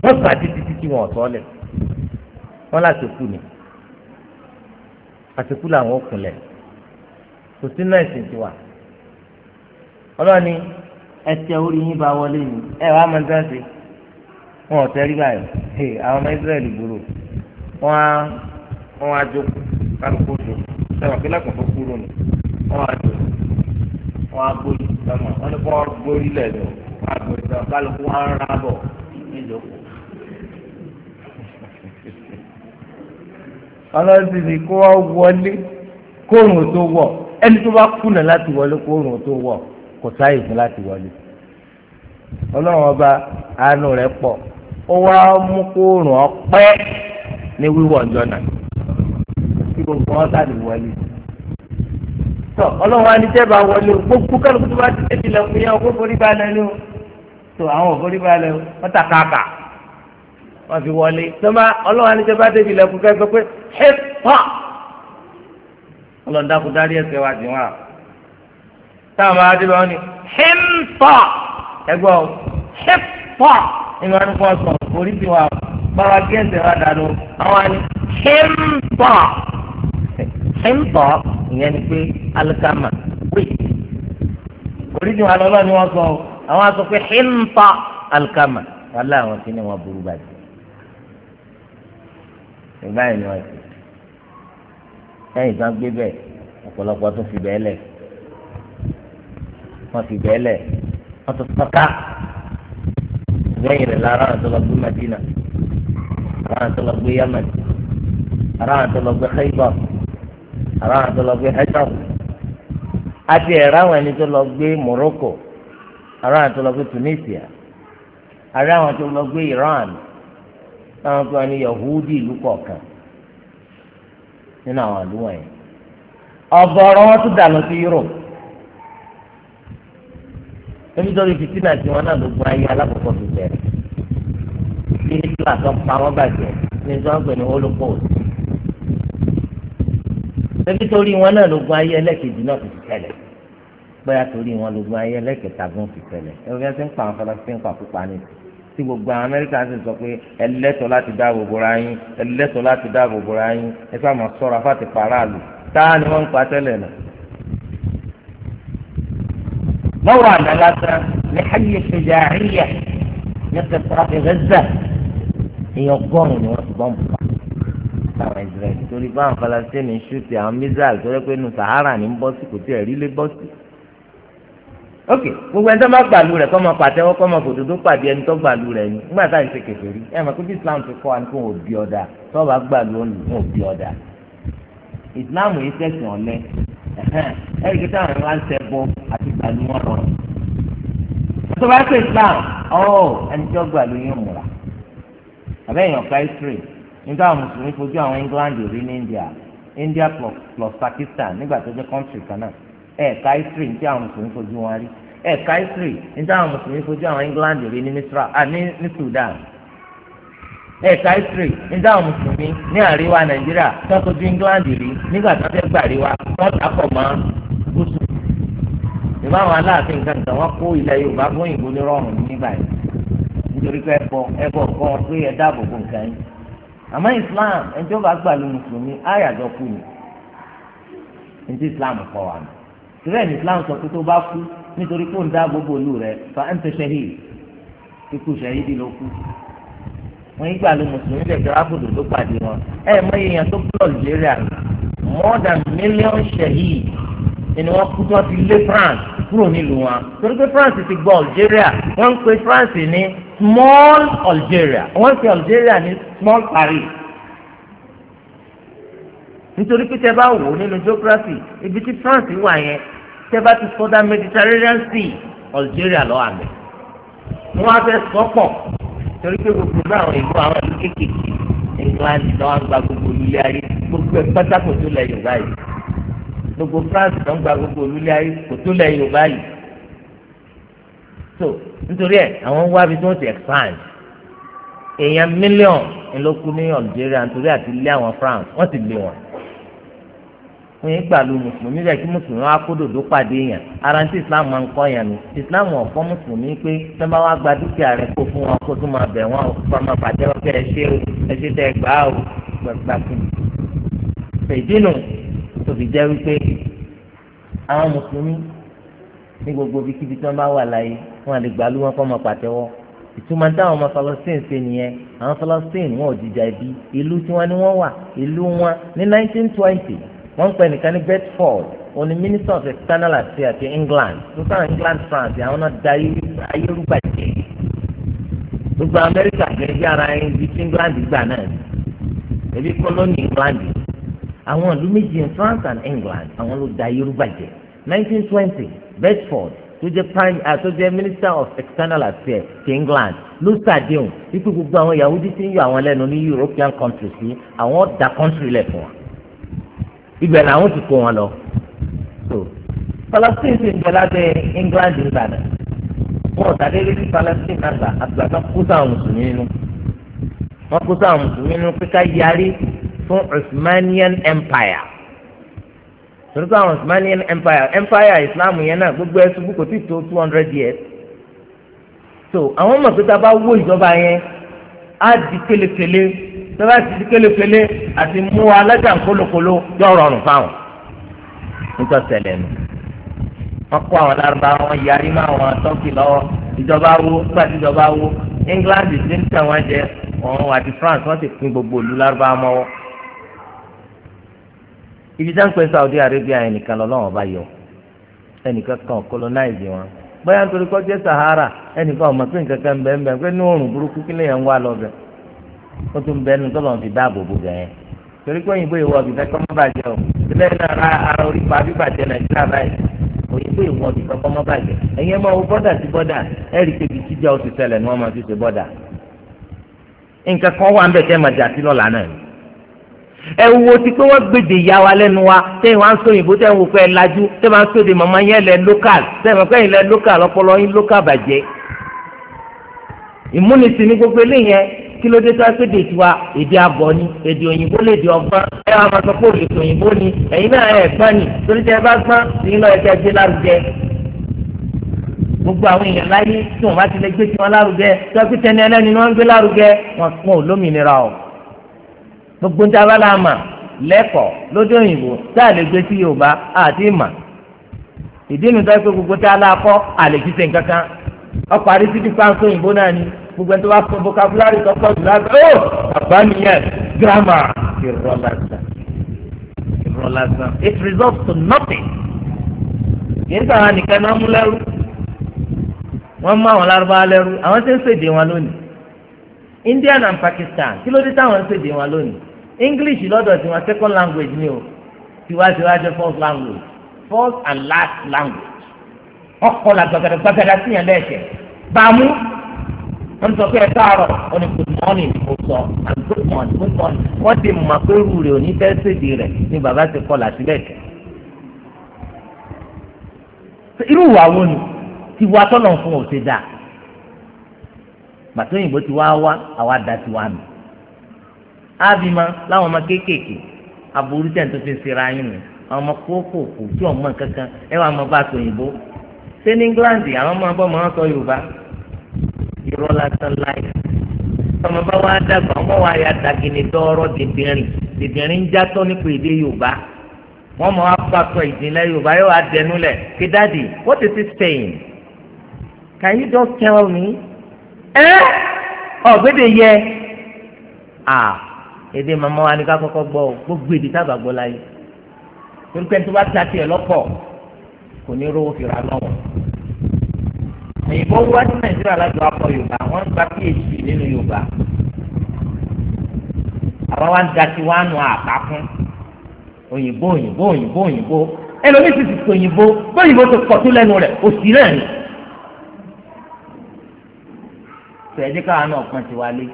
wọ́n sọ àti títí tí wọ́n ọ̀tọ́ lẹ̀ wọ́n láti kú ni àti kú làwọn ò kúnlẹ̀ kò sí náà ẹ̀sìn tiwa ọlọ́ni ẹsẹ̀ orí yín bá wọlé ni ẹ wàá máa dá sí wọn ò tẹ́rí báyìí ẹ àwọn ọmọ Ísírẹ́lì gbòòrò wọn á wọn á jókòó kálukú jókòó sẹ́wọ̀n kí lákòókò kúrò ni wọn á jókòó wọn á gbórí sọmọ wọn ní kó wọn gbórí lẹ́nu wọn á gbórí sọmọ kálukú wọn á rán bọ̀ níjókòó. ọlọ́run ti di kó wọ́n wọlé kóòrùn tó wọ̀ ẹni tó bá kùnà láti wọlé kóòrùn tó wọ̀ kò sáyè fún láti wọlé ọlọ́run ọba àánú rẹ̀ pọ̀ ó wá mú kóòrùn ọpẹ́ ní wíwọ̀ ọjọ́ náà kí gbogbo wọn sáà lè wọlé tọ ọlọ́run anijẹ́ bá wọlé o gbogbo kálukú tó bá ti tẹ̀lé lẹ́kùn yẹn o kó forí balẹ̀ lé o tó àwọn òforí balẹ̀ o wọ́n ta kàkà wọ́n fi wọlé tọ́ba ọlọ́run anijẹ́ bá tẹ̀lé lẹ́kùn kẹ́kẹ́ pé hip hop ọlọ́run dákú dárí ẹsẹ̀ wa jù wọn. táwọn máa dé báwọn ni hip hop ẹgbọ́ hip hop ìgbà wọn kọ́ sọ orí ti wà báwa gé ẹsẹ̀ wa dàdó àwọn ni hip hop ìyẹn ni pé alikama wíì oríṣi wọn lọ́lọ́ ni wọ́n sọ ọ́ àwọn aṣọ pé hinta alikama wàhálà àwọn tí ni wọ́n burú bàjẹ́ ìgbà yìí ni wọ́n ti ẹ̀yìn kan gbé bẹ́ẹ̀ ọ̀pọ̀lọpọ̀ tó fi bẹ́ẹ̀ lẹ̀ wọ́n fi bẹ́ẹ̀ lẹ̀ wọ́n tó sọ́ká lẹ́yìn rẹ̀ lára àwọn tó gbé Madina àwọn tó gbé Yaman àwọn tó gbé Khaybar. àwọn àwọn tó lọ gbé hẹ́tọ́m àti ẹ̀rọ àwọn ẹni lọ gbé Morocco àwọn Tunisia àrẹ àwọn tó lọ gbé Iran àwọn tó wà ní Yahudi ìlú kọ̀ọ̀kan nínú àwọn àdúrà yẹn wọn tún sí Europe tí wọn náà ló ayé wọn ẹbí torí wọn náà lógun ayé ẹlẹ́kejì náà fi ti tẹ̀lẹ̀ bóyá torí wọn lógun ayé ẹlẹ́kẹta gún fi tẹ̀lẹ̀ ẹbí ẹ ti ń pa àwọn fọlọ́sí ń pa pípa ní ti gbogbo àwọn amẹ́ríkà sì sọ pé ẹlẹ́tọ̀ láti dáàbò bora yín ẹlẹ́tọ̀ láti dáàbò bora yín ẹ fà máa sọ̀rọ̀ afáàtì paráàlú táà ni wọ́n ń pa tẹ́lẹ̀ náà. mọ́wọ́ àná lásán ní ayé ṣèjà àríyá ní kẹsàn-án ti zà táwọn Israẹli torí báwọn Falasíìnì ń ṣúùtì àwọn mísáìlì tó rẹ pé nù Sahara ní bọ́sì kò tí ẹ̀ rí lé bọ́sì. ok gbogbo ẹni tó bá gbàlú rẹ kọ́ máa pàtẹ́wọ́ kọ́ máa fòtò tó pàdé ẹni tó gbàlú rẹ ni nígbà tá à ń ṣe kèfèrí ẹ mọ̀ pé bí Islam ti kọ́ wa ni kò wọ́n bí ọ̀dà tó bá gbàlú òun ò bí ọ̀dà Islam yìí tẹ̀sán ọ̀lẹ́ ẹ̀ẹ́dẹ̀kẹ́ táwọn ẹ̀rọ ń ṣẹ́bọ àti gbàlú wọn rọrùn tó bá ṣe Islam ọ̀ ẹni tó gbàlú yóò múra àbẹ́yìn ọ̀ka nígbà àwọn mùsùlùmí fojú àwọn England rí ní India India plus, plus Pakistan nígbà tó jẹ́ country kan náà ẹ̀ka history ní tí àwọn mùsùlùmí fojú wọn rí ẹ̀ka history ní tí àwọn mùsùlùmí fojú àwọn England rí ní Misra ní Sudan ẹ̀ka history ní tí àwọn mùsùlùmí ní àríwá Nàìjíríà tó fojú England rí nígbà tó fẹ́ gbà ríwá wọ́n dàpọ̀ mọ́ gúúsù ìbáwọn aláàfin kankan wọn kó ilẹ̀ Yorùbá fún ìbò ní rọrùn nígbà yìí nítorí pé ẹ̀bọ̀ ẹ̀bọ̀ kan pé ẹ dáàbò bò nǹkan yìí àmọ́ islam ẹni tó bá gbà ló mùsùlùmí àyàjọ kú ni ẹni tí islam kọ́ wa ni tìrẹ ní islam sọ pé tó bá kú nítorí kó ń dá gbogbo olú rẹ̀ fa ẹ̀ ń tẹ ṣẹ́hìn kíkú ṣẹ́hìn bí ló kú wọn yìí gbà ló mùsùlùmí lẹ́jọ́ ábùdù ló pàdé wọn ẹ̀ mọ iye yẹn tó gbọ́ Algeria more than million ṣẹ́hìn ni wọ́n kú tí wọ́n ti lé France kúrò nílùú wọn torí pé France ti gbọ́ Algeria wọ́n ń pe France ní small Algeria wọ́n ń pe Algeria ní small Paris nítorí pé tẹ́ bá wò ó nínú geography ibi tí France wà yẹn tẹ́ bá ti sọdá Mediterranean Sea Algeria lọ́wọ́ àmì wọ́n á fẹ́ sọ́pọ̀ torí pé gbogbo náà àwọn ìlú àwọn ìlú kéékèèké England lọ́wọ́ àgbà gbogbo ilé ayé gbogbo ẹ̀ pátákó tó lẹ̀ Yorùbá gbogbo France tó ń gba gbogbo olúlé ayé kò tó lẹ Yorùbá yìí so nítorí ẹ àwọn wá bí tí wọ́n ti expand èèyàn mílíọ̀n ńlọ́kú ní Algeria nítorí àti lé àwọn France wọ́n ti lé wọn wọ́n yẹn gbàlú mùsùlùmí rẹ̀ kí mùsùlùmí wá kó dòdò pàdé yẹn ara tí Islam máa ń kọ́ yẹn ni Islam ọ̀kọ́ mùsùlùmí pé tẹ́ bá wá gba dúkìá rẹ̀ kó fún wọn kó tún máa bẹ̀ wọ́n kó máa bàjẹ́ wọn ẹ ṣe o ẹ ṣe tẹ́ ẹ gbà á o gbàgbà fún mi. fèdínù tó fi jẹ́ wípé àwọn mùsùlùmí ní gbogbo ibikíbi tí wọ́n bá wà láyé wọ́n àlè gbàlú wọn kọ́ ọmọ pàtẹ́wọ́ ìtumọ̀ táwọn ọmọ Palestine ṣe nìyẹn àwọn Palestine wọn ò jìjà ibi ìlú tí wọ́n ní wọ́n wà ìlú wọn ní 1920 wọ́n ń pè nìkan ní Bedford òní minister of external affairs ti England tó sáwọn England France àwọn náà da ayélujàjẹ gbogbo Amẹ́ríkà gẹ́gẹ́ bí ara ẹni bíi England gbà náà ẹbí kọ́lọ́nì England àwọn ìlú méjì in France and England àwọn ló da yorùbá jẹ nineteen twenty Bedford tó jẹ prime uh, tó jẹ minister of external affairs ti England ló ṣàdéhùn wípé gbogbo àwọn Yahudi tí ń yọ àwọn lẹ́nu ní European countries yìí àwọn da country lẹ̀ fún wa ibẹ̀ làwọn ti kó wọn lọ so Palestine ti ń bẹ lábẹ́ England ìbàdàn wọn ò sàdéhùn sí Palestine àgbà àgbà kan kó sáwọn mùsùlùmí nínú wọn kó sáwọn mùsùlùmí nínú pé ká yarí fún Osmanian Empire torí pé àwọn Osmanian Empire Empire Islam yẹn náà gbogbo ẹ ṣubú kò tí tó two hundred years so àwọn mọ̀ pé tá a bá wó ìjọba yẹn á di kélekèle tó bá ti di kélekèle àti mú wa alájà ńkólókòló yóò rọrùn fáwọn nítorí ṣẹlẹ̀ nù wọ́n kó àwọn lárúbáwá wọn yarí mọ́ àwọn tọ́kì lọ́wọ́ ìjọba wo nígbà ìjọba wo England ti ń tẹ̀ wọ́n jẹ wọ́n àti France wọ́n ti pín gbogbo ìlú lárúbáwá mọ́wọ́ ibi tá ń pè Saudi Arabia ẹnìkan lọ́lọ́wọ́n bá yọ ẹnìkan kan colonize wọn bóyá nítorí kọ́ jẹ́ Sahara ẹnìkan ọmọ pé nǹkan kan bẹ́ẹ̀ bẹ́ẹ̀ pé ní oòrùn burúkú kí lèèyàn ń wá lọ bẹ́ẹ̀ ó tún bẹ́ẹ̀ ní tọ́lọ́ fi dáàbò bò bẹ́ẹ̀ torí pé òyìnbó ìwọ ọ̀bì fẹ́kọ́ mọ́ bàjẹ́ o ilé náà ara orí pa bíbàjẹ́ Nàìjíríà báyìí òyìnbó ìwọ ọ̀bì fẹ́kọ́ mọ́ bàjẹ́ ẹ̀yin ẹ̀ máa wo bọ́dà sí bọ́dà ẹ̀ rí kébi tíjà ó ti ni wọ́n máa fi ṣe bọ́dà nǹkan kan wà ń bẹ̀ tẹ́ máa jà sí lọ́la náà ẹ wo ti pé wọ́n gbèdè ya wa lẹ́nu wa tẹ́yìn wá ń sọ òyìnbó tẹ́yìn wò pé ẹ lajú tẹ́yìn wá sọ de màmá yẹn lẹ lókàl tẹ́yìn wá pẹ́yìn lẹ lókàl ọpọlọ yín lókàl bàjẹ́ ìmúnisìn ní gbogbo eléyẹn kí ló dé tó wá pédè tiwa èdè abọ ni èdè òyìnbó lè di ọgbọ́n ẹ wá máa sọ pé òyìnbó òyìnbó ni ẹ̀yin náà ẹ gbọ́n ni torí tẹ́ ẹ bá gbọ́n sí lọ ẹkẹ gbé lárugẹ gbogbo àwọn èèyàn láyé tí wọ́n bá ti lè gbé tiwọn lárugẹ tó wá pé tẹni ẹlẹni ni wọ́n ń gbé lárugẹ wọ́n fún òlómìnira o gbogbo ń tábà la mà lẹ́kọ̀ọ́ lóde òyìnbó tá a lè gbé sí yorùbá àti ìmà ìdí nu tó pé gbogbo tá a la kọ́ àlèkísẹ̀ nkankan ọkọ̀ àti títí pàṣẹ òyìnbó náà ni gbogbo ẹni tó bá fọ vocabulary tó pọ̀ jù lásán ó àgbà nìyẹn gírámà ìrọ̀ lásán ìrọ̀ lásán it results to nothing kìí sàrà nìkan náà mú lẹ́rú wọ́n mú àwọn lárúbáwá lẹ́rú àwọn tí ń ṣèdè wọn lónìí India and Pakistan kí ló dé táwọn ń ṣèdè wọn lónìí english lọ́dọ̀ tiwọn second language ni o tiwa tiwa jẹ́ first language first and last language ọkọ la gbàgàdà gbàgàdà sí yẹn lẹ́ẹ̀kẹ́ bàmú wọ́n sọ pé ẹ káàárọ̀ wọ́n ní good morning mo sọ and good morning good morning wọ́n ti mọ̀ pé rú rẹ̀ òní fẹ́ẹ́ ṣèdè rẹ̀ ni bàbá ti kọ́ làtí lẹ́ẹ̀kẹ́ irú ìwà wo ni tiwa tọ́lọ̀ fún òṣèdá gbàtọ́ òyìnbó ti wá wá àwa da tiwa mi ábìmọ láwọn ọmọ kéékèèké aburú tẹ̀ ń tó fi ṣera yín nù àwọn ọmọ kókòkò tí ọmọ kankan ẹ wà mọ bá a tòyìnbó ṣé ní Íńgíláǹdì àwọn ọmọ abọ́ máa ń sọ Yorùbá irọ́ lásán láì ọmọ bá wá dàgbà ọmọ wa ya dàgìnì dọ́ọ́rọ́ dìbìrín dìbìrín ń játọ́ nípa èdè Yorùbá wọ́n mọ̀ wá pàtó ìdílé Yorùbá yóò wá dẹnu lẹ̀ kí dáàdì what is it saying can you just tell me ẹ ọ̀gbẹ́dẹ̀ yẹ ah èdè màmá wa ni ká kọ́kọ́ gbọ́ ọ gbogbo èdè tábà gbọ́ láyé torí pé tó bá ta tiẹ̀ lọ́pọ̀ kò ní rówó fìrà lọ́wọ́ òyìnbó wá sí nàìjíríà láti wá kọ́ yorùbá wọ́n gba phd nínú yorùbá àwa wá ń da tí wọ́n á nu àbá fún òyìnbó òyìnbó òyìnbó òyìnbó ẹlòmíì sì ti sọ òyìnbó bóyìnbó tó pọ̀ tó lẹ́nu rẹ̀ òsì náà ni tẹ̀ẹ́dẹ́ká wa náà pọ̀ tiwa lé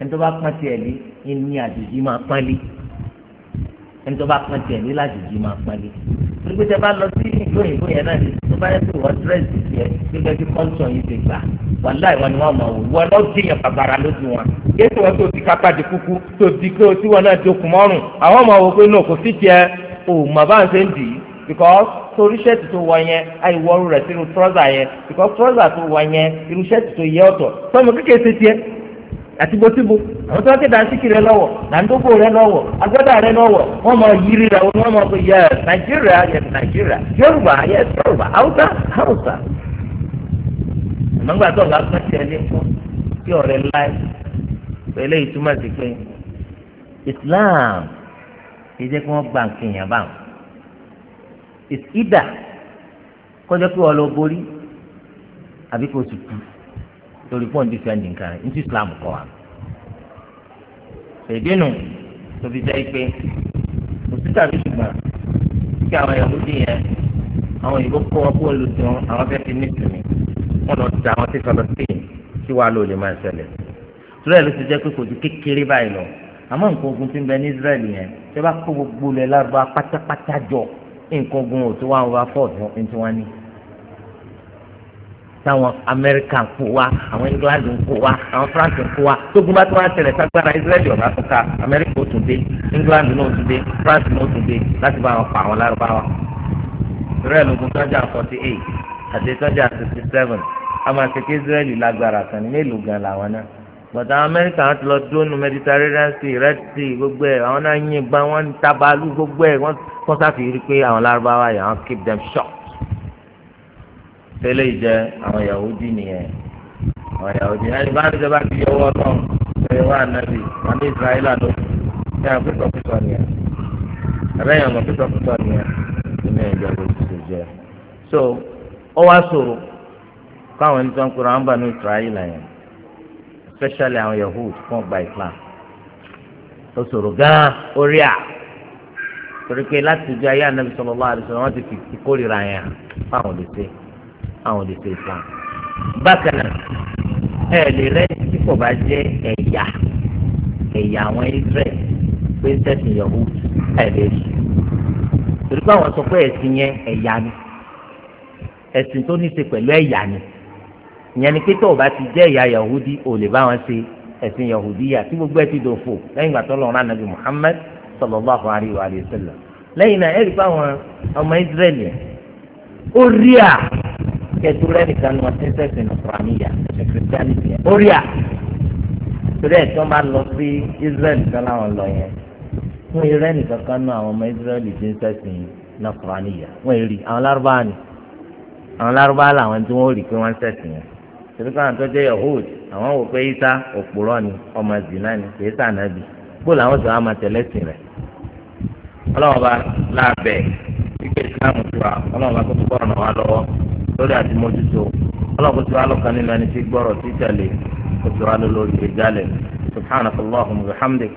ẹni tó bá pọ́n tiẹ̀ lé ẹni àjèjì máa pọ́n lé ẹni tó bá pọ́n tiẹ̀ lé lájèjì máa pọ́n lé torí pé tẹ bá lọ sí ìlú òyìnbó yẹn náà tó bá yẹ kó wọ́n dírẹ́sì tiẹ̀ gẹ́gẹ́ bí kọ́ńtọ̀ yìí ti gbà wàhálà ìwọ ni wọ́n mọ̀ wò wọ́n lọ́ọ́ dín yẹn bàbàrà lójú wọn yéésì wọn tó ti kápá di kúkú tó di pé tí wọn náà dokùn mọ́rùn àwọn ọmọ wò pé náà kò sí tiẹ̀ o mà bá ń ṣe ń dì í because torí ṣẹ́ẹ̀tì tó wọ yẹn àìwọ́rù rẹ̀ sínú trọ́sà yẹn because trọ́sà tó wọ yẹn irú ṣẹ́ẹ̀tì tó yẹ ọ̀tọ̀ sọmọ kékeré ṣe tiẹ̀ àti gbòtíbo àwọn tó wá kéde àsìkì rẹ lọ́wọ́ làǹdógò rẹ lọ́wọ́ agbádá rẹ lọ́wọ́ wọ́n mọ yiri rẹ wọ́n mọ pé yẹ nàìjíríà yẹ nàìjíríà yorùbá yẹ yorùbá haúsá haúsá. àmọ́gbà tó ọ̀gá pẹ́ tiẹ̀ lé fún kí ọ̀rẹ́ láì pẹ̀lẹ́ ìtumọ̀ sí pé islam kì í jẹ́ kí wọ́n gba nkìyàn bá wọn. ìdá kọjá pé wọ́n lọ borí àbí kò sì torí fóun ti fẹ́ẹ́ nìkan ní ti islam kọ́ wa. ìdínú tó fi jẹ́ pé kò sí tàbí ṣùgbọ́n kí àwọn yahudi yẹn àwọn òyìnbó kó wọn kó olùsìn àwọn fẹ́ẹ́ fi nítorí wọn lọ da àwọn tí Palestine tí wàá lò lè máa ṣẹlẹ̀ ìtura ìlú ti jẹ́ pé kò ju kékeré báyìí lọ àmọ́ nǹkan ogun ti ń bẹ ní Israel yẹn tí wọ́n bá kó gbogbo ilẹ̀ lárúbá pátápátá jọ nǹkan ogun ò tó wà wọ́n fọ́ọ̀tún ní tí wọ́n ní táwọn amẹ́ríkà ń kó wa àwọn england ń kó wa àwọn france ń kó wa tógun bá tó wá tẹ̀lé sagbára israeli ọ̀gá tó ka amẹ́ríkà ó tún dé england náà ó tún dé france náà ó tún dé láti bá wọn pa àwọn lárúbáwá. israeli ogun tọ́jà forty eight àti tọ́jà sixty seven a máa ṣe kí israeli lágbára kan ní mélòó gan làwọn náà bọ̀dà amẹ́ríkà wọn ti lọ dónú mediterranean sea red sea gbogbo ẹ̀ àwọn náà yìnbọn wọn ń gbogbo ẹ̀ wọ́n sáfì rí pé àwọn lárúbáwá yẹn wọ́n keep them shocked tẹ́lẹ̀ jẹ àwọn Yahudi nìyẹn àwọn Yahudi ẹni bá ní sábà ti yọwọ́ náà ṣe wá nàbì àmì Israẹlà ló ṣe àwọn pípọ̀pípọ̀ nìyẹn abẹ́yẹn ọmọ pípọ̀pípọ̀ nìyẹn nínú ìjọ ló ti jẹ. so ó wá sọ̀rọ̀ káwọn ẹni tó ń kura àwọn bá ní Israẹlà yẹn especially àwọn Yahudi fún ọgbà ìfà ó sọ̀rọ̀ gan-an orí à torí pé láti ìjọ ayé ànábì sallallahu alaihi wasallam wọ́n ti fi kórìíra yẹn fáwọn olùsèé àwọn ò lè ṣe islam bákan náà ẹ lè rẹ tí kò bá jẹ ẹ̀yà ẹ̀yà àwọn israel pé sẹ́sìn yahoo ẹ lè rí torí pé àwọn sọ pé ẹ̀sìn yẹn ẹ̀yà ni ẹ̀sìn tó ní í ṣe pẹ̀lú ẹ̀yà ni ìyẹn ni pé tó o bá ti jẹ́ ẹ̀yà yahudi ò lè bá wọn ṣe ẹ̀sìn yahudiya tí gbogbo ẹ̀ ti dòfò lẹ́yìn ìgbà tó lọ́run ànábì muhammed sallallahu alayhi wa sallam lẹ́yìn náà ẹ̀rí fáwọn ọmọ israẹli ó rí à kẹtù rẹ nìkan ni wọn ti ń sẹsìn nìfọwọ́nìyà kìrìsìtánìtì yẹn orí à torí ẹ̀ tí bá lọ sí Israẹli kan láwọn lọ yẹn fún irẹ́ nìkan kan nú àwọn ọmọ Israẹli ti ń sẹsìn nìfọwọ́nìyà wọ́n èrì àwọn lárúbáwá ni àwọn lárúbáwá làwọn tí wọ́n rí pé wọ́n ń sẹsìn yẹn torí káwọn tó jẹ́ Yahud àwọn wò pé Isa òpùrọ́ ni ọmọ zina ni kìí sànàbì kó làwọn sọ àmà tẹ̀lẹ́sìn rẹ̀ ọlọ́wọ́n bá láàbẹ̀ wípé Islam tó wà ọlọ́wọ́n bá tó kọ́ ọ̀nà wa lọ́wọ́ lórí àti mójútó ọlọ́kùn tí wàá lọ́kàn nínú ẹni tí gbọ́rọ̀ tí tẹ̀lé kò tí wàá lọ wa bihamdik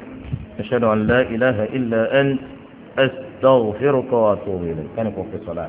ashhadu an la ilaha illa ant astaghfiruka wa atubu ilayk kẹ́ni kò fi sọ̀lá.